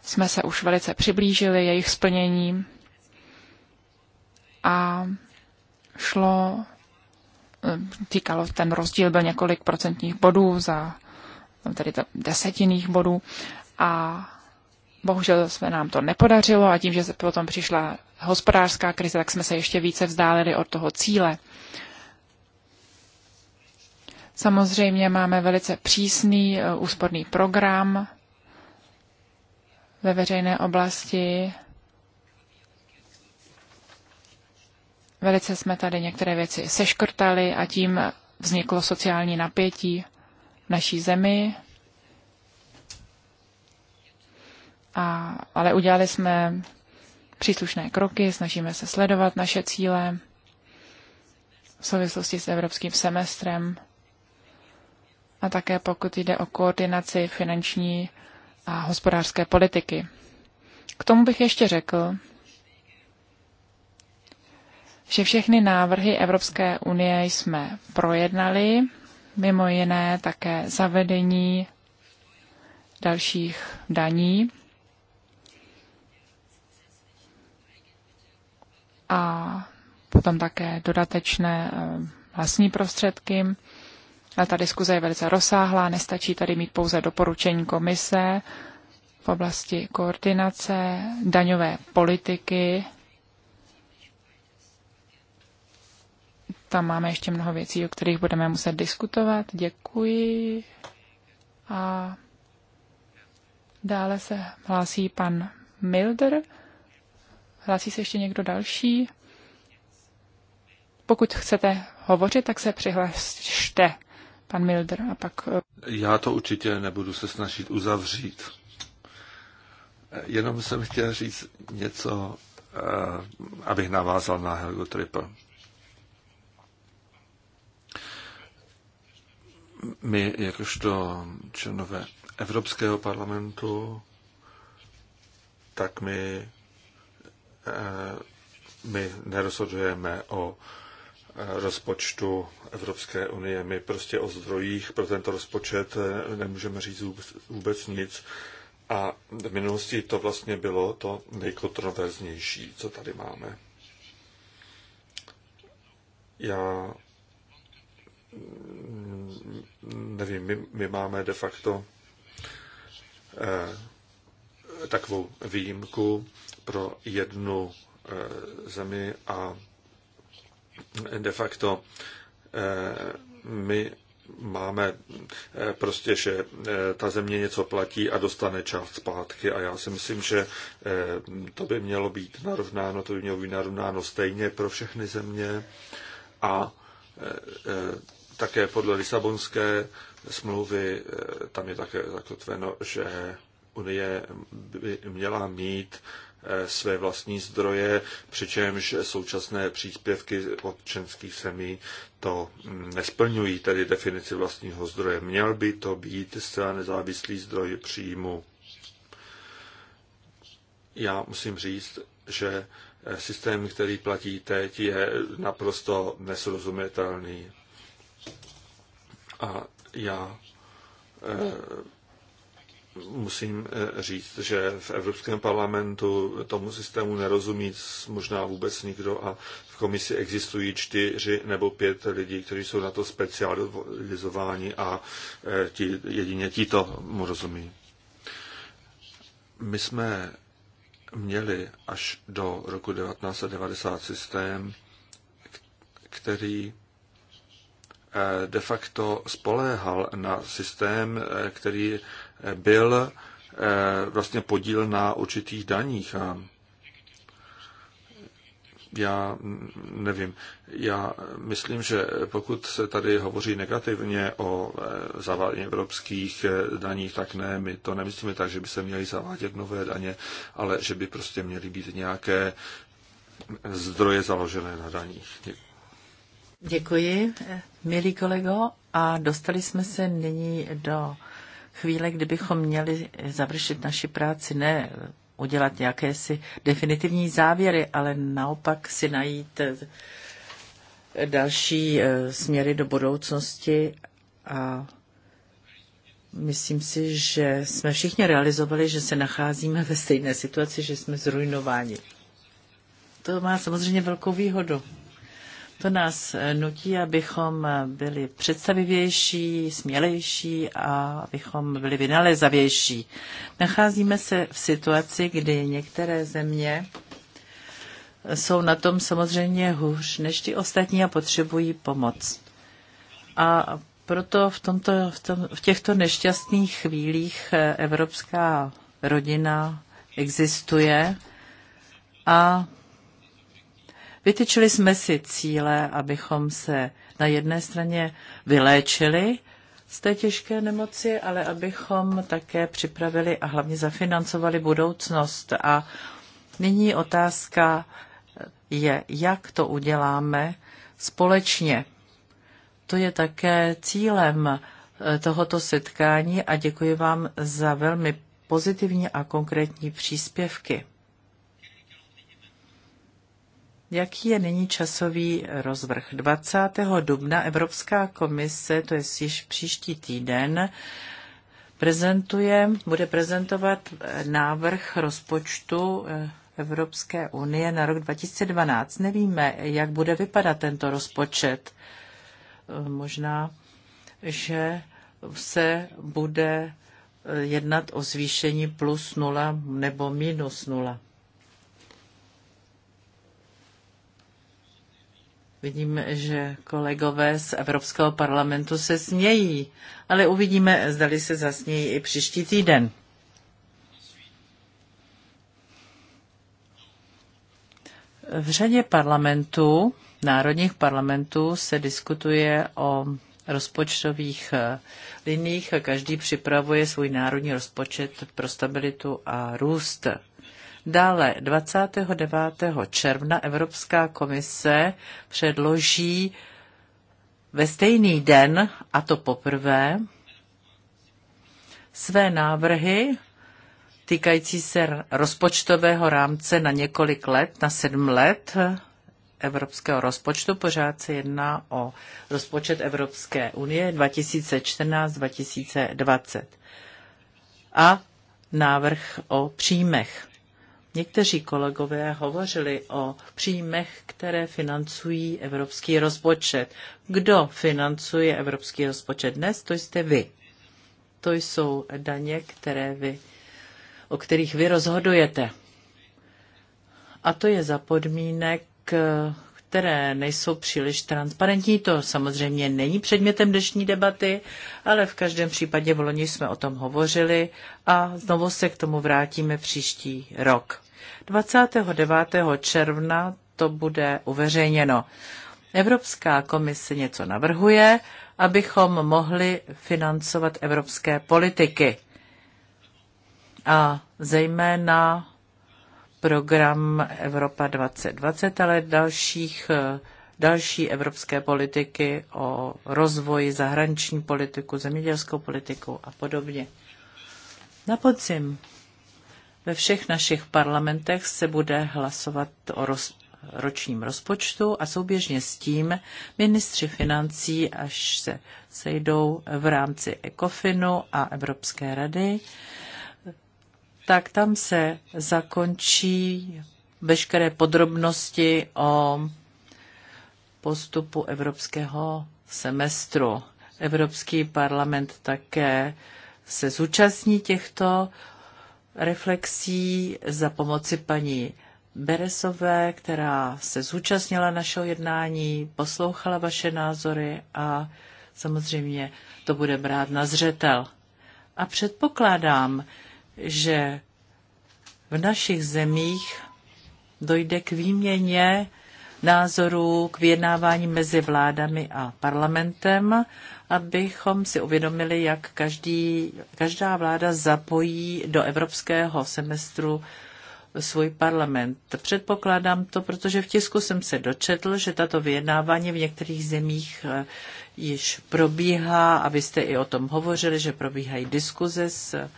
Speaker 2: jsme se už velice přiblížili jejich splněním a šlo, eh, týkalo, ten rozdíl byl několik procentních bodů za tedy desetinných bodů a Bohužel jsme nám to nepodařilo a tím, že se potom přišla hospodářská krize, tak jsme se ještě více vzdálili od toho cíle. Samozřejmě máme velice přísný eh, úsporný program ve veřejné oblasti. Velice jsme tady některé věci seškrtali a tím vzniklo sociální napětí v naší zemi. a, ale udělali jsme příslušné kroky, snažíme se sledovat naše cíle v souvislosti s evropským semestrem a také pokud jde o koordinaci finanční a hospodářské politiky. K tomu bych ještě řekl, že všechny návrhy Evropské unie jsme projednali, mimo jiné také zavedení dalších daní. a potom také dodatečné eh, vlastní prostředky. A ta diskuze je velice rozsáhlá, nestačí tady mít pouze doporučení komise v oblasti koordinace daňové politiky. Tam máme ještě mnoho věcí, o kterých budeme muset diskutovat. Děkuji. A dále se hlásí pan Milder. Hlásí se ještě někdo další? Pokud chcete hovořit, tak se přihlašte, pan Milder, a pak... Eh,
Speaker 3: Já to určitě nebudu se snažit uzavřít. Eh, jenom jsem chtěl říct něco, eh, abych navázal na Helgo Triple. My, jakožto členové Evropského parlamentu, tak my Eh, my nerozhodujeme o eh, rozpočtu Evropské unie. My prostě o zdrojích pro tento rozpočet eh, nemůžeme říct vůbec nic. A v minulosti to vlastně bylo to nejkontroverznější, co tady máme. Já mm, nevím, my, my máme de facto takovou výjimku pro jednu eh, zemi a de facto eh, my máme eh, prostě, že ta země něco platí a dostane část zpátky a já si myslím, že to by mělo být narovnáno, to by mělo být narovnáno stejně pro všechny země a také podle Lisabonské smlouvy tam je také zakotveno, že unie by měla mít eh, své vlastní zdroje, přičemž současné příspěvky od členských semí to mm, nesplňují, tedy definici vlastního zdroje. Měl by to být zcela nezávislý zdroj příjmu. Já musím říct, že eh, systém, který platí teď, je naprosto nesrozumitelný. A já eh, musím eh, říct, že v Evropském parlamentu tomu systému nerozumí možná vůbec nikdo a v komisi existují čtyři nebo pět lidí, kteří jsou na to specializováni a eh, ti, jedině ti to mu rozumí. My jsme měli až do roku 1990 systém, který eh, de facto spoléhal na systém, který byl eh, vlastně podíl na určitých daních. A já nevím. Já myslím, že pokud se tady hovoří negativně o eh, zavádění evropských eh, daních, tak ne, my to nemyslíme tak, že by se měly zavádět nové daně, ale že by prostě měly být nějaké zdroje založené na daních.
Speaker 1: Děkuji. milý milí kolego, a dostali jsme se nyní do chvíle, kdybychom měli završit naši práci, ne udělat nějaké si definitivní závěry, ale naopak si najít eh, další eh, směry do budoucnosti a myslím si, že jsme všichni realizovali, že se nacházíme ve stejné situaci, že jsme zrujnováni. To má samozřejmě velkou výhodu. To nás nutí, abychom byli představivější, smělejší a abychom byli vynalezavější. Nacházíme se v situaci, kdy některé země jsou na tom samozřejmě hůř než ty ostatní a potřebují pomoc. A proto v, tomto, v, tom, v těchto nešťastných chvílích evropská rodina existuje a Vytyčili jsme si cíle, abychom se na jedné straně vyléčili z té těžké nemoci, ale abychom také připravili a hlavně zafinancovali budoucnost. A nyní otázka je, jak to uděláme společně. To je také cílem eh, tohoto setkání a děkuji vám za velmi pozitivní a konkrétní příspěvky. Jaký je nyní časový rozvrh? 20. dubna Evropská komise, to je již příští týden, prezentuje, bude prezentovat návrh rozpočtu eh, Evropské unie na rok 2012. Nevíme, jak bude vypadat tento rozpočet. Eh, možná, že se bude eh, jednat o zvýšení plus nula nebo minus nula. Vidím, že kolegové z Evropského parlamentu se smějí, ale uvidíme, zdali se zasnějí i příští týden. V řadě parlamentů, národních parlamentů, se diskutuje o rozpočtových eh, liních a každý připravuje svůj národní rozpočet pro stabilitu a růst. Dále 29. června Evropská komise předloží ve stejný den, a to poprvé, své návrhy týkající se rozpočtového rámce na několik let, na sedm let evropského rozpočtu. Pořád se jedná o rozpočet Evropské unie 2014-2020 a návrh o příjmech. Někteří kolegové hovořili o příjmech, které financují evropský rozpočet. Kdo financuje evropský rozpočet dnes? To jste vy. To jsou daně, které vy, o kterých vy rozhodujete. A to je za podmínek, které nejsou příliš transparentní. To samozřejmě není předmětem dnešní debaty, ale v každém případě v loni jsme o tom hovořili a znovu se k tomu vrátíme příští rok. 29. června to bude uveřejněno. Evropská komise něco navrhuje, abychom mohli financovat evropské politiky. A zejména program Evropa 2020, ale dalších, další evropské politiky o rozvoji, zahraniční politiku, zemědělskou politiku a podobně. Na podzim ve všech našich parlamentech se bude hlasovat o roz, ročním rozpočtu a souběžně s tím ministři financí, až se sejdou v rámci ECOFINu a Evropské rady, tak tam se zakončí veškeré podrobnosti o postupu evropského semestru. Evropský parlament také se zúčastní těchto reflexí za pomoci paní Beresové, která se zúčastnila našeho jednání, poslouchala vaše názory a samozřejmě to bude brát na zřetel. A předpokládám, že v našich zemích dojde k výměně názorů, k vyjednávání mezi vládami a parlamentem abychom si uvědomili, jak každý, každá vláda zapojí do evropského semestru svůj parlament. Předpokládám to, protože v tisku jsem se dočetl, že tato vyjednávání v některých zemích eh, již probíhá, a vy jste i o tom hovořili, že probíhají diskuze s eh,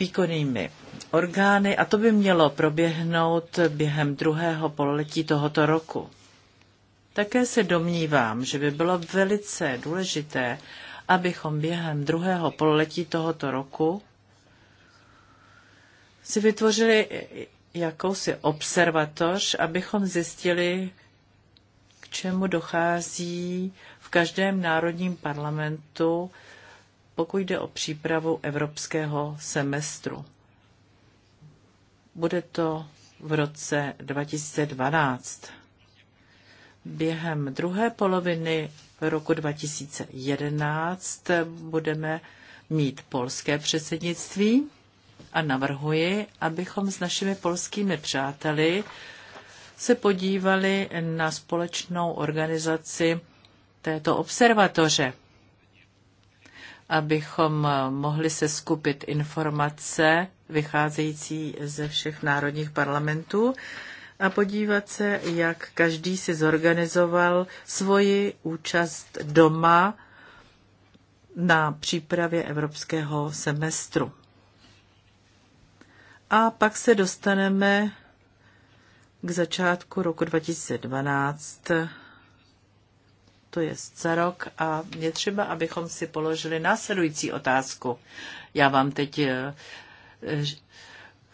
Speaker 1: výkonnými orgány a to by mělo proběhnout během druhého pololetí tohoto roku. Také se domnívám, že by bylo velice důležité, abychom během druhého pololetí tohoto roku si vytvořili jakousi observatoř, abychom zjistili, k čemu dochází v každém národním parlamentu, pokud jde o přípravu evropského semestru. Bude to v roce 2012 během druhé poloviny roku 2011 budeme mít polské předsednictví a navrhuji, abychom s našimi polskými přáteli se podívali na společnou organizaci této observatoře, abychom mohli se skupit informace vycházející ze všech národních parlamentů a podívat se, jak každý si zorganizoval svoji účast doma na přípravě evropského semestru. A pak se dostaneme k začátku roku 2012, to je za rok, a je třeba, abychom si položili následující otázku. Já vám teď eh,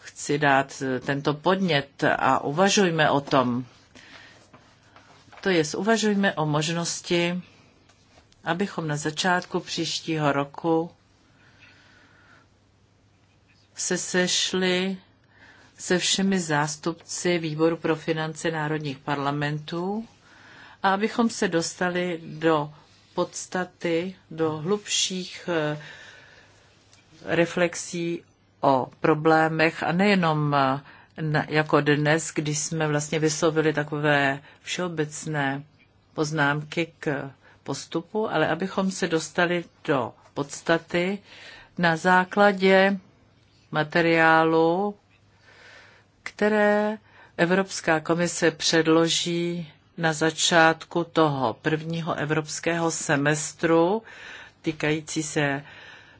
Speaker 1: chci dát eh, tento podnět a uvažujme o tom. To je, uvažujme o možnosti, abychom na začátku příštího roku se sešli se všemi zástupci Výboru pro finance národních parlamentů a abychom se dostali do podstaty, do hlubších eh, reflexí o problémech a nejenom eh, jako dnes, když jsme vlastně vyslovili takové všeobecné poznámky k postupu, ale abychom se dostali do podstaty na základě materiálu, které Evropská komise předloží na začátku toho prvního evropského semestru týkající se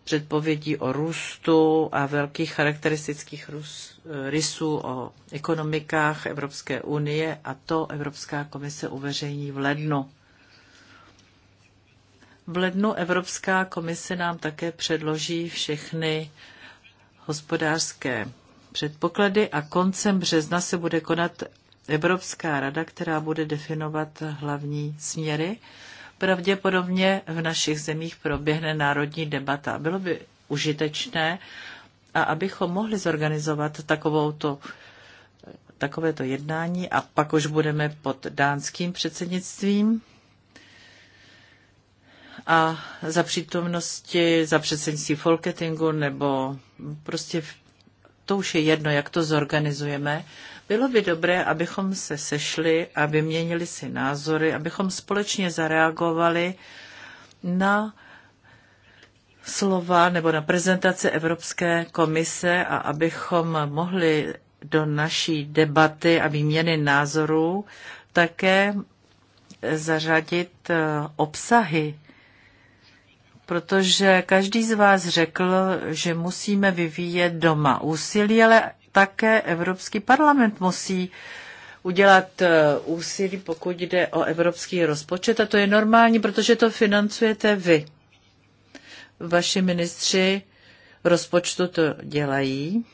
Speaker 1: předpovědí o růstu a velkých charakteristických eh, rysů o ekonomikách Evropské unie a to Evropská komise uveřejní v lednu. V lednu Evropská komise nám také předloží všechny hospodářské předpoklady a koncem března se bude konat Evropská rada, která bude definovat hlavní směry pravděpodobně v našich zemích proběhne národní debata. Bylo by užitečné, a abychom mohli zorganizovat takovouto, takovéto jednání a pak už budeme pod dánským předsednictvím a za přítomnosti, za předsednictví Folketingu nebo prostě to už je jedno, jak to zorganizujeme, bylo by dobré, abychom se sešli a vyměnili si názory, abychom společně zareagovali na slova nebo na prezentace Evropské komise a abychom mohli do naší debaty a výměny názorů také zařadit eh, obsahy, protože každý z vás řekl, že musíme vyvíjet doma úsilí, ale také Evropský parlament musí udělat eh, úsilí, pokud jde o evropský rozpočet. A to je normální, protože to financujete vy. Vaši ministři rozpočtu to dělají.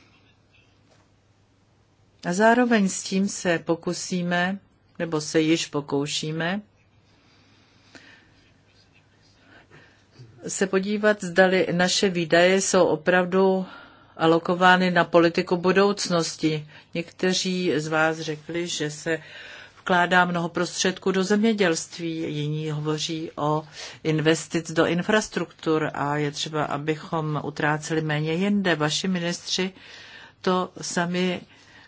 Speaker 1: A zároveň s tím se pokusíme, nebo se již pokoušíme, se podívat, zdali naše výdaje jsou opravdu alokovány na politiku budoucnosti. Někteří z vás řekli, že se vkládá mnoho prostředků do zemědělství, jiní hovoří o investic do infrastruktur a je třeba, abychom utráceli méně jinde. Vaši ministři to sami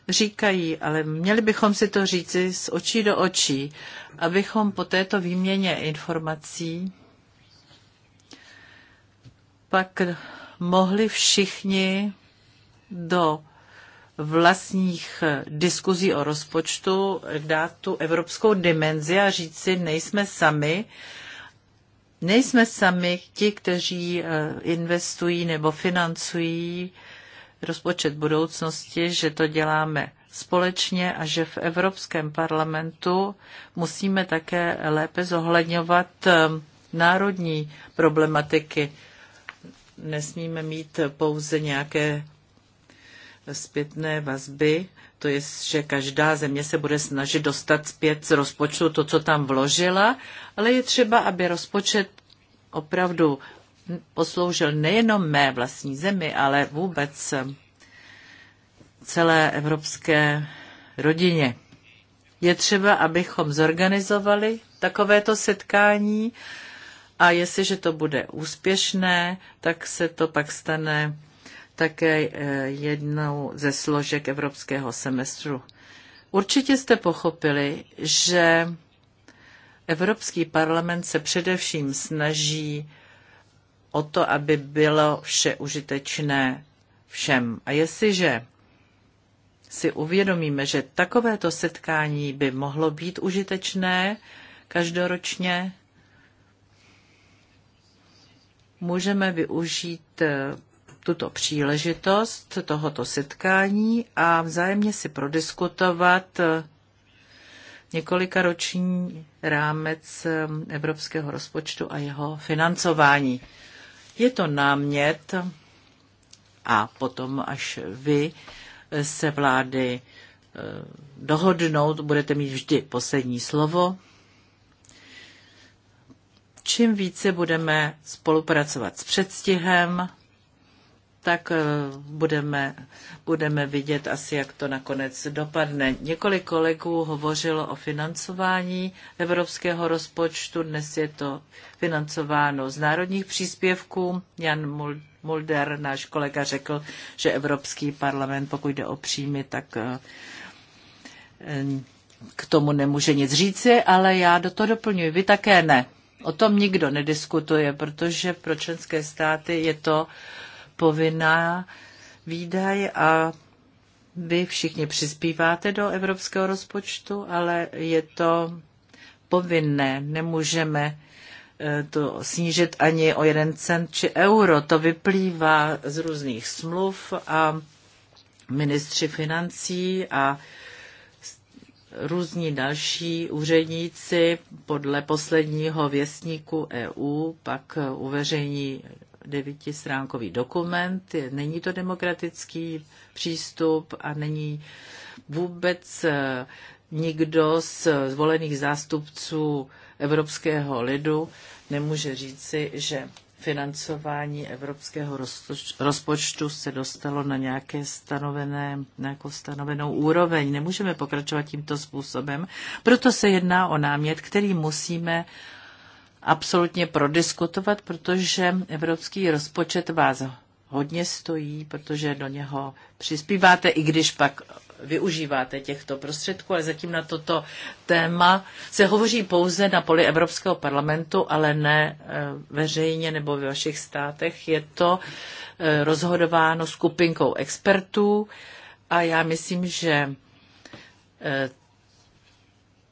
Speaker 1: říkají, ale měli bychom si to říci z očí do očí, abychom po této výměně informací pak mohli všichni do vlastních diskuzí o rozpočtu dát tu evropskou dimenzi a říct si, nejsme sami, nejsme sami ti, kteří eh, investují nebo financují rozpočet budoucnosti, že to děláme společně a že v Evropském parlamentu musíme také lépe zohledňovat eh, národní problematiky. Nesmíme mít pouze nějaké zpětné vazby, to je, že každá země se bude snažit dostat zpět z rozpočtu to, co tam vložila, ale je třeba, aby rozpočet opravdu posloužil nejenom mé vlastní zemi, ale vůbec celé evropské rodině. Je třeba, abychom zorganizovali takovéto setkání a jestliže to bude úspěšné, tak se to pak stane také eh, jednou ze složek evropského semestru. Určitě jste pochopili, že Evropský parlament se především snaží o to, aby bylo vše užitečné všem. A jestliže si uvědomíme, že takovéto setkání by mohlo být užitečné každoročně, můžeme využít eh, tuto příležitost tohoto setkání a vzájemně si prodiskutovat eh, několika roční rámec eh, evropského rozpočtu a jeho financování. Je to námět a potom, až vy se vlády eh, dohodnout, budete mít vždy poslední slovo. Čím více budeme spolupracovat s předstihem, tak eh, budeme, budeme vidět asi, jak to nakonec dopadne. Několik kolegů hovořilo o financování evropského rozpočtu. Dnes je to financováno z národních příspěvků. Jan Mulder, náš kolega, řekl, že Evropský parlament, pokud jde o příjmy, tak eh, eh, k tomu nemůže nic říci, ale já do toho doplňuji. Vy také ne. O tom nikdo nediskutuje, protože pro členské státy je to povinná výdaj a vy všichni přispíváte do evropského rozpočtu, ale je to povinné. Nemůžeme eh, to snížit ani o jeden cent či euro. To vyplývá z různých smluv a ministři financí a různí další úředníci podle posledního věstníku EU pak uveřejní devítistránkový dokument. Není to demokratický přístup a není vůbec eh, nikdo z zvolených zástupců evropského lidu nemůže říci, že financování evropského rozpočtu se dostalo na, nějaké stanovené, na nějakou stanovenou úroveň. Nemůžeme pokračovat tímto způsobem, proto se jedná o námět, který musíme absolutně prodiskutovat, protože evropský rozpočet vás hodně stojí, protože do něho přispíváte, i když pak využíváte těchto prostředků, ale zatím na toto téma se hovoří pouze na poli Evropského parlamentu, ale ne eh, veřejně nebo ve vašich státech. Je to eh, rozhodováno skupinkou expertů a já myslím, že eh,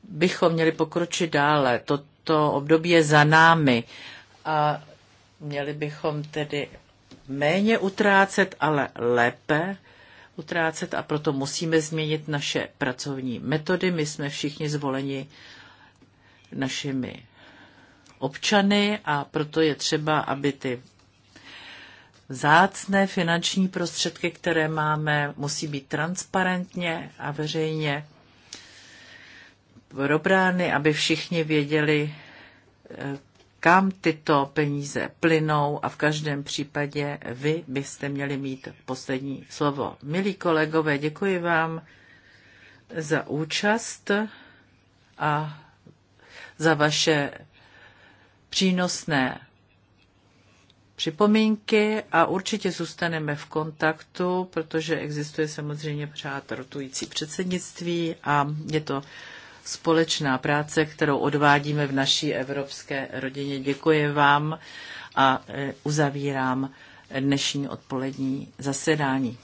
Speaker 1: bychom měli pokročit dále. To, to období je za námi a měli bychom tedy méně utrácet, ale lépe utrácet a proto musíme změnit naše pracovní metody. My jsme všichni zvoleni našimi občany a proto je třeba, aby ty zácné finanční prostředky, které máme, musí být transparentně a veřejně probrány, aby všichni věděli, eh, kam tyto peníze plynou a v každém případě vy byste měli mít poslední slovo. Milí kolegové, děkuji vám za účast a za vaše přínosné připomínky a určitě zůstaneme v kontaktu, protože existuje samozřejmě přát rotující předsednictví a je to společná práce, kterou odvádíme v naší evropské rodině. Děkuji vám a
Speaker 3: e, uzavírám dnešní odpolední zasedání.